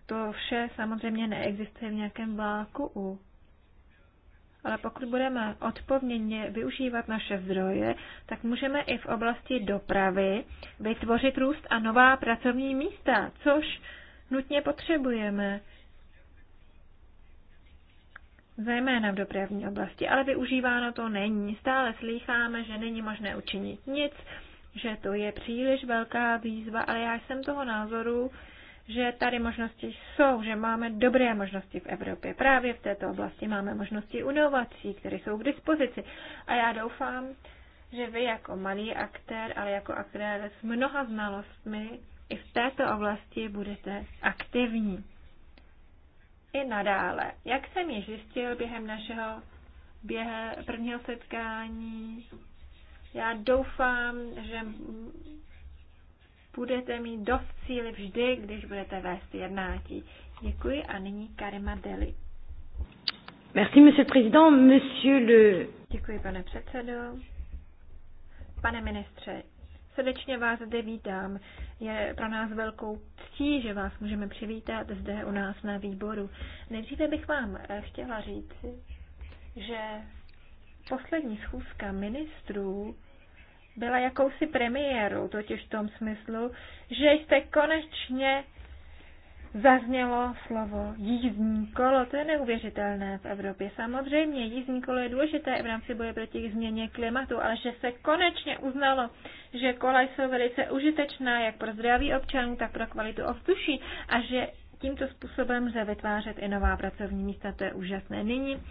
to vše samozřejmě neexistuje v nějakém vákuu. Ale pokud budeme odpovědně využívat naše zdroje, tak můžeme i v oblasti dopravy vytvořit růst a nová pracovní místa, což nutně potřebujeme zejména v dopravní oblasti, ale využíváno to není. Stále slýcháme, že není možné učinit nic, že to je příliš velká výzva, ale já jsem toho názoru, že tady možnosti jsou, že máme dobré možnosti v Evropě. Právě v této oblasti máme možnosti inovací, které jsou k dispozici. A já doufám, že vy jako malý aktér, ale jako aktér s mnoha znalostmi i v této oblasti budete aktivní i nadále. Jak jsem již zjistil během našeho během prvního setkání, já doufám, že budete mít dost síly vždy, když budete vést jednání. Děkuji a nyní Karima Deli. Merci, monsieur le président, monsieur le... Děkuji, pane předsedo. Pane ministře, Srdečně vás zde vítám. Je pro nás velkou ctí, že vás můžeme přivítat zde u nás na výboru. Nejdříve bych vám eh, chtěla říct, že poslední schůzka ministrů byla jakousi premiérou, totiž v tom smyslu, že jste konečně zaznělo slovo jízdní kolo. To je neuvěřitelné v Evropě. Samozřejmě jízdní kolo je důležité v rámci boje proti změně klimatu, ale že se konečně uznalo, že kola jsou velice užitečná jak pro zdraví občanů, tak pro kvalitu ovzduší a že tímto způsobem lze vytvářet i nová pracovní místa, to je úžasné. Nyní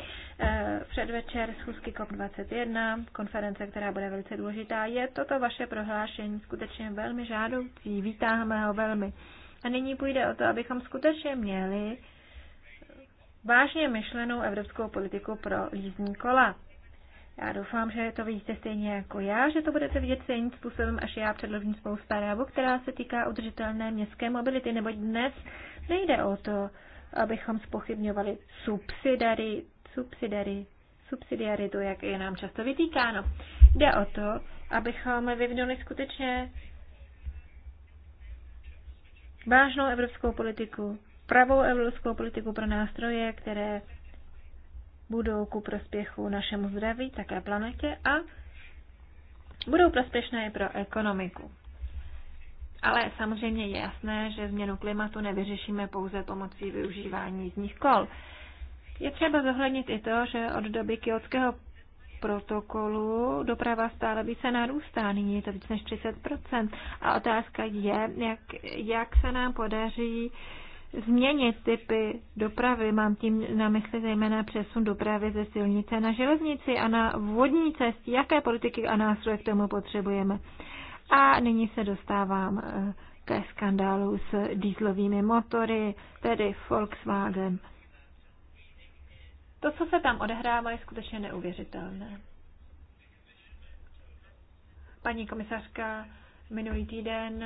eh, předvečer schůzky COP21, konference, která bude velice důležitá, je toto vaše prohlášení skutečně velmi žádoucí, vítáme ho velmi. A nyní půjde o to, abychom skutečně měli vážně myšlenou evropskou politiku pro jízdní kola. Já doufám, že to vidíte stejně jako já, že to budete vidět stejným způsobem, až já předložím svou zprávu, která se týká udržitelné městské mobility, Nebo dnes nejde o to, abychom spochybňovali subsidiary, subsidiary, subsidiaritu, jak je nám často vytýkáno. Jde o to, abychom vyvinuli skutečně vážnou evropskou politiku, pravou evropskou politiku pro nástroje, které budou ku prospěchu našemu zdraví, také planetě a budou prospěšné i pro ekonomiku. Ale samozřejmě je jasné, že změnu klimatu nevyřešíme pouze pomocí využívání jízdních kol. Je třeba zohlednit i to, že od doby kyotského protokolu doprava stále více narůstá, nyní je to víc než 30%. A otázka je, jak, jak se nám podaří změnit typy dopravy. Mám tím na mysli zejména přesun dopravy ze silnice na železnici a na vodní cestě, jaké politiky a nástroje k tomu potřebujeme. A nyní se dostávám eh, ke skandálu s dýzlovými motory, tedy Volkswagen. To, co se tam odehrává, je skutečně neuvěřitelné. Paní komisařka minulý týden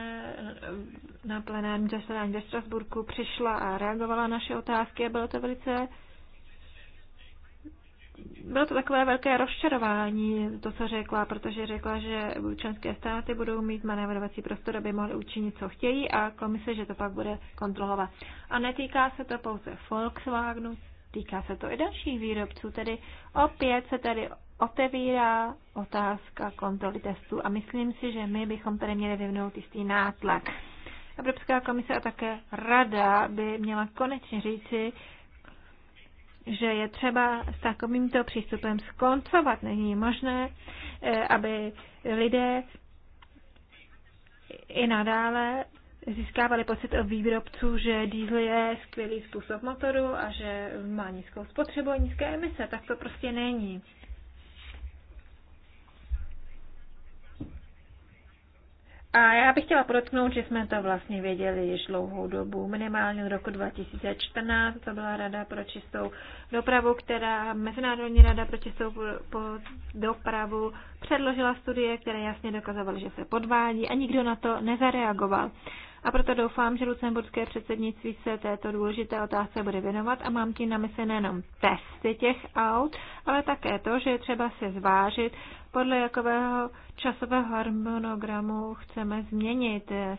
na plenárním zasedání ve Strasburku přišla a reagovala na naše otázky a bylo to velice bylo to takové velké rozčarování, to, co řekla, protože řekla, že členské státy budou mít manévrovací prostor, aby mohly učinit, co chtějí a komise, že to pak bude kontrolovat. A netýká se to pouze Volkswagenu, Týká se to i dalších výrobců, tedy opět se tady otevírá otázka kontroly testů a myslím si, že my bychom tady měli vyvnout jistý nátlak. Evropská komise a také rada by měla konečně říci, že je třeba s takovýmto přístupem skoncovat. Není možné, eh, aby lidé i nadále získávali pocit od výrobců, že diesel je skvělý způsob motoru a že má nízkou spotřebu a nízké emise. Tak to prostě není. A já bych chtěla podotknout, že jsme to vlastně věděli již dlouhou dobu. Minimálně od roku 2014 to byla Rada pro čistou dopravu, která Mezinárodní rada pro čistou dopravu předložila studie, které jasně dokazovaly, že se podvádí a nikdo na to nezareagoval a proto doufám, že lucemburské předsednictví se této důležité otázce bude věnovat a mám tím na mysli nejenom testy těch aut, ale také to, že je třeba se zvážit, podle jakového časového harmonogramu chceme změnit eh,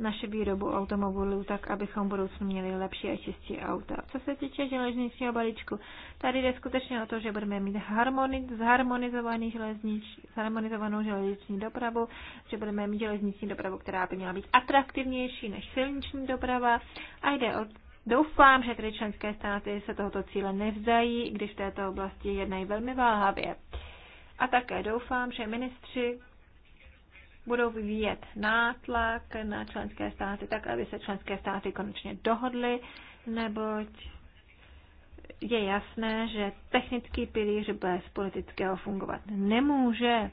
naše výrobu automobilů tak, abychom v budoucnu měli lepší a čistší auta. Co se týče železničního balíčku, tady jde skutečně o to, že budeme mít harmoniz, zharmonizovaný železnič, zharmonizovanou železniční dopravu, že budeme mít železniční dopravu, která by měla být atraktivnější než silniční doprava a jde o Doufám, že tedy členské státy se tohoto cíle nevzdají, když v této oblasti jednají velmi váhavě. A také doufám, že ministři budou vyvíjet nátlak na členské státy, tak aby se členské státy konečně dohodly, neboť je jasné, že technický pilíř bez politického fungovat nemůže.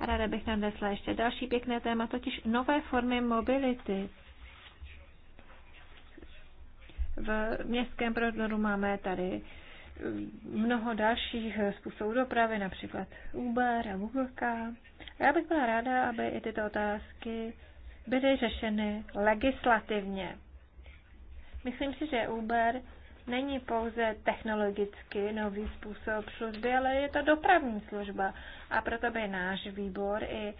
A ráda bych nadnesla ještě další pěkné téma, totiž nové formy mobility. V městském prodoru máme tady eh, mnoho dalších způsobů dopravy, například Uber a Google Car. Já bych byla ráda, aby i tyto otázky byly řešeny legislativně. Myslím si, že Uber není pouze technologicky nový způsob služby, ale je to dopravní služba. A proto by náš výbor i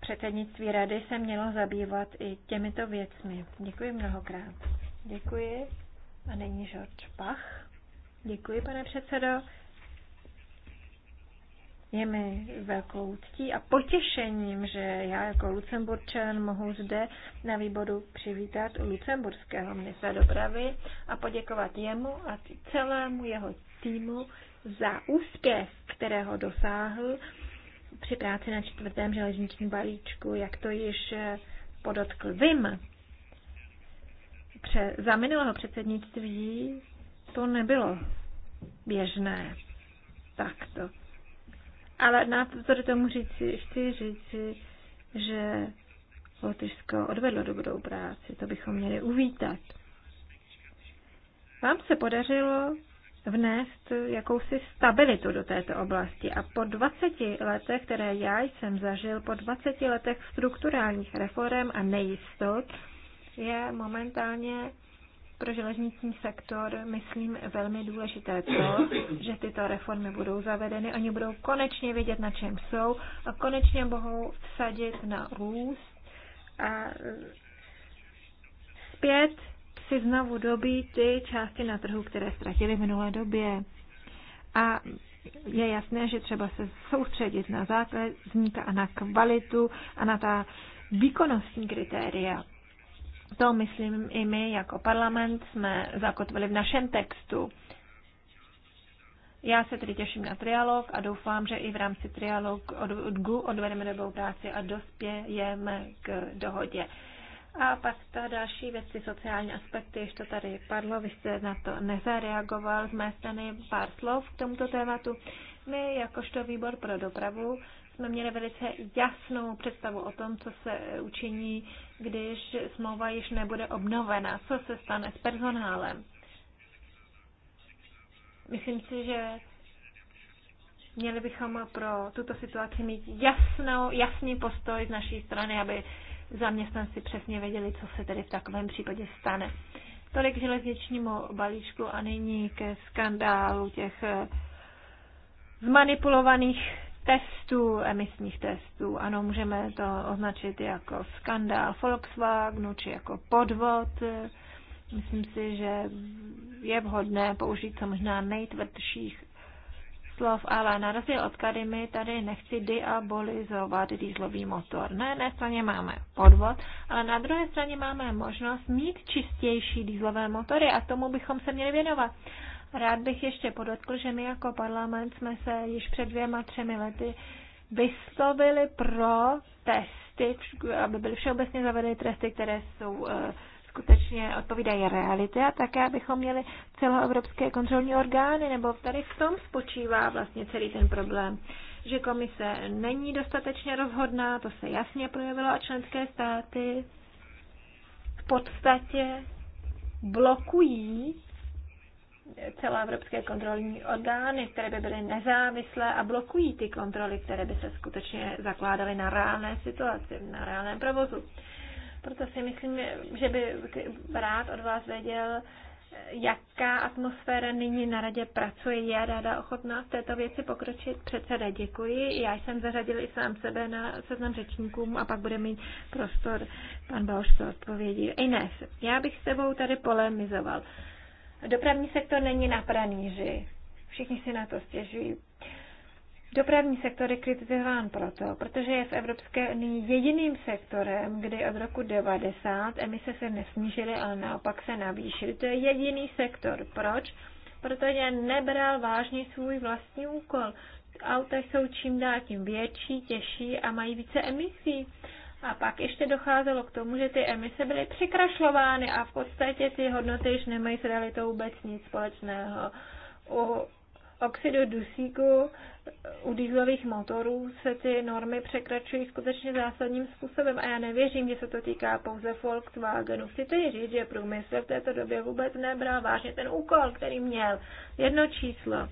předsednictví rady se mělo zabývat i těmito věcmi. Děkuji mnohokrát. Děkuji. A není George Pach. Děkuji, pane předsedo. Je mi velkou ctí a potěšením, že já jako Lucemburčan mohu zde na výboru přivítat lucemburského ministra dopravy a poděkovat jemu a celému jeho týmu za úspěch, kterého dosáhl při práci na čtvrtém železničním balíčku, jak to již podotkl Vim. Pře- za minulého předsednictví to nebylo běžné takto. Ale navzdory tomu říci, chci říci, že Lotyšsko odvedlo dobrou práci, to bychom měli uvítat. Vám se podařilo vnést jakousi stabilitu do této oblasti a po 20 letech, které já jsem zažil, po 20 letech strukturálních reform a nejistot, je momentálně pro železniční sektor, myslím, velmi důležité to, že tyto reformy budou zavedeny. Oni budou konečně vědět, na čem jsou a konečně mohou vsadit na růst a zpět si znovu dobí ty části na trhu, které ztratili v minulé době. A je jasné, že třeba se soustředit na zákazníka a na kvalitu a na ta výkonnostní kritéria. To, myslím, i my jako parlament jsme zakotvili v našem textu. Já se tedy těším na trialog a doufám, že i v rámci trialog GU odvedeme dobou práci a dospějeme k dohodě. A pak ta další věci, sociální aspekty, ještě tady padlo, vy jste na to nezareagoval z mé strany pár slov k tomuto tématu. My, jakožto výbor pro dopravu, jsme měli velice jasnou představu o tom, co se učiní když smlouva již nebude obnovena? Co se stane s personálem? Myslím si, že měli bychom pro tuto situaci mít jasnou, jasný postoj z naší strany, aby zaměstnanci přesně věděli, co se tedy v takovém případě stane. Tolik k železničnímu balíčku a nyní ke skandálu těch zmanipulovaných testů, emisních testů. Ano, můžeme to označit jako skandál Volkswagenu či jako podvod. Myslím si, že je vhodné použít co možná nejtvrdších slov, ale na rozdíl od Kadimy tady nechci diabolizovat dýzlový motor. Na jedné straně máme podvod, ale na druhé straně máme možnost mít čistější dýzlové motory a tomu bychom se měli věnovat. Rád bych ještě podotkl, že my jako parlament jsme se již před dvěma, třemi lety vyslovili pro testy, aby byly všeobecně zavedeny tresty, které jsou eh, skutečně odpovídají realitě a také, abychom měli celoevropské kontrolní orgány, nebo tady v tom spočívá vlastně celý ten problém, že komise není dostatečně rozhodná, to se jasně projevilo a členské státy v podstatě blokují celoevropské kontrolní orgány, které by byly nezávislé a blokují ty kontroly, které by se skutečně zakládaly na reálné situaci, na reálném provozu. Proto si myslím, že by rád od vás věděl, jaká atmosféra nyní na radě pracuje. Je ráda ochotná v této věci pokročit? Předseda, děkuji. Já jsem zařadil i sám sebe na seznam řečníkům a pak bude mít prostor pan Bauš pro odpovědí. Ines, já bych s tebou tady polemizoval. Dopravní sektor není na pranýři. Všichni si na to stěžují. Dopravní sektor je kritizován proto, protože je v Evropské unii jediným sektorem, kdy od roku 90 emise se nesnížily, ale naopak se navýšily. To je jediný sektor. Proč? Protože nebral vážně svůj vlastní úkol. Auta jsou čím dál tím větší, těžší a mají více emisí. A pak ještě docházelo k tomu, že ty emise byly překrašlovány a v podstatě ty hodnoty již nemají s realitou vůbec nic společného. U oxidu dusíku u dýzlových motorů se ty normy překračují skutečně zásadním způsobem a já nevěřím, že se to týká pouze Volkswagenu. Chci tedy říct, že průmysl v této době vůbec nebral vážně ten úkol, který měl. Jedno číslo.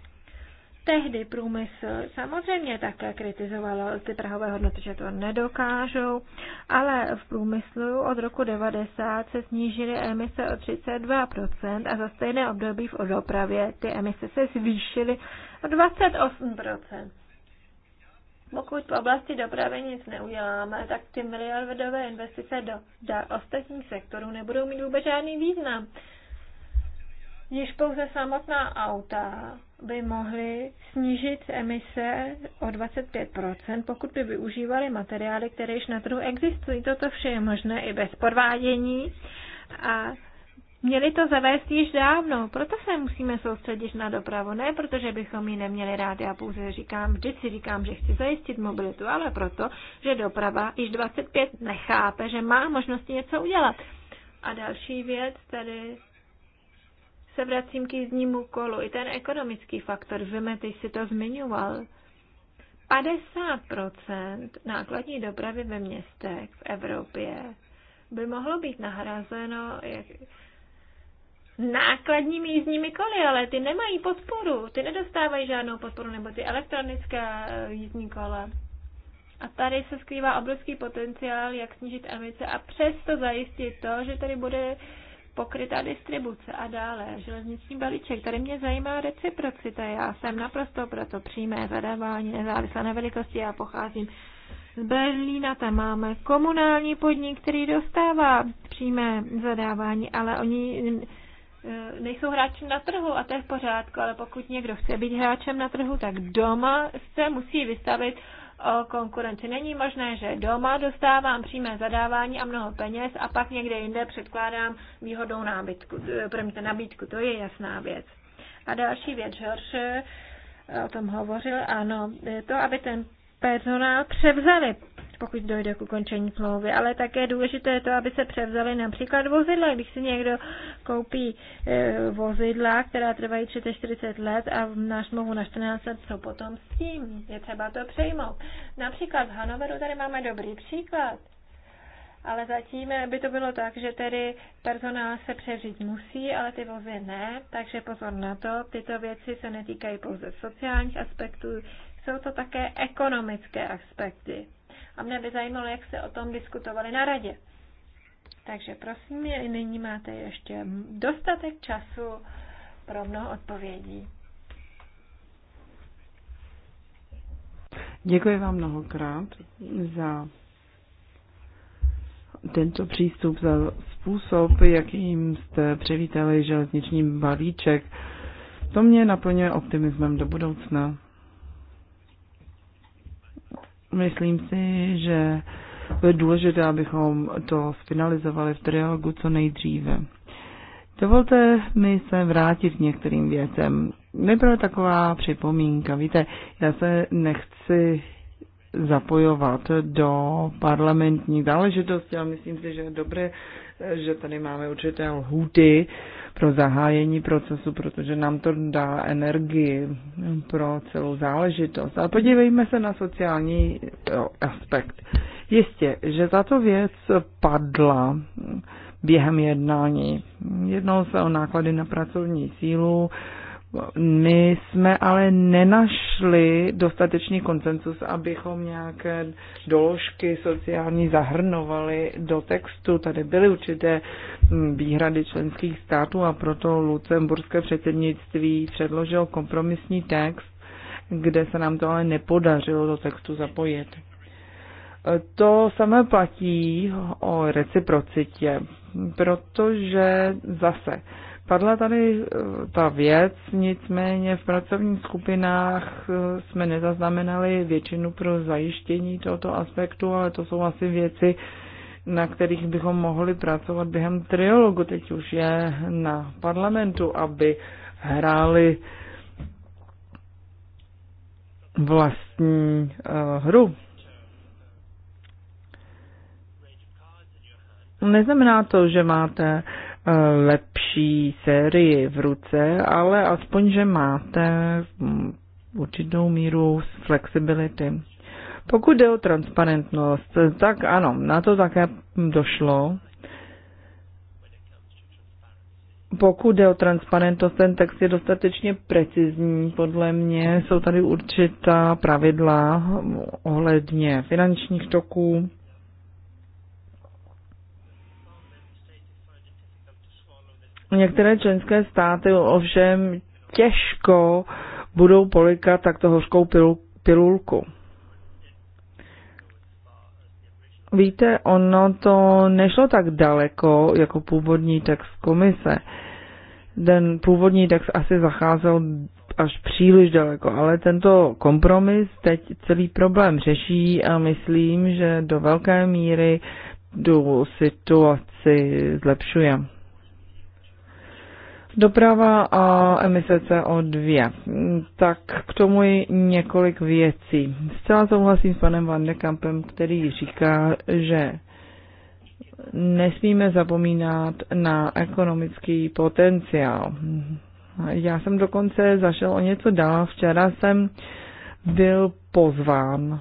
Tehdy průmysl samozřejmě také kritizoval ty prahové hodnoty, že to nedokážou, ale v průmyslu od roku 90 se snížily emise o 32% a za stejné období v dopravě ty emise se zvýšily o 28%. Pokud v oblasti dopravy nic neuděláme, tak ty miliardové investice do, do ostatních sektorů nebudou mít vůbec žádný význam. Již pouze samotná auta by mohly snížit emise o 25%, pokud by využívali materiály, které již na trhu existují. Toto vše je možné i bez podvádění a měli to zavést již dávno. Proto se musíme soustředit na dopravu. Ne protože bychom ji neměli rádi. Já pouze říkám, vždy si říkám, že chci zajistit mobilitu, ale proto, že doprava již 25 nechápe, že má možnosti něco udělat. A další věc, tady se vracím k jízdnímu kolu. I ten ekonomický faktor, víme, ty si to zmiňoval. 50% nákladní dopravy ve městech v Evropě by mohlo být nahrazeno jak, nákladními jízdními koly, ale ty nemají podporu, ty nedostávají žádnou podporu, nebo ty elektronická eh, jízdní kola. A tady se skrývá obrovský potenciál, jak snížit emice a přesto zajistit to, že tady bude uh, pokrytá distribuce a dále železniční balíček. Tady mě zajímá reciprocita. Já jsem naprosto proto přímé zadávání nezávislé na velikosti. Já pocházím z Berlína, tam máme komunální podnik, který dostává přímé zadávání, ale oni mm, e, nejsou hráči na trhu a to je v pořádku, ale pokud někdo chce být hráčem na trhu, tak doma se musí vystavit o konkurenci. Není možné, že doma dostávám přímé zadávání a mnoho peněz a pak někde jinde předkládám výhodnou nábytku, eh, promiňte, nabídku. To je jasná věc. A další věc, George eh, o tom hovořil, ano, to, aby ten personál převzali pokud dojde k ukončení smlouvy. Ale také důležité je to, aby se převzali například vozidla. Když si někdo koupí e, vozidla, která trvají 30-40 let a na smlouvu na 14 let, co potom s tím? Je třeba to přejmout. Například v Hanoveru tady máme dobrý příklad. Ale zatím eh, by to bylo tak, že tedy personál se přežít musí, ale ty vozy ne, takže pozor na to, tyto věci se netýkají pouze sociálních aspektů, jsou to také ekonomické aspekty a mne by zajímalo, jak se o tom diskutovali na radě. Takže prosím, nyní máte ještě dostatek času pro mnoho odpovědí. Děkuji vám mnohokrát za tento přístup, za způsob, jakým jste přivítali železniční balíček. To mě naplňuje optimismem do budoucna. Myslím si, že je důležité, abychom to sfinalizovali v trialogu co nejdříve. Dovolte mi se vrátit k některým věcem. Nejprve taková připomínka. Víte, já se nechci zapojovat do parlamentní záležitosti, ale myslím si, že je dobré, že tady máme určité lhuty pro zahájení procesu, protože nám to dá energii pro celou záležitost. Ale podívejme se na sociální aspekt. Jistě, že tato věc padla během jednání. Jednalo se o náklady na pracovní sílu, my jsme ale nenašli dostatečný koncensus, abychom nějaké doložky sociální zahrnovali do textu. Tady byly určité mm, výhrady členských států a proto lucemburské předsednictví předložilo kompromisní text, kde se nám to ale nepodařilo do textu zapojit. To samé platí o reciprocitě, protože zase Padla tady eh, ta věc, nicméně v pracovních skupinách eh, jsme nezaznamenali většinu pro zajištění tohoto aspektu, ale to jsou asi věci, na kterých bychom mohli pracovat během triologu. Teď už je na parlamentu, aby hráli vlastní uh, hru. Neznamená to, že máte uh, lepší sérii v ruce, ale aspoň, že máte určitou míru flexibility. Pokud jde o transparentnost, tak ano, na to také došlo. Pokud jde o transparentnost, ten text je dostatečně precizní. Podle mě jsou tady určitá pravidla ohledně finančních toků, Některé členské státy ovšem těžko budou polikat takto hořkou pilulku. Víte, ono to nešlo tak daleko jako původní text komise. Ten původní text asi zacházel až příliš daleko, ale tento kompromis teď celý problém řeší a myslím, že do velké míry tu situaci zlepšuje. Doprava a emise CO2. Tak k tomu je několik věcí. Zcela souhlasím s panem Van de Kampem, který říká, že nesmíme zapomínat na ekonomický potenciál. Já jsem dokonce zašel o něco dál. Včera jsem byl pozván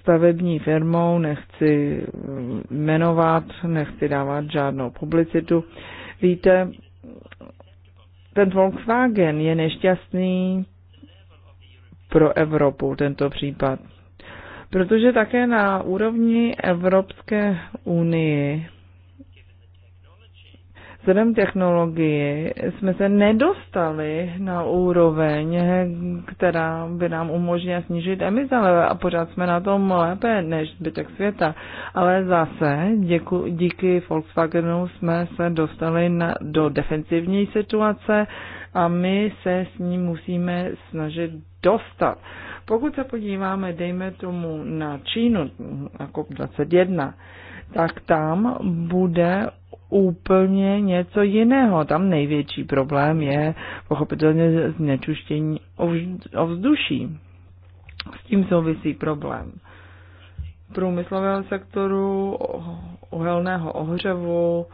stavební firmou, nechci jmenovat, nechci dávat žádnou publicitu. Víte, ten Volkswagen je nešťastný pro Evropu, tento případ. Protože také na úrovni Evropské unie Vzhledem technologii jsme se nedostali na úroveň, která by nám umožnila snížit emise, ale a pořád jsme na tom lépe než zbytek světa. Ale zase děku, díky Volkswagenu jsme se dostali na, do defensivní situace a my se s ním musíme snažit dostat. Pokud se podíváme, dejme tomu, na Čínu, jako 21 tak tam bude úplně něco jiného. Tam největší problém je pochopitelně znečištění ovzduší. S tím souvisí problém průmyslového sektoru, uhelného ohřevu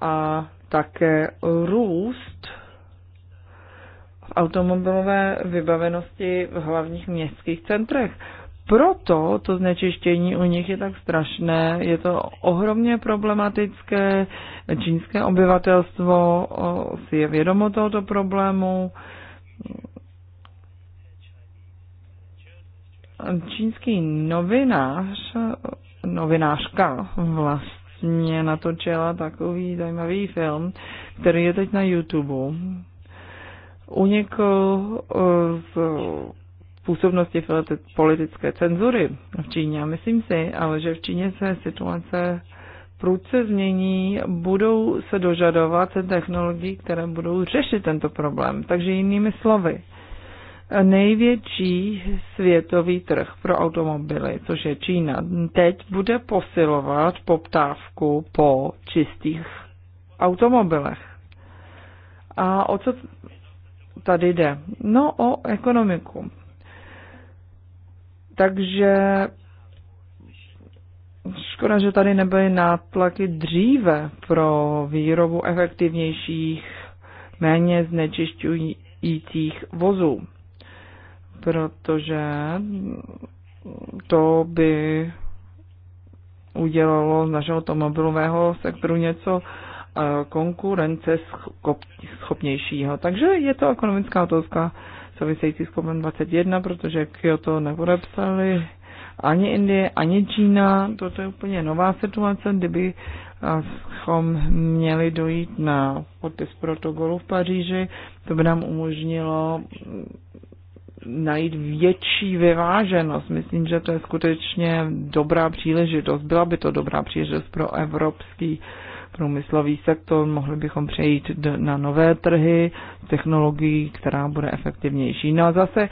a také růst v automobilové vybavenosti v hlavních městských centrech proto to znečištění u nich je tak strašné, je to ohromně problematické, čínské obyvatelstvo si je vědomo tohoto problému. Čínský novinář, novinářka vlastně natočila takový zajímavý film, který je teď na YouTube. Unikl e, z působnosti politické cenzury v Číně. A myslím si, ale že v Číně se situace prudce změní, budou se dožadovat technologií, které budou řešit tento problém. Takže jinými slovy, největší světový trh pro automobily, což je Čína, teď bude posilovat poptávku po čistých automobilech. A o co tady jde? No o ekonomiku. Takže škoda, že tady nebyly nátlaky dříve pro výrobu efektivnějších, méně znečišťujících vozů, protože to by udělalo z našeho automobilového sektoru něco eh, konkurence schopnějšího. Takže je to ekonomická otázka související s COP21, protože Kyoto nepodepsali ani Indie, ani Čína. Toto je úplně nová situace, kdyby abychom měli dojít na podpis protokolu v Paříži, to by nám umožnilo najít větší vyváženost. Myslím, že to je skutečně dobrá příležitost. Byla by to dobrá příležitost pro evropský uh, průmyslový sektor, mohli bychom přejít na nové trhy, technologií, která bude efektivnější. No a zase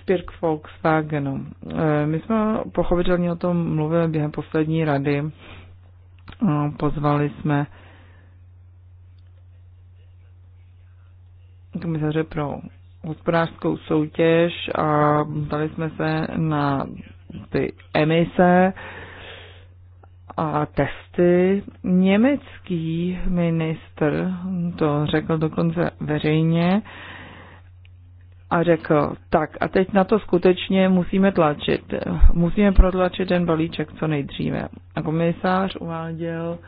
zpět k Volkswagenu. E, my jsme pochopitelně o tom mluvili během poslední rady. E, pozvali jsme komisaře pro hospodářskou soutěž a dali jsme se na ty emise a testy. Německý ministr to řekl dokonce veřejně a řekl, tak a teď na to skutečně musíme tlačit. Musíme protlačit ten balíček co nejdříve. A komisář uváděl,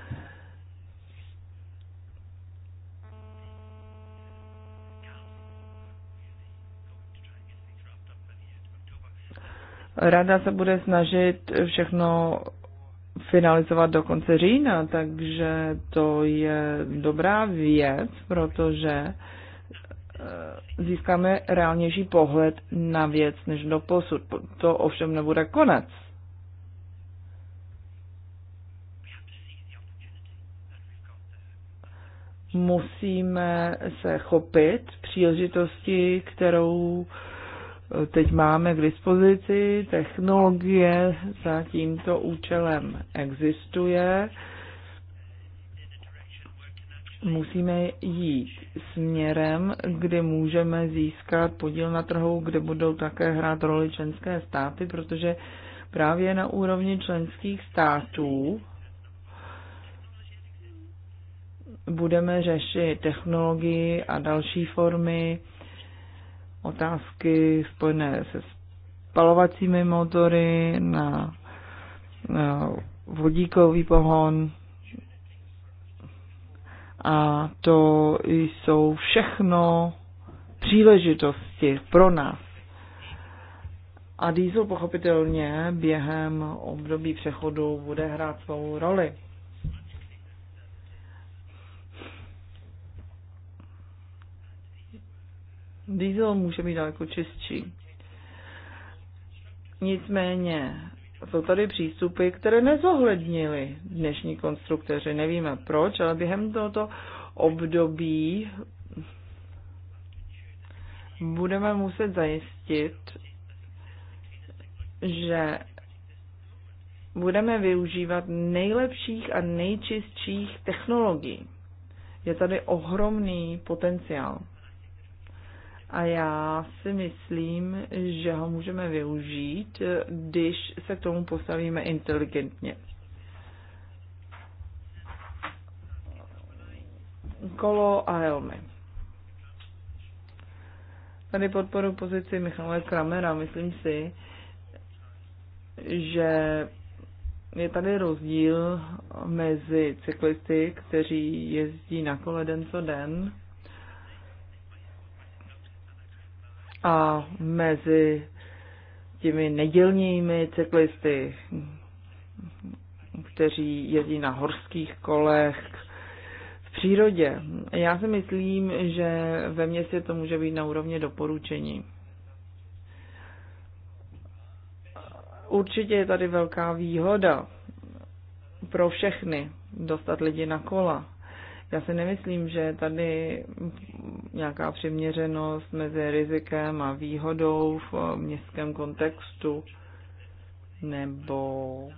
Rada se bude snažit všechno finalizovat do konce října, takže to je dobrá věc, protože eh, získáme reálnější pohled na věc než do posud. To ovšem nebude konec. Musíme se chopit příležitosti, kterou teď máme k dispozici, technologie za tímto účelem existuje. Musíme jít směrem, kde můžeme získat podíl na trhu, kde budou také hrát roli členské státy, protože právě na úrovni členských států budeme řešit technologii a další formy otázky spojené se spalovacími motory, na, na vodíkový pohon. A to jsou všechno příležitosti pro nás. A diesel pochopitelně během období přechodu bude hrát svou roli. diesel může být daleko čistší. Nicméně jsou tady přístupy, které nezohlednili dnešní konstruktéři. Nevíme proč, ale během tohoto období budeme muset zajistit, že budeme využívat nejlepších a nejčistších technologií. Je tady ohromný potenciál. A já si myslím, že ho můžeme využít, když se k tomu postavíme inteligentně. Kolo a helmy. Tady podporu pozici Michala Kramera. Myslím si, že je tady rozdíl mezi cyklisty, kteří jezdí na kole den co den, a mezi těmi nedělními cyklisty, kteří jezdí na horských kolech v přírodě. Já si myslím, že ve městě to může být na úrovni doporučení. Určitě je tady velká výhoda pro všechny dostat lidi na kola. Já si nemyslím, že tady nějaká přiměřenost mezi rizikem a výhodou v městském kontextu nebo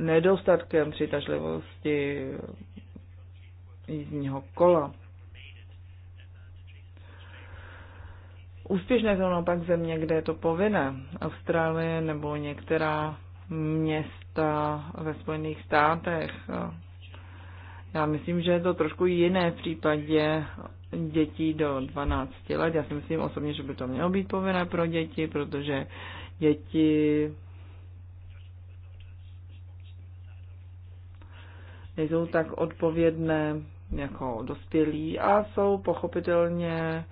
nedostatkem přitažlivosti jízdního kola. Úspěšné jsou naopak země, kde je to povinné. Austrálie nebo některá města ve Spojených státech já myslím, že je to trošku jiné v případě dětí do 12 let. Já si myslím osobně, že by to mělo být povinné pro děti, protože děti nejsou tak odpovědné jako dospělí a jsou pochopitelně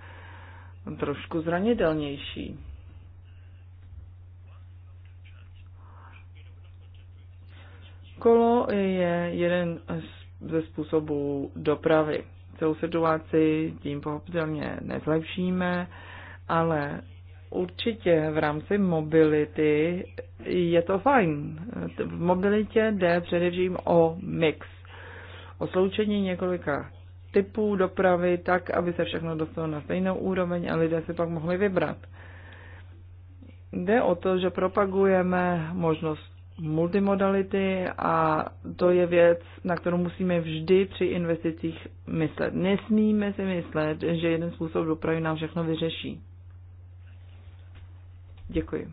trošku zranitelnější. Kolo je jeden z ze způsobu dopravy. Celou situaci tím pochopitelně nezlepšíme, ale určitě v rámci mobility je to fajn. V mobilitě jde především o mix, o sloučení několika typů dopravy tak, aby se všechno dostalo na stejnou úroveň a lidé si pak mohli vybrat. Jde o to, že propagujeme možnost multimodality a to je věc, na kterou musíme vždy při investicích myslet. Nesmíme si myslet, že jeden způsob dopravy nám všechno vyřeší. Děkuji.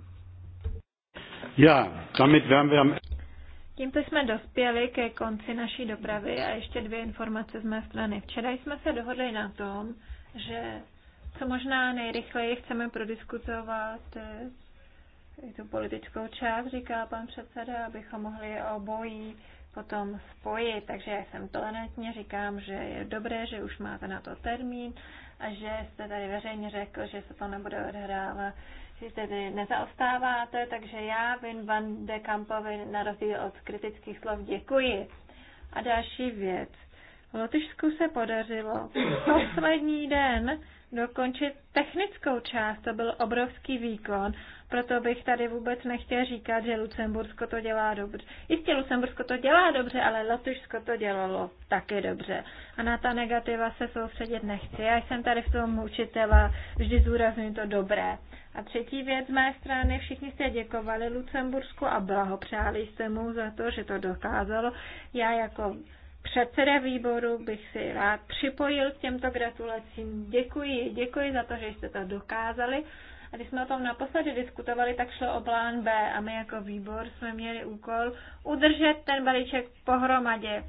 Já, damit vám vám. Tímto jsme dospěli ke konci naší dopravy a ještě dvě informace z mé strany. Včera jsme se dohodli na tom, že co možná nejrychleji chceme prodiskutovat eh, i tu politickou část, říká pan předseda, abychom mohli obojí potom spojit. Takže já jsem tolerantně, říkám, že je dobré, že už máte na to termín a že jste tady veřejně řekl, že se to nebude odhrávat, že tedy nezaostáváte, takže já Vin van de Kampovi na rozdíl od kritických slov děkuji. A další věc. V Lotyšsku se podařilo poslední den dokončit technickou část. To byl obrovský výkon proto bych tady vůbec nechtěl říkat, že Lucembursko to dělá dobře. Jistě Lucembursko to dělá dobře, ale Lotyšsko to dělalo taky dobře. A na ta negativa se soustředit nechci. Já jsem tady v tom učitela, vždy zúraznuju to dobré. A třetí věc z mé strany, všichni jste děkovali Lucembursku a blahopřáli jste mu za to, že to dokázalo. Já jako předseda výboru bych si rád připojil k těmto gratulacím. Děkuji, děkuji za to, že jste to dokázali a když jsme o tom naposledy diskutovali, tak šlo o plán B a my jako výbor jsme měli úkol udržet ten balíček pohromadě.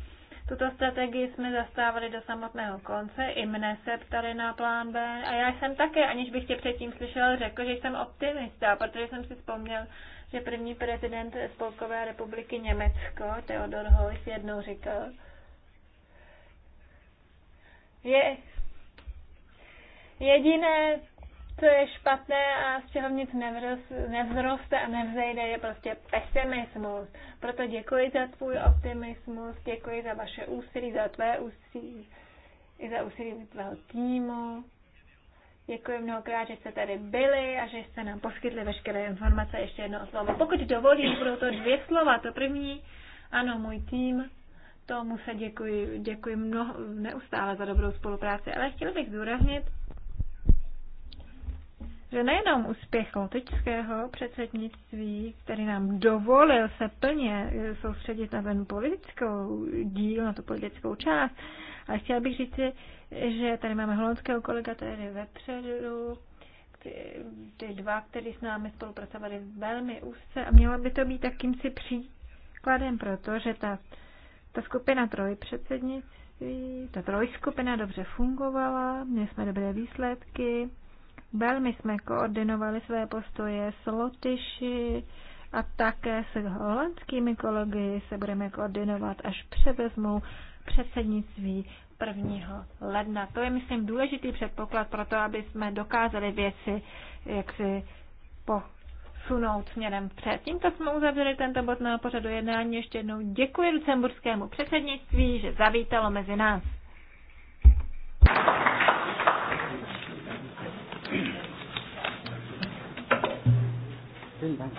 Tuto strategii jsme zastávali do samotného konce, i mne se ptali na plán B a já jsem také, aniž bych tě předtím slyšel, řekl, že jsem optimista, protože jsem si vzpomněl, že první prezident Spolkové republiky Německo, Theodor Heuss, jednou říkal, je jediné co je špatné a z čeho nic nevzroste a nevzejde, je prostě pesimismus. Proto děkuji za tvůj optimismus, děkuji za vaše úsilí, za tvé úsilí, i za úsilí tvého týmu. Děkuji mnohokrát, že jste tady byli a že jste nám poskytli veškeré informace. Ještě jedno slovo. Pokud dovolím, budou to dvě slova. To první, ano, můj tým, tomu se děkuji, děkuji mnoho, neustále za dobrou spolupráci, ale chtěl bych zdůraznit, že nejenom úspěch lotyčského předsednictví, který nám dovolil se plně eh, soustředit na ten politickou díl, na tu politickou část, ale chtěla bych říci, že tady máme holandského kolega tady vepředu, ty dva, kteří s námi spolupracovali velmi úzce a mělo by to být takýmsi příkladem, že ta, ta skupina trojpředsednictví, ta trojskupina dobře fungovala, měli jsme dobré výsledky, Velmi jsme koordinovali své postoje s Lotyši a také s holandskými kolegy se budeme koordinovat, až převezmou předsednictví 1. ledna. To je, myslím, důležitý předpoklad pro to, aby jsme dokázali věci jak si posunout směrem před. Tímto jsme uzavřeli tento bod na pořadu jednání. Ještě jednou děkuji lucemburskému předsednictví, že zavítalo mezi nás. Vielen Dank.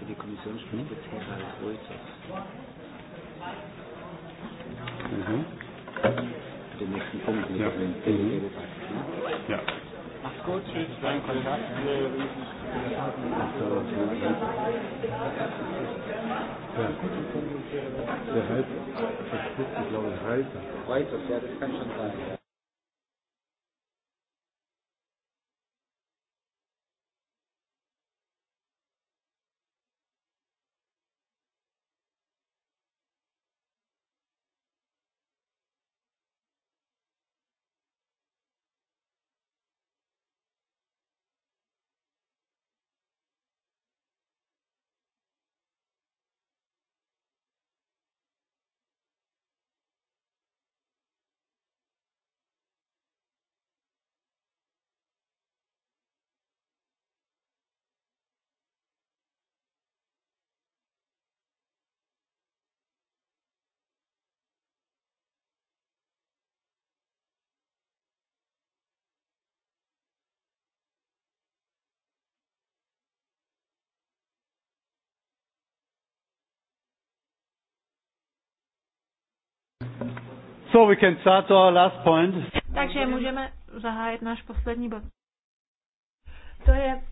Für die Kommissionsmitgliedsherr Ralf Reuter. Mhm. Für den nächsten Punkt. Ja. Mhm. ja. Mach's gut. Tschüss. Danke. Also, ja. Der Halter, das ist, glaube ich, Halter. Halter, ja, das kann schon sein. So we can start our last point. Takže můžeme zahájit náš poslední bod. To je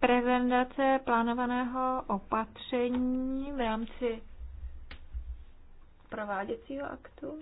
prezentace plánovaného opatření v rámci prováděcího aktu.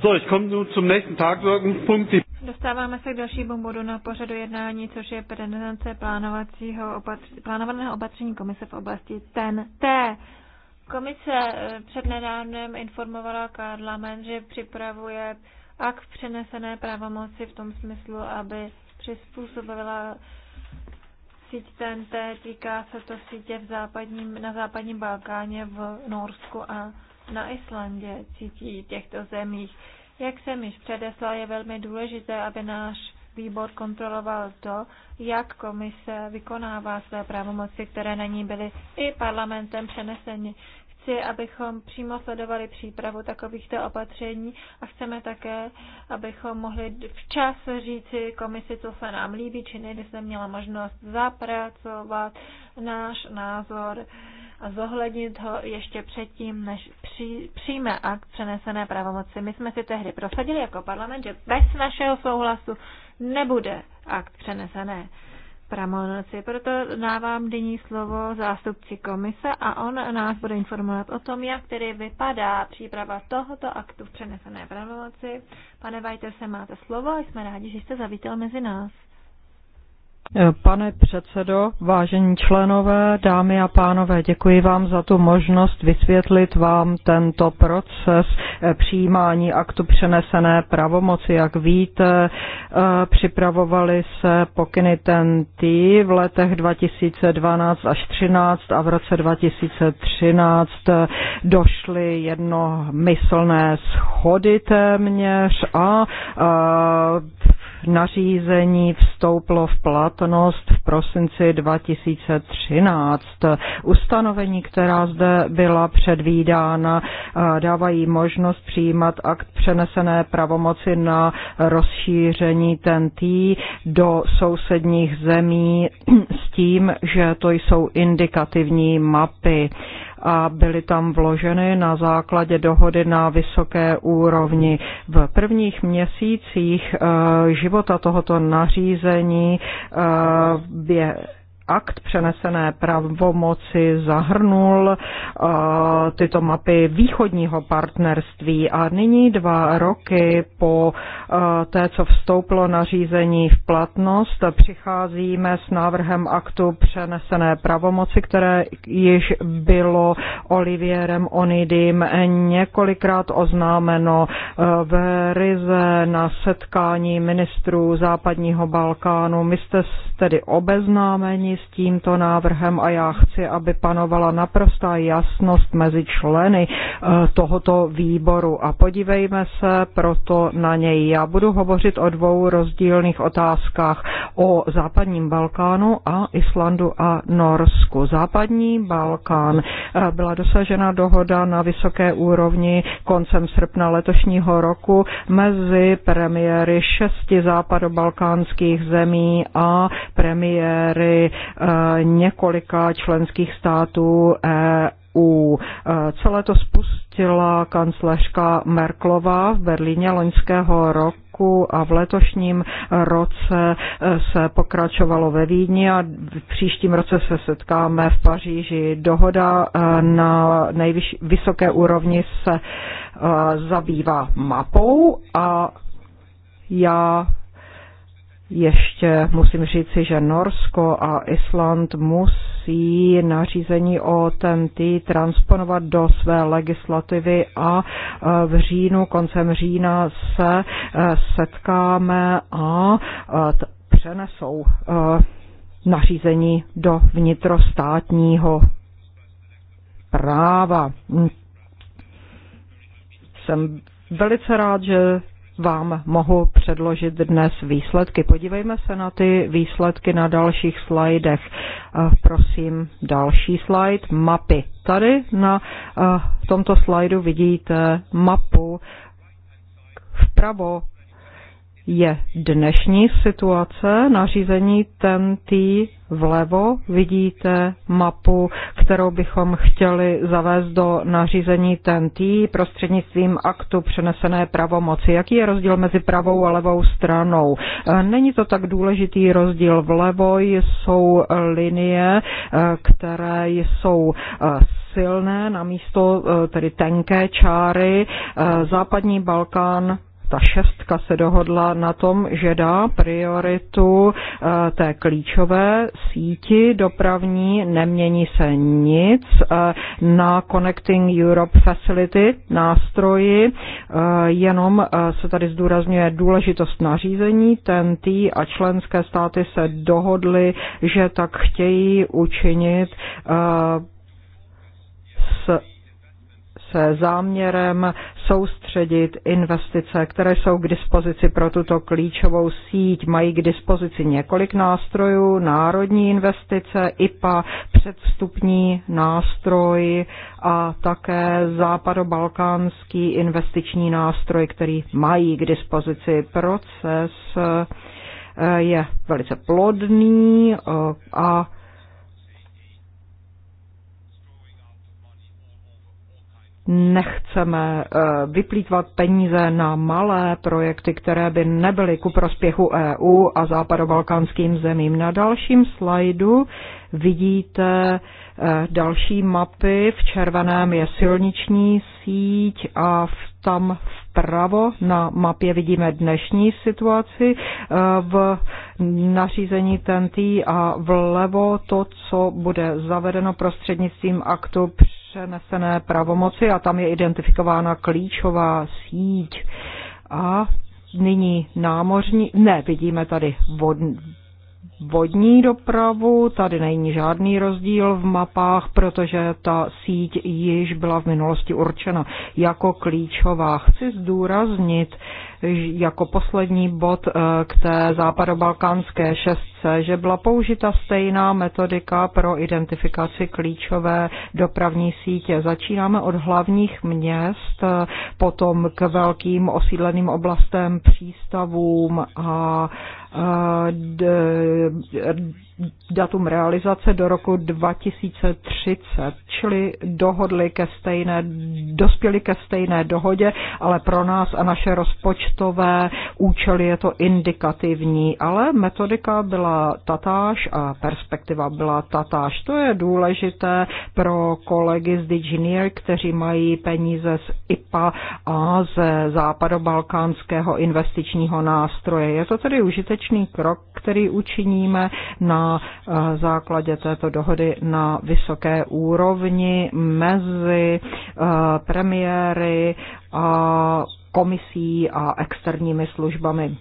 So, ich komme nun zum nächsten Tagesordnungspunkt. Dostáváme se k dalšímu bodu na pořadu jednání, což je prezentace plánovacího opatř- plánovaného opatření komise v oblasti TEN-T. Komise eh, nedávnem informovala parlament, že připravuje akt přenesené pravomoci v tom smyslu, aby přizpůsobila síť TNT, týká se to sítě v západním, na západním Balkáně v Norsku a na Islandě cítí v těchto zemích. Jak jsem již předesla, je velmi důležité, aby náš výbor kontroloval to, jak komise vykonává své pravomoci, které na ní byly i parlamentem přeneseny. Chci, abychom přímo sledovali přípravu takovýchto opatření a chceme také, abychom mohli včas říci komisi, co se nám líbí, či nejde se měla možnost zapracovat náš názor. Uh, a zohlednit ho ještě předtím, než při, přijme akt přenesené pravomoci. My jsme si tehdy prosadili jako parlament, že bez našeho souhlasu nebude akt přenesené pravomoci. Proto dávám nyní slovo zástupci komise a on nás bude informovat o tom, jak tedy vypadá příprava tohoto aktu v přenesené pravomoci. Pane Vajter, se máte slovo a jsme rádi, že jste zavítal mezi nás. Pane předsedo, vážení členové, dámy a pánové, děkuji vám za tu možnost vysvětlit vám tento proces eh, přijímání aktu přenesené pravomoci. Jak víte, eh, připravovali se pokyny TNT v letech 2012 až 13 a v roce 2013 eh, došly jednomyslné schody téměř a nařízení vstoupilo v platnost v prosinci 2013. Ustanovení, která zde byla předvídána, eh, dávají možnost přijímat akt přenesené pravomoci na rozšíření TNT do sousedních zemí <clears throat> s tím, že to jsou indikativní mapy a byly tam vloženy na základě dohody na vysoké úrovni. V prvních měsících eh, života tohoto nařízení eh, akt přenesené pravomoci zahrnul eh, tyto mapy východního partnerství a nyní dva roky po eh, té, co vstoupilo nařízení v platnost, přicházíme s návrhem aktu přenesené pravomoci, které již bylo Olivierem Onidym několikrát oznámeno eh, v ryze na setkání ministrů západního Balkánu. My jste tedy obeznámeni s tímto návrhem a já chci, aby panovala naprostá jasnost mezi členy eh, tohoto výboru. A podívejme se proto na něj. Já budu hovořit o dvou rozdílných otázkách, o západním Balkánu a Islandu a Norsku. Západní Balkán eh, byla dosažena dohoda na vysoké úrovni koncem srpna letošního roku mezi premiéry šesti západobalkánských zemí a premiéry Eh, několika členských států EU. Eh, celé to spustila kancléřka Merklova v Berlíně loňského roku a v letošním roce eh, se pokračovalo ve Vídni a v příštím roce se setkáme v Paříži. Dohoda na nejvyšší vysoké úrovni se zabývá mapou a já ještě musím říci, že Norsko a Island musí nařízení o TNT transponovat do své legislativy a e, v říjnu, koncem října se e, setkáme a e, přenesou nařízení do vnitrostátního práva. Hm. Jsem velice rád, že vám mohu předložit dnes výsledky. Podívejme se na ty výsledky na dalších slajdech. Prosím, další slide, mapy. Tady na tomto slajdu vidíte mapu vpravo je dnešní situace nařízení ten tý vlevo. Vidíte mapu, kterou bychom chtěli zavést do nařízení ten tý prostřednictvím aktu přenesené pravomoci. Jaký je rozdíl mezi pravou a levou stranou? E, není to tak důležitý rozdíl. Vlevo jsou linie, e, které jsou e, silné na místo tedy tenké čáry. Západní Balkán ta šestka se dohodla na tom, že dá prioritu eh, té klíčové síti dopravní, nemění se nic eh, na Connecting Europe Facility nástroji, eh, jenom se tady zdůrazňuje důležitost nařízení, ten tý a členské státy se dohodly, že tak chtějí učinit s se záměrem soustředit investice, které jsou k dispozici pro tuto klíčovou síť. Mají k dispozici několik nástrojů, národní investice, IPA, předvstupní nástroj a také západobalkánský investiční nástroj, který mají k dispozici proces eh, je velice plodný eh, a nechceme eh, vyplýtvat peníze na malé projekty, které by nebyly ku prospěchu EU a západobalkánským zemím. Na dalším slajdu vidíte eh, další mapy. V červeném je silniční síť a v tam vpravo na mapě vidíme dnešní situaci eh, v nařízení TNT a vlevo to, co bude zavedeno prostřednictvím aktu při přenesené pravomoci a tam je identifikována klíčová síť. A nyní námořní, ne, vidíme tady vod, vodní dopravu. Tady není žádný rozdíl v mapách, protože ta síť již byla v minulosti určena jako klíčová. Chci zdůraznit jako poslední bod eh, k té západobalkánské šestce, že byla použita stejná metodika pro identifikaci klíčové dopravní sítě. Začínáme od hlavních měst, eh, potom k velkým osídleným oblastem, přístavům a Eh, d, d, datum realizace do roku 2030, čili dohodli ke stejné, dospěli ke stejné dohodě, ale pro nás a naše rozpočtové účely je to indikativní, ale metodika byla tatáž a perspektiva byla tatáž. To je důležité pro kolegy z Digineer, kteří mají peníze z IPA a ze západobalkánského investičního nástroje. Je to tedy užitečný krok, který učiníme na základě této dohody na vysoké úrovni mezi eh, premiéry a komisí a externími službami.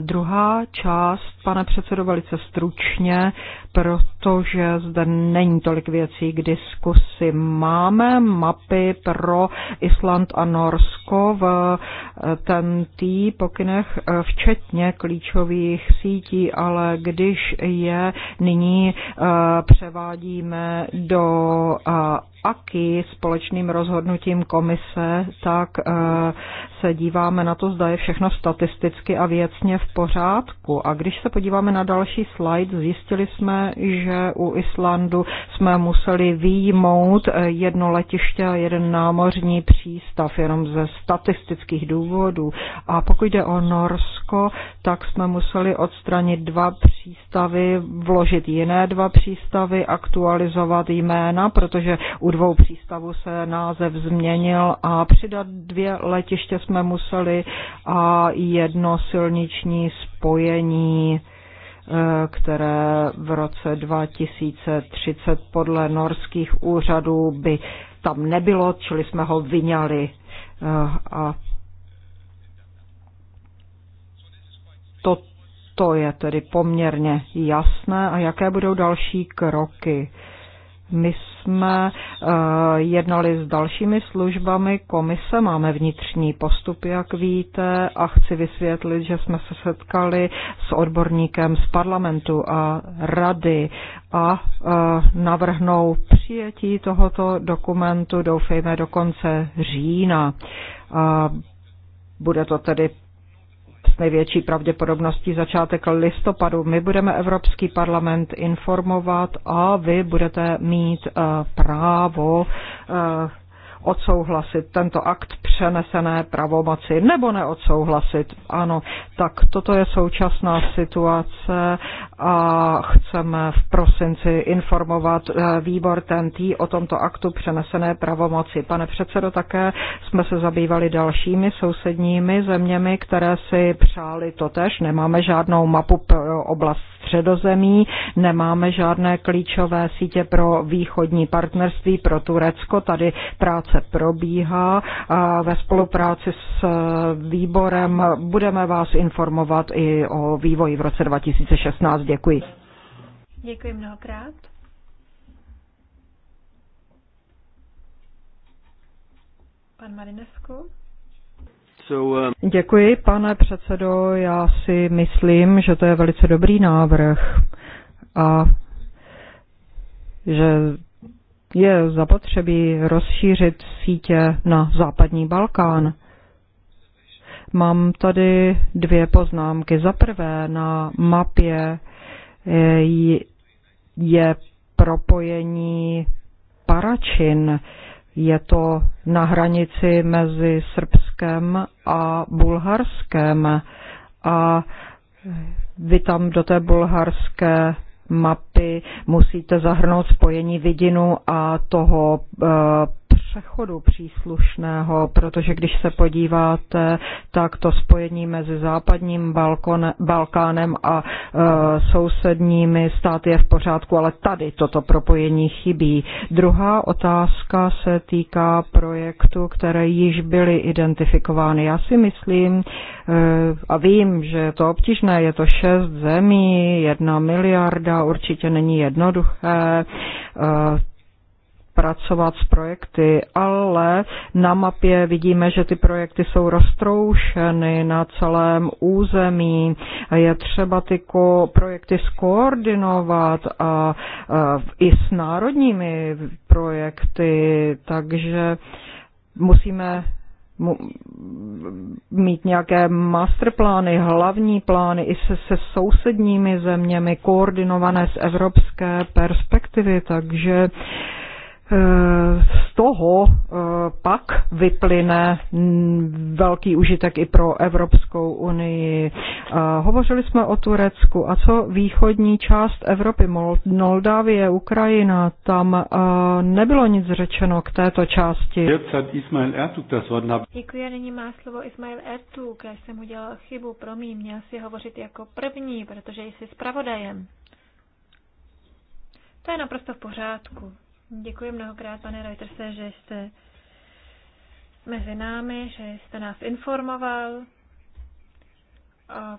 Druhá část, pane předsedo, velice stručně, protože zde není tolik věcí k diskusi. Máme mapy pro Island a Norsko v eh, ten tý pokynech, eh, včetně klíčových sítí, ale když je nyní eh, převádíme do aký společným rozhodnutím komise, tak eh, se díváme na to, zda je všechno statisticky a věcně v pořádku. A když se podíváme na další slide, zjistili jsme, že u Islandu jsme museli výjmout eh, jedno letiště a jeden námořní přístav jenom ze statistických důvodů. A pokud jde o Norsko, tak jsme museli odstranit dva přístavy, vložit jiné dva přístavy, aktualizovat jména, protože u dvou přístavů se název změnil a přidat dvě letiště jsme museli a jedno silniční spojení eh, které v roce 2030 podle norských úřadů by tam nebylo, čili jsme ho vyňali. Eh, a to, to je tedy poměrně jasné. A jaké budou další kroky? My jsme eh, jednali s dalšími službami komise, máme vnitřní postup, jak víte, a chci vysvětlit, že jsme se setkali s odborníkem z parlamentu a rady a eh, navrhnou přijetí tohoto dokumentu, doufejme, do konce října. Bude to tedy největší pravděpodobností začátek listopadu. My budeme Evropský parlament informovat a vy budete mít eh, právo eh, odsouhlasit tento akt přenesené pravomoci nebo neodsouhlasit. Ano, tak toto je současná situace a chceme v prosinci informovat eh, výbor TNT o tomto aktu přenesené pravomoci. Pane předsedo, také jsme se zabývali dalšími sousedními zeměmi, které si přáli totež. Nemáme žádnou mapu oblast středozemí, nemáme žádné klíčové sítě pro východní partnerství, pro Turecko, tady práce probíhá a ve spolupráci s výborem budeme vás informovat i o vývoji v roce 2016. Děkuji. Děkuji mnohokrát. Pan Marinescu. Um, Děkuji, pane předsedo. Já si myslím, že to je velice dobrý návrh a že je zapotřebí rozšířit sítě na západní Balkán. Mám tady dvě poznámky. Za prvé, na mapě eh, je propojení Paračin. Je to na hranici mezi srbskou Řeckem a Bulharskem a vy tam do té bulharské mapy musíte zahrnout spojení vidinu a toho eh, přechodu příslušného, protože když se podíváte, tak to spojení mezi západním Balkon, Balkánem a e, sousedními státy je v pořádku, ale tady toto propojení chybí. Druhá otázka se týká projektů, které již byly identifikovány. Já si myslím e, a vím, že je to obtížné, je to šest zemí, jedna miliarda, určitě není jednoduché. E, pracovat s projekty, ale na mapě vidíme, že ty projekty jsou roztroušeny na celém území. Je třeba ty projekty skoordinovat a, a i s národními projekty, takže musíme mít nějaké masterplány, hlavní plány i se, se sousedními zeměmi, koordinované z evropské perspektivy, takže Eh, z toho eh, pak vyplyne velký užitek i pro Evropskou unii. Eh, hovořili jsme o Turecku a co východní část Evropy, Moldávie, Ukrajina, tam nebylo nic řečeno k této části. Děkuji, nyní má slovo Ismail Ertuk. Já jsem udělal chybu, promiň, měl si hovořit jako první, protože jsi zpravodajem. To je naprosto v pořádku. Děkuji mnohokrát, pane Reuterse, že jste mezi námi, že jste nás informoval o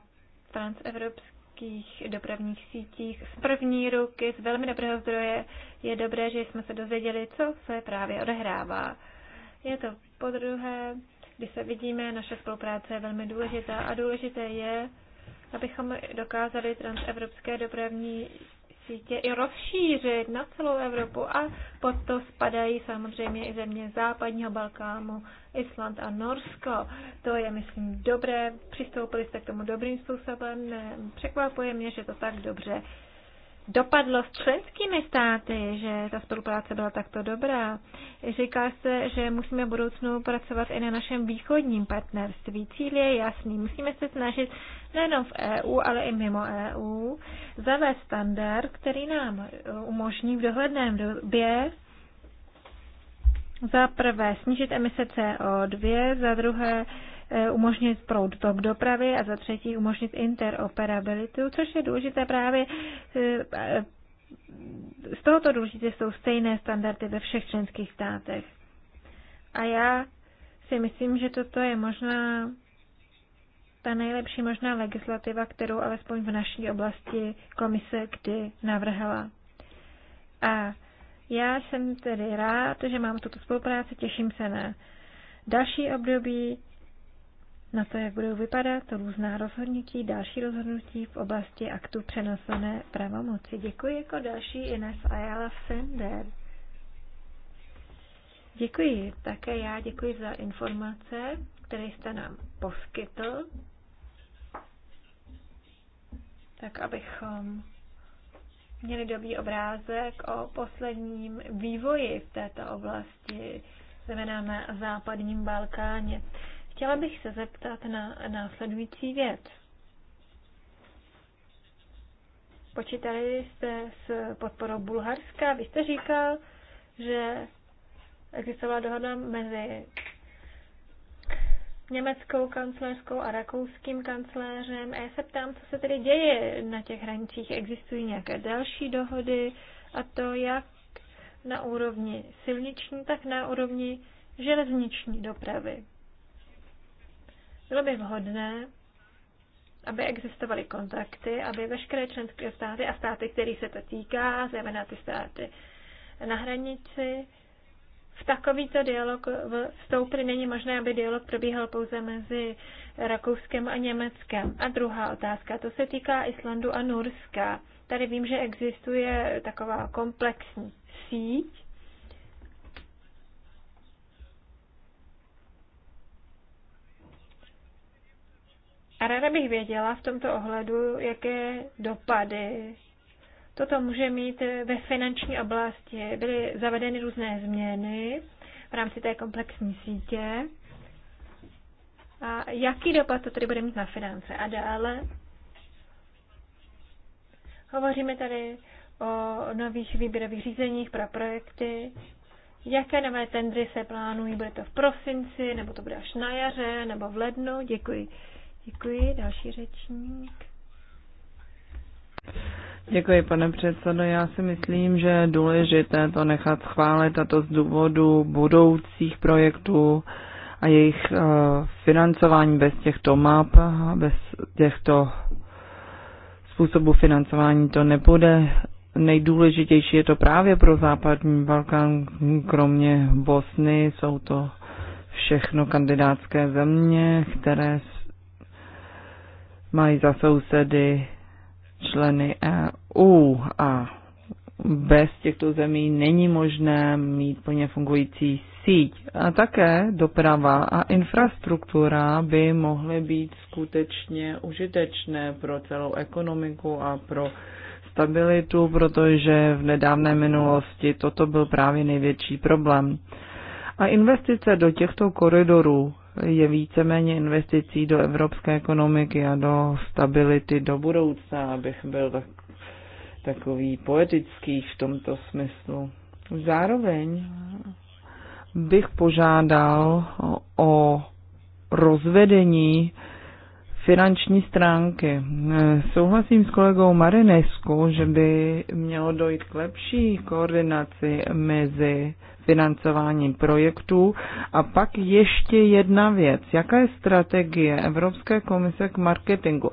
transevropských dopravních sítích z první ruky, z velmi dobrého zdroje. Je dobré, že jsme se dozvěděli, co se právě odehrává. Je to po druhé, kdy se vidíme, naše spolupráce je velmi důležitá a důležité je, abychom dokázali transevropské dopravní sítě i rozšířit na celou Evropu a pod to spadají samozřejmě i země západního Balkánu, Island a Norsko. To je, myslím, dobré. Přistoupili jste k tomu dobrým způsobem. Překvapuje mě, že to tak dobře dopadlo s členskými státy, že ta spolupráce byla takto dobrá. Říká se, že musíme v budoucnu pracovat i na našem východním partnerství. Cíl je jasný. Musíme se snažit nejenom v EU, ale i mimo EU zavést standard, který nám umožní v dohledném době za prvé snížit emise CO2, za druhé Eh, umožnit proud tok dopravy a za třetí umožnit interoperabilitu, což je důležité právě eh, z tohoto důležité jsou stejné standardy ve všech členských státech. A já si myslím, že toto je možná ta nejlepší možná legislativa, kterou alespoň v naší oblasti komise kdy navrhla. A já jsem tedy rád, že mám tuto spolupráci, těším se na další období na to, jak budou vypadat různá rozhodnutí, další rozhodnutí v oblasti aktu přenosené pravomoci. Děkuji jako další Ines Ayala Sender. Děkuji. Také já děkuji za informace, které jste nám poskytl, tak abychom měli dobrý obrázek o posledním vývoji v této oblasti, znamená na západním Balkáně. Chtěla bych se zeptat na následující věc. Počítali jste s podporou Bulharska. Vy jste říkal, že existovala dohoda mezi německou kancléřkou a rakouským kancléřem. A já se ptám, co se tedy děje na těch hranicích. Existují nějaké další dohody a to jak na úrovni silniční, tak na úrovni železniční dopravy. Bylo by vhodné, aby existovaly kontakty, aby veškeré členské státy a státy, který se to týká, zejména ty státy na hranici, v takovýto dialog vstoupili. Není možné, aby dialog probíhal pouze mezi Rakouskem a Německem. A druhá otázka, to se týká Islandu a Norska. Tady vím, že existuje taková komplexní síť A ráda bych věděla v tomto ohledu, jaké dopady toto může mít ve finanční oblasti. Byly zavedeny různé změny v rámci té komplexní sítě. A jaký dopad to tedy bude mít na finance? A dále hovoříme tady o nových výběrových řízeních pro projekty. Jaké nové tendry se plánují? Bude to v prosinci, nebo to bude až na jaře, nebo v lednu? Děkuji. Děkuji. Další řečník. Děkuji, pane předsedo. Já si myslím, že je důležité to nechat schválit a to z důvodu budoucích projektů a jejich eh, financování bez těchto map, bez těchto způsobů financování to nebude. Nejdůležitější je to právě pro západní Balkán, kromě Bosny, jsou to všechno kandidátské země, které mají za sousedy členy EU a bez těchto zemí není možné mít plně fungující síť. A také doprava a infrastruktura by mohly být skutečně užitečné pro celou ekonomiku a pro stabilitu, protože v nedávné minulosti toto byl právě největší problém. A investice do těchto koridorů je víceméně investicí do evropské ekonomiky a do stability do budoucna, abych byl tak, takový poetický v tomto smyslu. Zároveň bych požádal o rozvedení finanční stránky. Eh, souhlasím s kolegou Marinesku, že by mělo dojít k lepší koordinaci mezi financováním projektů. A pak ještě jedna věc. Jaká je strategie Evropské komise k marketingu?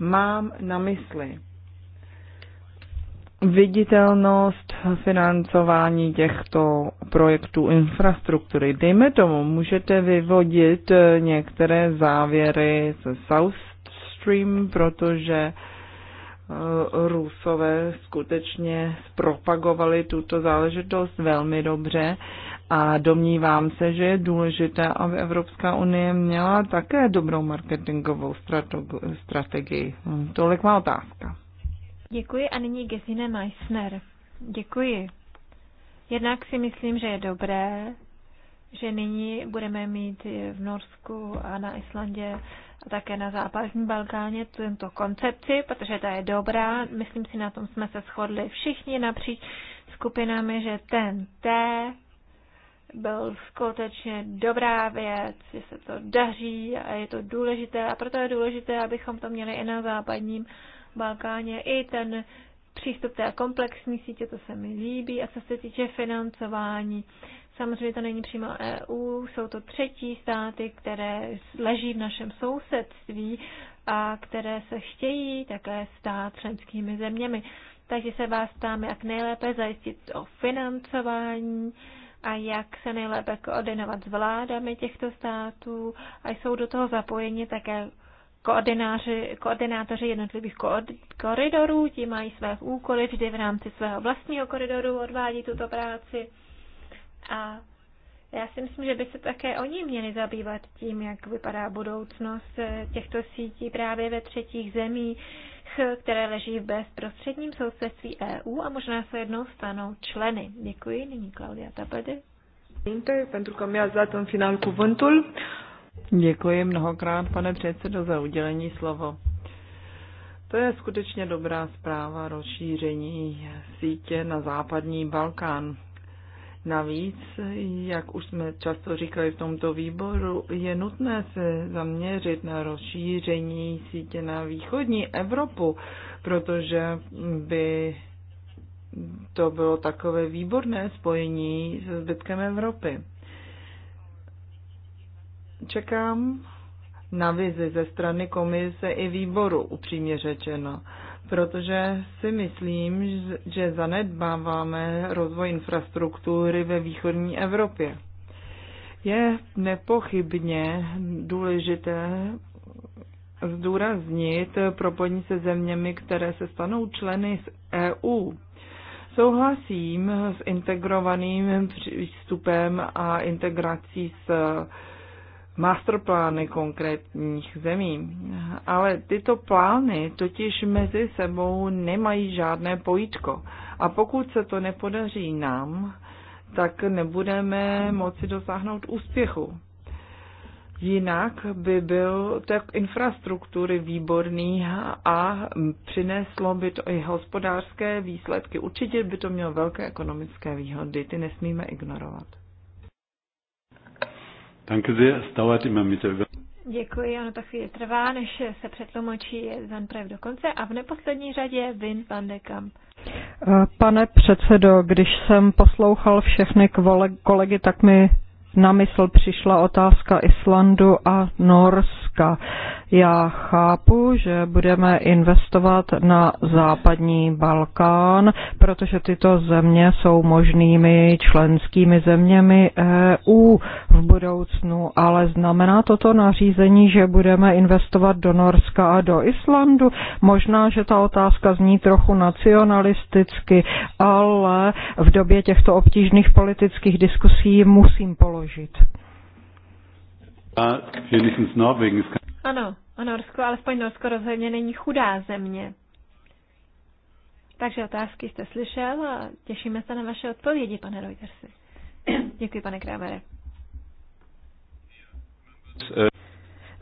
Mám na mysli viditelnost financování těchto projektů infrastruktury. Dejme tomu, můžete vyvodit eh, některé závěry ze South Stream, protože eh, Rusové skutečně zpropagovali tuto záležitost velmi dobře a domnívám se, že je důležité, aby Evropská unie měla také dobrou marketingovou strategii. Tolik má otázka. Děkuji a nyní Gesine Meissner. Děkuji. Jednak si myslím, že je dobré, že nyní budeme mít v Norsku a na Islandě a také na západním Balkáně tento koncepci, protože ta je dobrá. Myslím si, na tom jsme se shodli všichni napříč skupinami, že ten T byl skutečně dobrá věc, že se to daří a je to důležité a proto je důležité, abychom to měli i na západním Balkáně. I ten přístup té komplexní sítě, to se mi líbí. A co se týče financování, samozřejmě to není přímo EU, jsou to třetí státy, které leží v našem sousedství a které se chtějí také stát členskými zeměmi. Takže se vás ptám, jak nejlépe zajistit o financování a jak se nejlépe koordinovat s vládami těchto států a jsou do toho zapojeni také koordináři, koordinátoři jednotlivých koridorů, ti mají své úkoly, vždy v rámci svého vlastního koridoru odvádí tuto práci. A já si myslím, že by se také oni měli zabývat tím, jak vypadá budoucnost těchto sítí právě ve třetích zemích, které leží v bezprostředním sousedství EU a možná se jednou stanou členy. Děkuji. Nyní Claudia Tapedy. Pentru că mi-ați dat în final cuvântul. Děkuji mnohokrát, pane předsedo, za udělení slovo. To je skutečně dobrá zpráva rozšíření sítě na západní Balkán. Navíc, jak už jsme často říkali v tomto výboru, je nutné se zaměřit na rozšíření sítě na východní Evropu, protože by to bylo takové výborné spojení se zbytkem Evropy. Čekám na vizi ze strany komise i výboru, upřímně řečeno, protože si myslím, že zanedbáváme rozvoj infrastruktury ve východní Evropě. Je nepochybně důležité zdůraznit propojení se zeměmi, které se stanou členy z EU. Souhlasím s integrovaným přístupem a integrací s masterplány konkrétních zemí. Ale tyto plány totiž mezi sebou nemají žádné pojítko. A pokud se to nepodaří nám, tak nebudeme moci dosáhnout úspěchu. Jinak by byl tak infrastruktury výborný a přineslo by to i hospodářské výsledky. Určitě by to mělo velké ekonomické výhody, ty nesmíme ignorovat. Danke sehr, es dauert immer mit der Děkuji, ano, ta chvíli trvá, než se přetlumočí Zan Prev do konce a v neposlední řadě Vin van de Kamp. Eh, pane předsedo, když jsem poslouchal všechny kolegy, tak mi na mysl přišla otázka Islandu a Norska. Já chápu, že budeme investovat na západní Balkán, protože tyto země jsou možnými členskými zeměmi EU v budoucnu, ale znamená toto nařízení, že budeme investovat do Norska a do Islandu? Možná, že ta otázka zní trochu nacionalisticky, ale v době těchto obtížných politických diskusí musím položit předložit. Ano, a Norsko, alespoň Norsko rozhodně není chudá země. Takže otázky jste slyšel a těšíme se na vaše odpovědi, pane Reutersi. Děkuji, pane Krámere.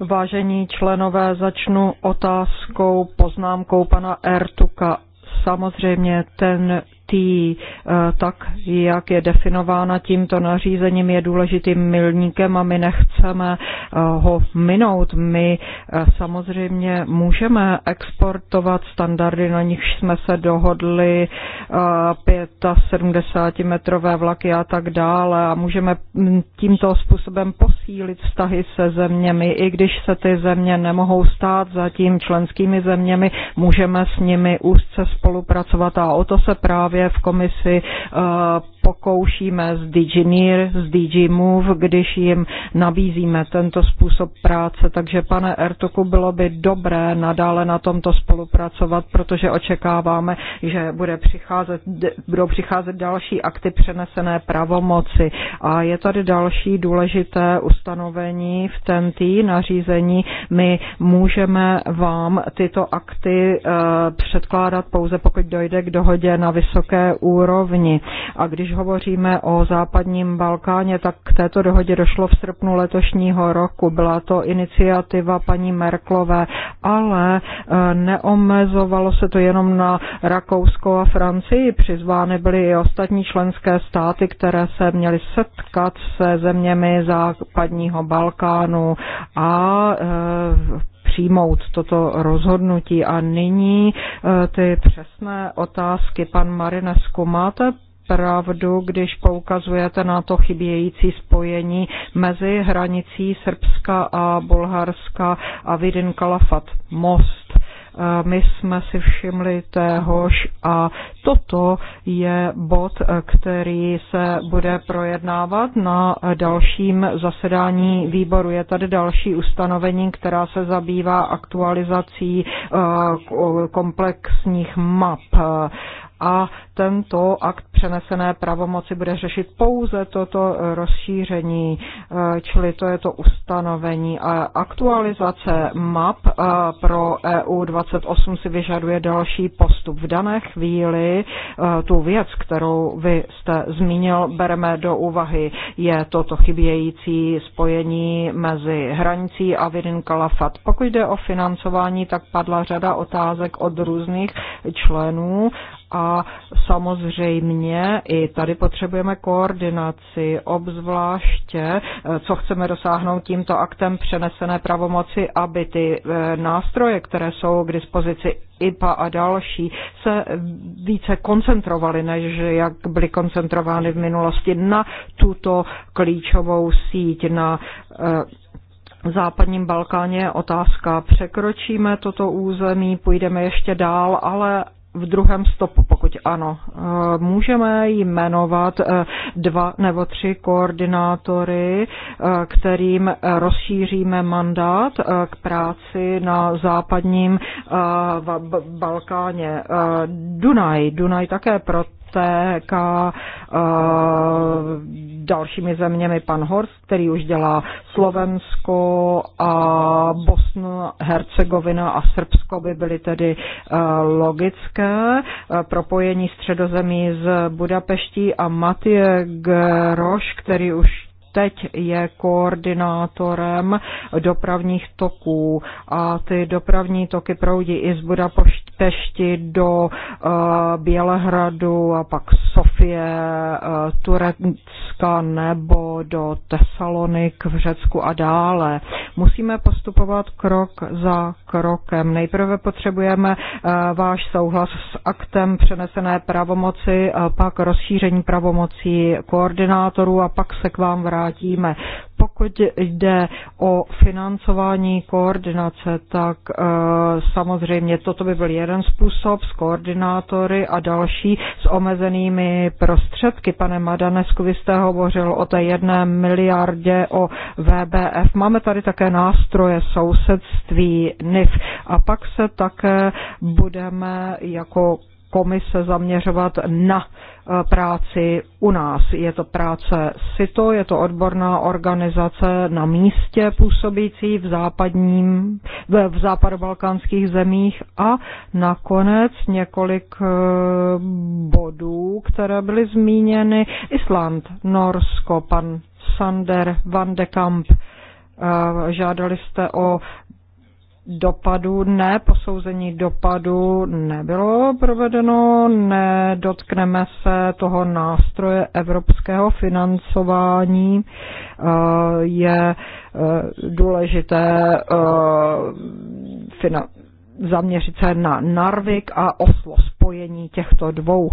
Vážení členové, začnu otázkou, poznámkou pana Ertuka. Samozřejmě ten tý eh, tak jak je definována tímto nařízením, je důležitým milníkem a my nechceme eh, ho minout. My eh, samozřejmě můžeme exportovat standardy, na nichž jsme se dohodli, 75-metrové vlaky a tak dále a můžeme tímto způsobem posílit vztahy se zeměmi, i když se ty země nemohou stát zatím členskými zeměmi, můžeme s nimi úzce spolupracovat a o to se právě právě v komisi eh, pokoušíme s DigiNear, s DigiMove, když jim nabízíme tento způsob práce. Takže pane Ertuku, bylo by dobré nadále na tomto spolupracovat, protože očekáváme, že bude přicházet, budou přicházet další akty přenesené pravomoci. A je tady další důležité ustanovení v TNT nařízení. My můžeme vám tyto akty eh, předkládat pouze, pokud dojde k dohodě na vysoké vysoké úrovni. A když hovoříme o západním Balkáně, tak k této dohodě došlo v srpnu letošního roku. Byla to iniciativa paní Merklové, ale e, neomezovalo se to jenom na Rakousko a Francii. Přizvány byly i ostatní členské státy, které se měly setkat se zeměmi západního Balkánu a e, přijmout toto rozhodnutí. A nyní eh, ty přesné otázky. Pan Marinesku, máte pravdu, když poukazujete na to chybějící spojení mezi hranicí Srbska a Bulharska a Vidin Kalafat most my jsme si všimli téhož a toto je bod, který se bude projednávat na dalším zasedání výboru. Je tady další ustanovení, která se zabývá aktualizací eh, komplexních map a tento akt přenesené pravomoci bude řešit pouze toto rozšíření, eh, čili to je to ustanovení. A aktualizace map eh, pro EU 28 si vyžaduje další postup. V dané chvíli eh, tu věc, kterou vy jste zmínil, bereme do úvahy. Je toto chybějící spojení mezi hranicí a Vidin Kalafat. Pokud jde o financování, tak padla řada otázek od různých členů a samozřejmě i tady potřebujeme koordinaci, obzvláště, eh, co chceme dosáhnout tímto aktem přenesené pravomoci, aby ty eh, nástroje, které jsou k dispozici IPA a další, se více koncentrovaly, než jak byly koncentrovány v minulosti na tuto klíčovou síť, na v eh, západním Balkáně je otázka, překročíme toto území, půjdeme ještě dál, ale v druhém stopu, pokud ano. Eh, můžeme jmenovat eh, dva nebo tři koordinátory, eh, kterým rozšíříme mandát k práci na západním Balkáně. Dunaj, Dunaj také proto, STK eh, dalšími zeměmi pan Horst, který už dělá Slovensko a Bosnu, Hercegovina a Srbsko by byly tedy eh, logické. Eh, propojení středozemí z Budapeští a Matěj Groš, který už teď je koordinátorem dopravních toků a ty dopravní toky proudí i z Budapešti do uh, Bělehradu a pak Sofie, uh, Turecka nebo do Tesalonik v Řecku a dále. Musíme postupovat krok za krokem. Nejprve potřebujeme uh, váš souhlas s aktem přenesené pravomoci, uh, pak rozšíření pravomocí koordinátorů a pak se k vám vrátí vrátíme. Pokud jde o financování koordinace, tak e, samozřejmě toto by byl jeden způsob s koordinátory a další s omezenými prostředky. Pane Madanesku, vy jste hovořil o té jedné miliardě o VBF. Máme tady také nástroje sousedství NIF a pak se také budeme jako komise zaměřovat na eh, práci u nás. Je to práce SITO, je to odborná organizace na místě působící v, západním, v západobalkánských zemích a nakonec několik eh, bodů, které byly zmíněny. Island, Norsko, pan Sander van de Kamp, eh, žádali jste o dopadů ne, posouzení dopadů nebylo provedeno, nedotkneme se toho nástroje evropského financování. Eh, je eh, důležité eh, zaměřit se na Narvik a Oslo, spojení těchto dvou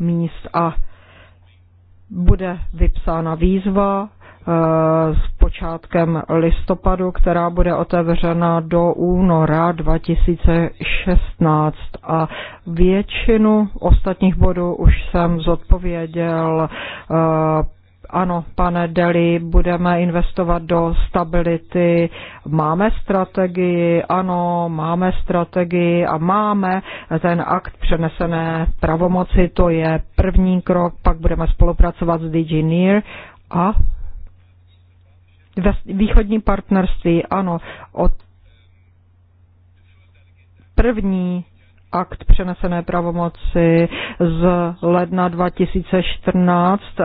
míst a bude vypsána výzva Eh, s počátkem listopadu, která bude otevřena do února 2016 a většinu ostatních bodů už jsem zodpověděl eh, ano, pane Deli, budeme investovat do stability, máme strategii, ano, máme strategii a máme ten akt přenesené pravomoci, to je první krok, pak budeme spolupracovat s DG a východní partnerství, ano, od první akt přenesené pravomoci z ledna 2014 eh,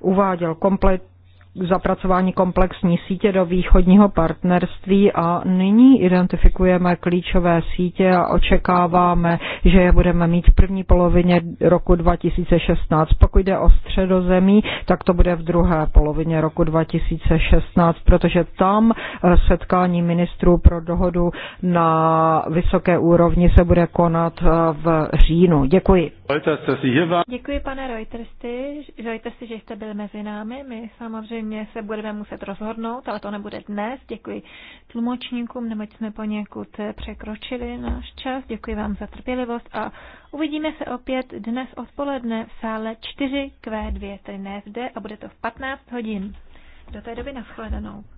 uváděl komplet zapracování komplexní sítě do východního partnerství a nyní identifikujeme klíčové sítě a očekáváme, že je budeme mít v první polovině roku 2016. Pokud jde o středozemí, tak to bude v druhé polovině roku 2016, protože tam eh, setkání ministrů pro dohodu na vysoké úrovni se bude konat eh, v říjnu. Děkuji. Děkuji, pane Reutersty. Reutersty, že jste byl mezi námi. My samozřejmě Samozřejmě se budeme muset rozhodnout, ale to nebude dnes. Děkuji tlumočníkům, neboť jsme poněkud překročili náš čas. Děkuji vám za trpělivost a uvidíme se opět dnes odpoledne v sále 4Q2, tedy ne zde, a bude to v 15 hodin. Do té doby nashledanou.